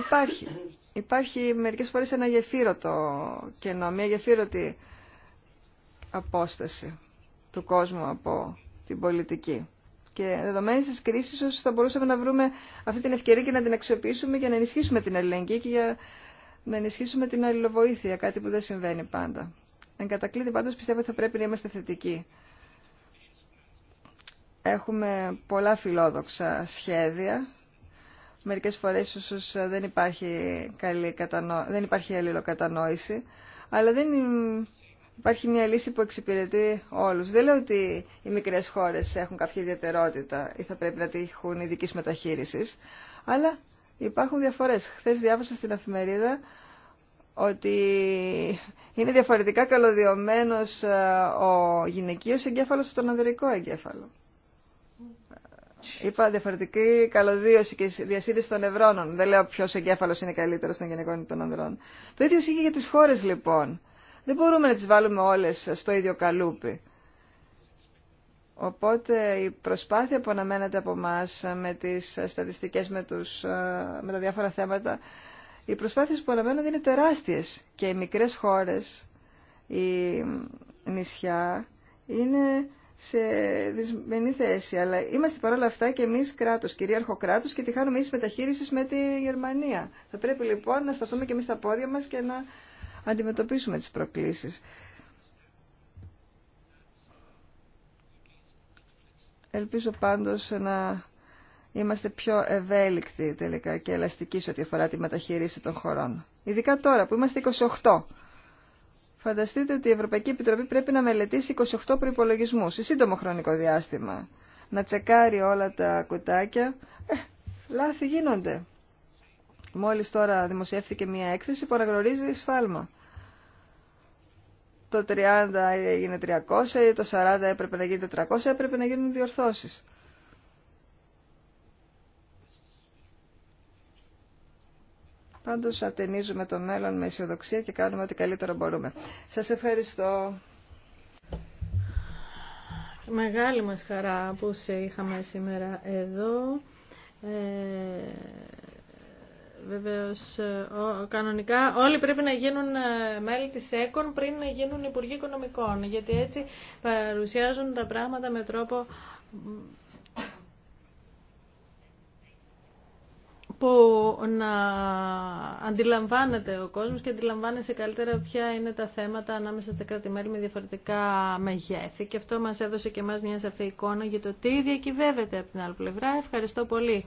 Υπάρχει υπάρχει μερικές φορές ένα γεφύρωτο κενό, μια γεφύρωτη απόσταση του κόσμου από την πολιτική. Και δεδομένη τη κρίση, ίσω θα μπορούσαμε να βρούμε αυτή την ευκαιρία και να την αξιοποιήσουμε για να ενισχύσουμε την ελληνική και για να ενισχύσουμε την αλληλοβοήθεια, κάτι που δεν συμβαίνει πάντα. Εν κατακλείδη, πάντως, πιστεύω ότι θα πρέπει να είμαστε θετικοί. Έχουμε πολλά φιλόδοξα σχέδια μερικές φορές ίσως ε, δεν υπάρχει, καλή κατανο... αλληλοκατανόηση, αλλά δεν υπάρχει μια λύση που εξυπηρετεί όλους. Δεν λέω ότι οι μικρές χώρες έχουν κάποια ιδιαιτερότητα ή θα πρέπει να τύχουν ειδική μεταχείριση, αλλά υπάρχουν διαφορές. Χθες διάβασα στην αφημερίδα ότι είναι διαφορετικά καλωδιωμένος ε, ο γυναικείος εγκέφαλος από τον ανδρικό εγκέφαλο. Είπα διαφορετική καλωδίωση και διασύνδεση των ευρώνων. Δεν λέω ποιο εγκέφαλο είναι καλύτερο των γυναικών ή των ανδρών. Το ίδιο ισχύει για τι χώρε λοιπόν. Δεν μπορούμε να τι βάλουμε όλε στο ίδιο καλούπι. Οπότε η προσπάθεια που αναμένεται από εμά με τι στατιστικέ, με, ε, με τα διάφορα θέματα, οι προσπάθειε που αναμένονται είναι τεράστιε. Και οι μικρέ χώρε, οι νησιά, είναι σε δυσμενή θέση. Αλλά είμαστε παρόλα αυτά και εμεί κράτο, κυρίαρχο κράτο και τη χάνουμε ίση μεταχείριση με τη Γερμανία. Θα πρέπει λοιπόν να σταθούμε και εμεί στα πόδια μα και να αντιμετωπίσουμε τι προκλήσει. Ελπίζω πάντως να είμαστε πιο ευέλικτοι τελικά και ελαστικοί σε ό,τι αφορά τη μεταχείριση των χωρών. Ειδικά τώρα που είμαστε 28 Φανταστείτε ότι η Ευρωπαϊκή Επιτροπή πρέπει να μελετήσει 28 προπολογισμού σε σύντομο χρονικό διάστημα. Να τσεκάρει όλα τα κουτάκια. Ε, λάθη γίνονται. Μόλις τώρα δημοσιεύθηκε μια έκθεση που αναγνωρίζει σφάλμα. Το 30 έγινε 300, το 40 έπρεπε να γίνει 400, έπρεπε να γίνουν διορθώσεις. Πάντω, ατενίζουμε το μέλλον με αισιοδοξία και κάνουμε ό,τι καλύτερο μπορούμε. Σας ευχαριστώ. Μεγάλη μας χαρά που σε είχαμε σήμερα εδώ. Ε, βεβαίως, ε, κανονικά όλοι πρέπει να γίνουν ε, μέλη της ΕΚΟΝ πριν να γίνουν Υπουργοί Οικονομικών, γιατί έτσι παρουσιάζουν τα πράγματα με τρόπο που να αντιλαμβάνεται ο κόσμος και αντιλαμβάνεσαι καλύτερα ποια είναι τα θέματα ανάμεσα στα κράτη-μέλη με διαφορετικά μεγέθη. Και αυτό μας έδωσε και εμάς μια σαφή εικόνα για το τι διακυβεύεται από την άλλη πλευρά. Ευχαριστώ πολύ.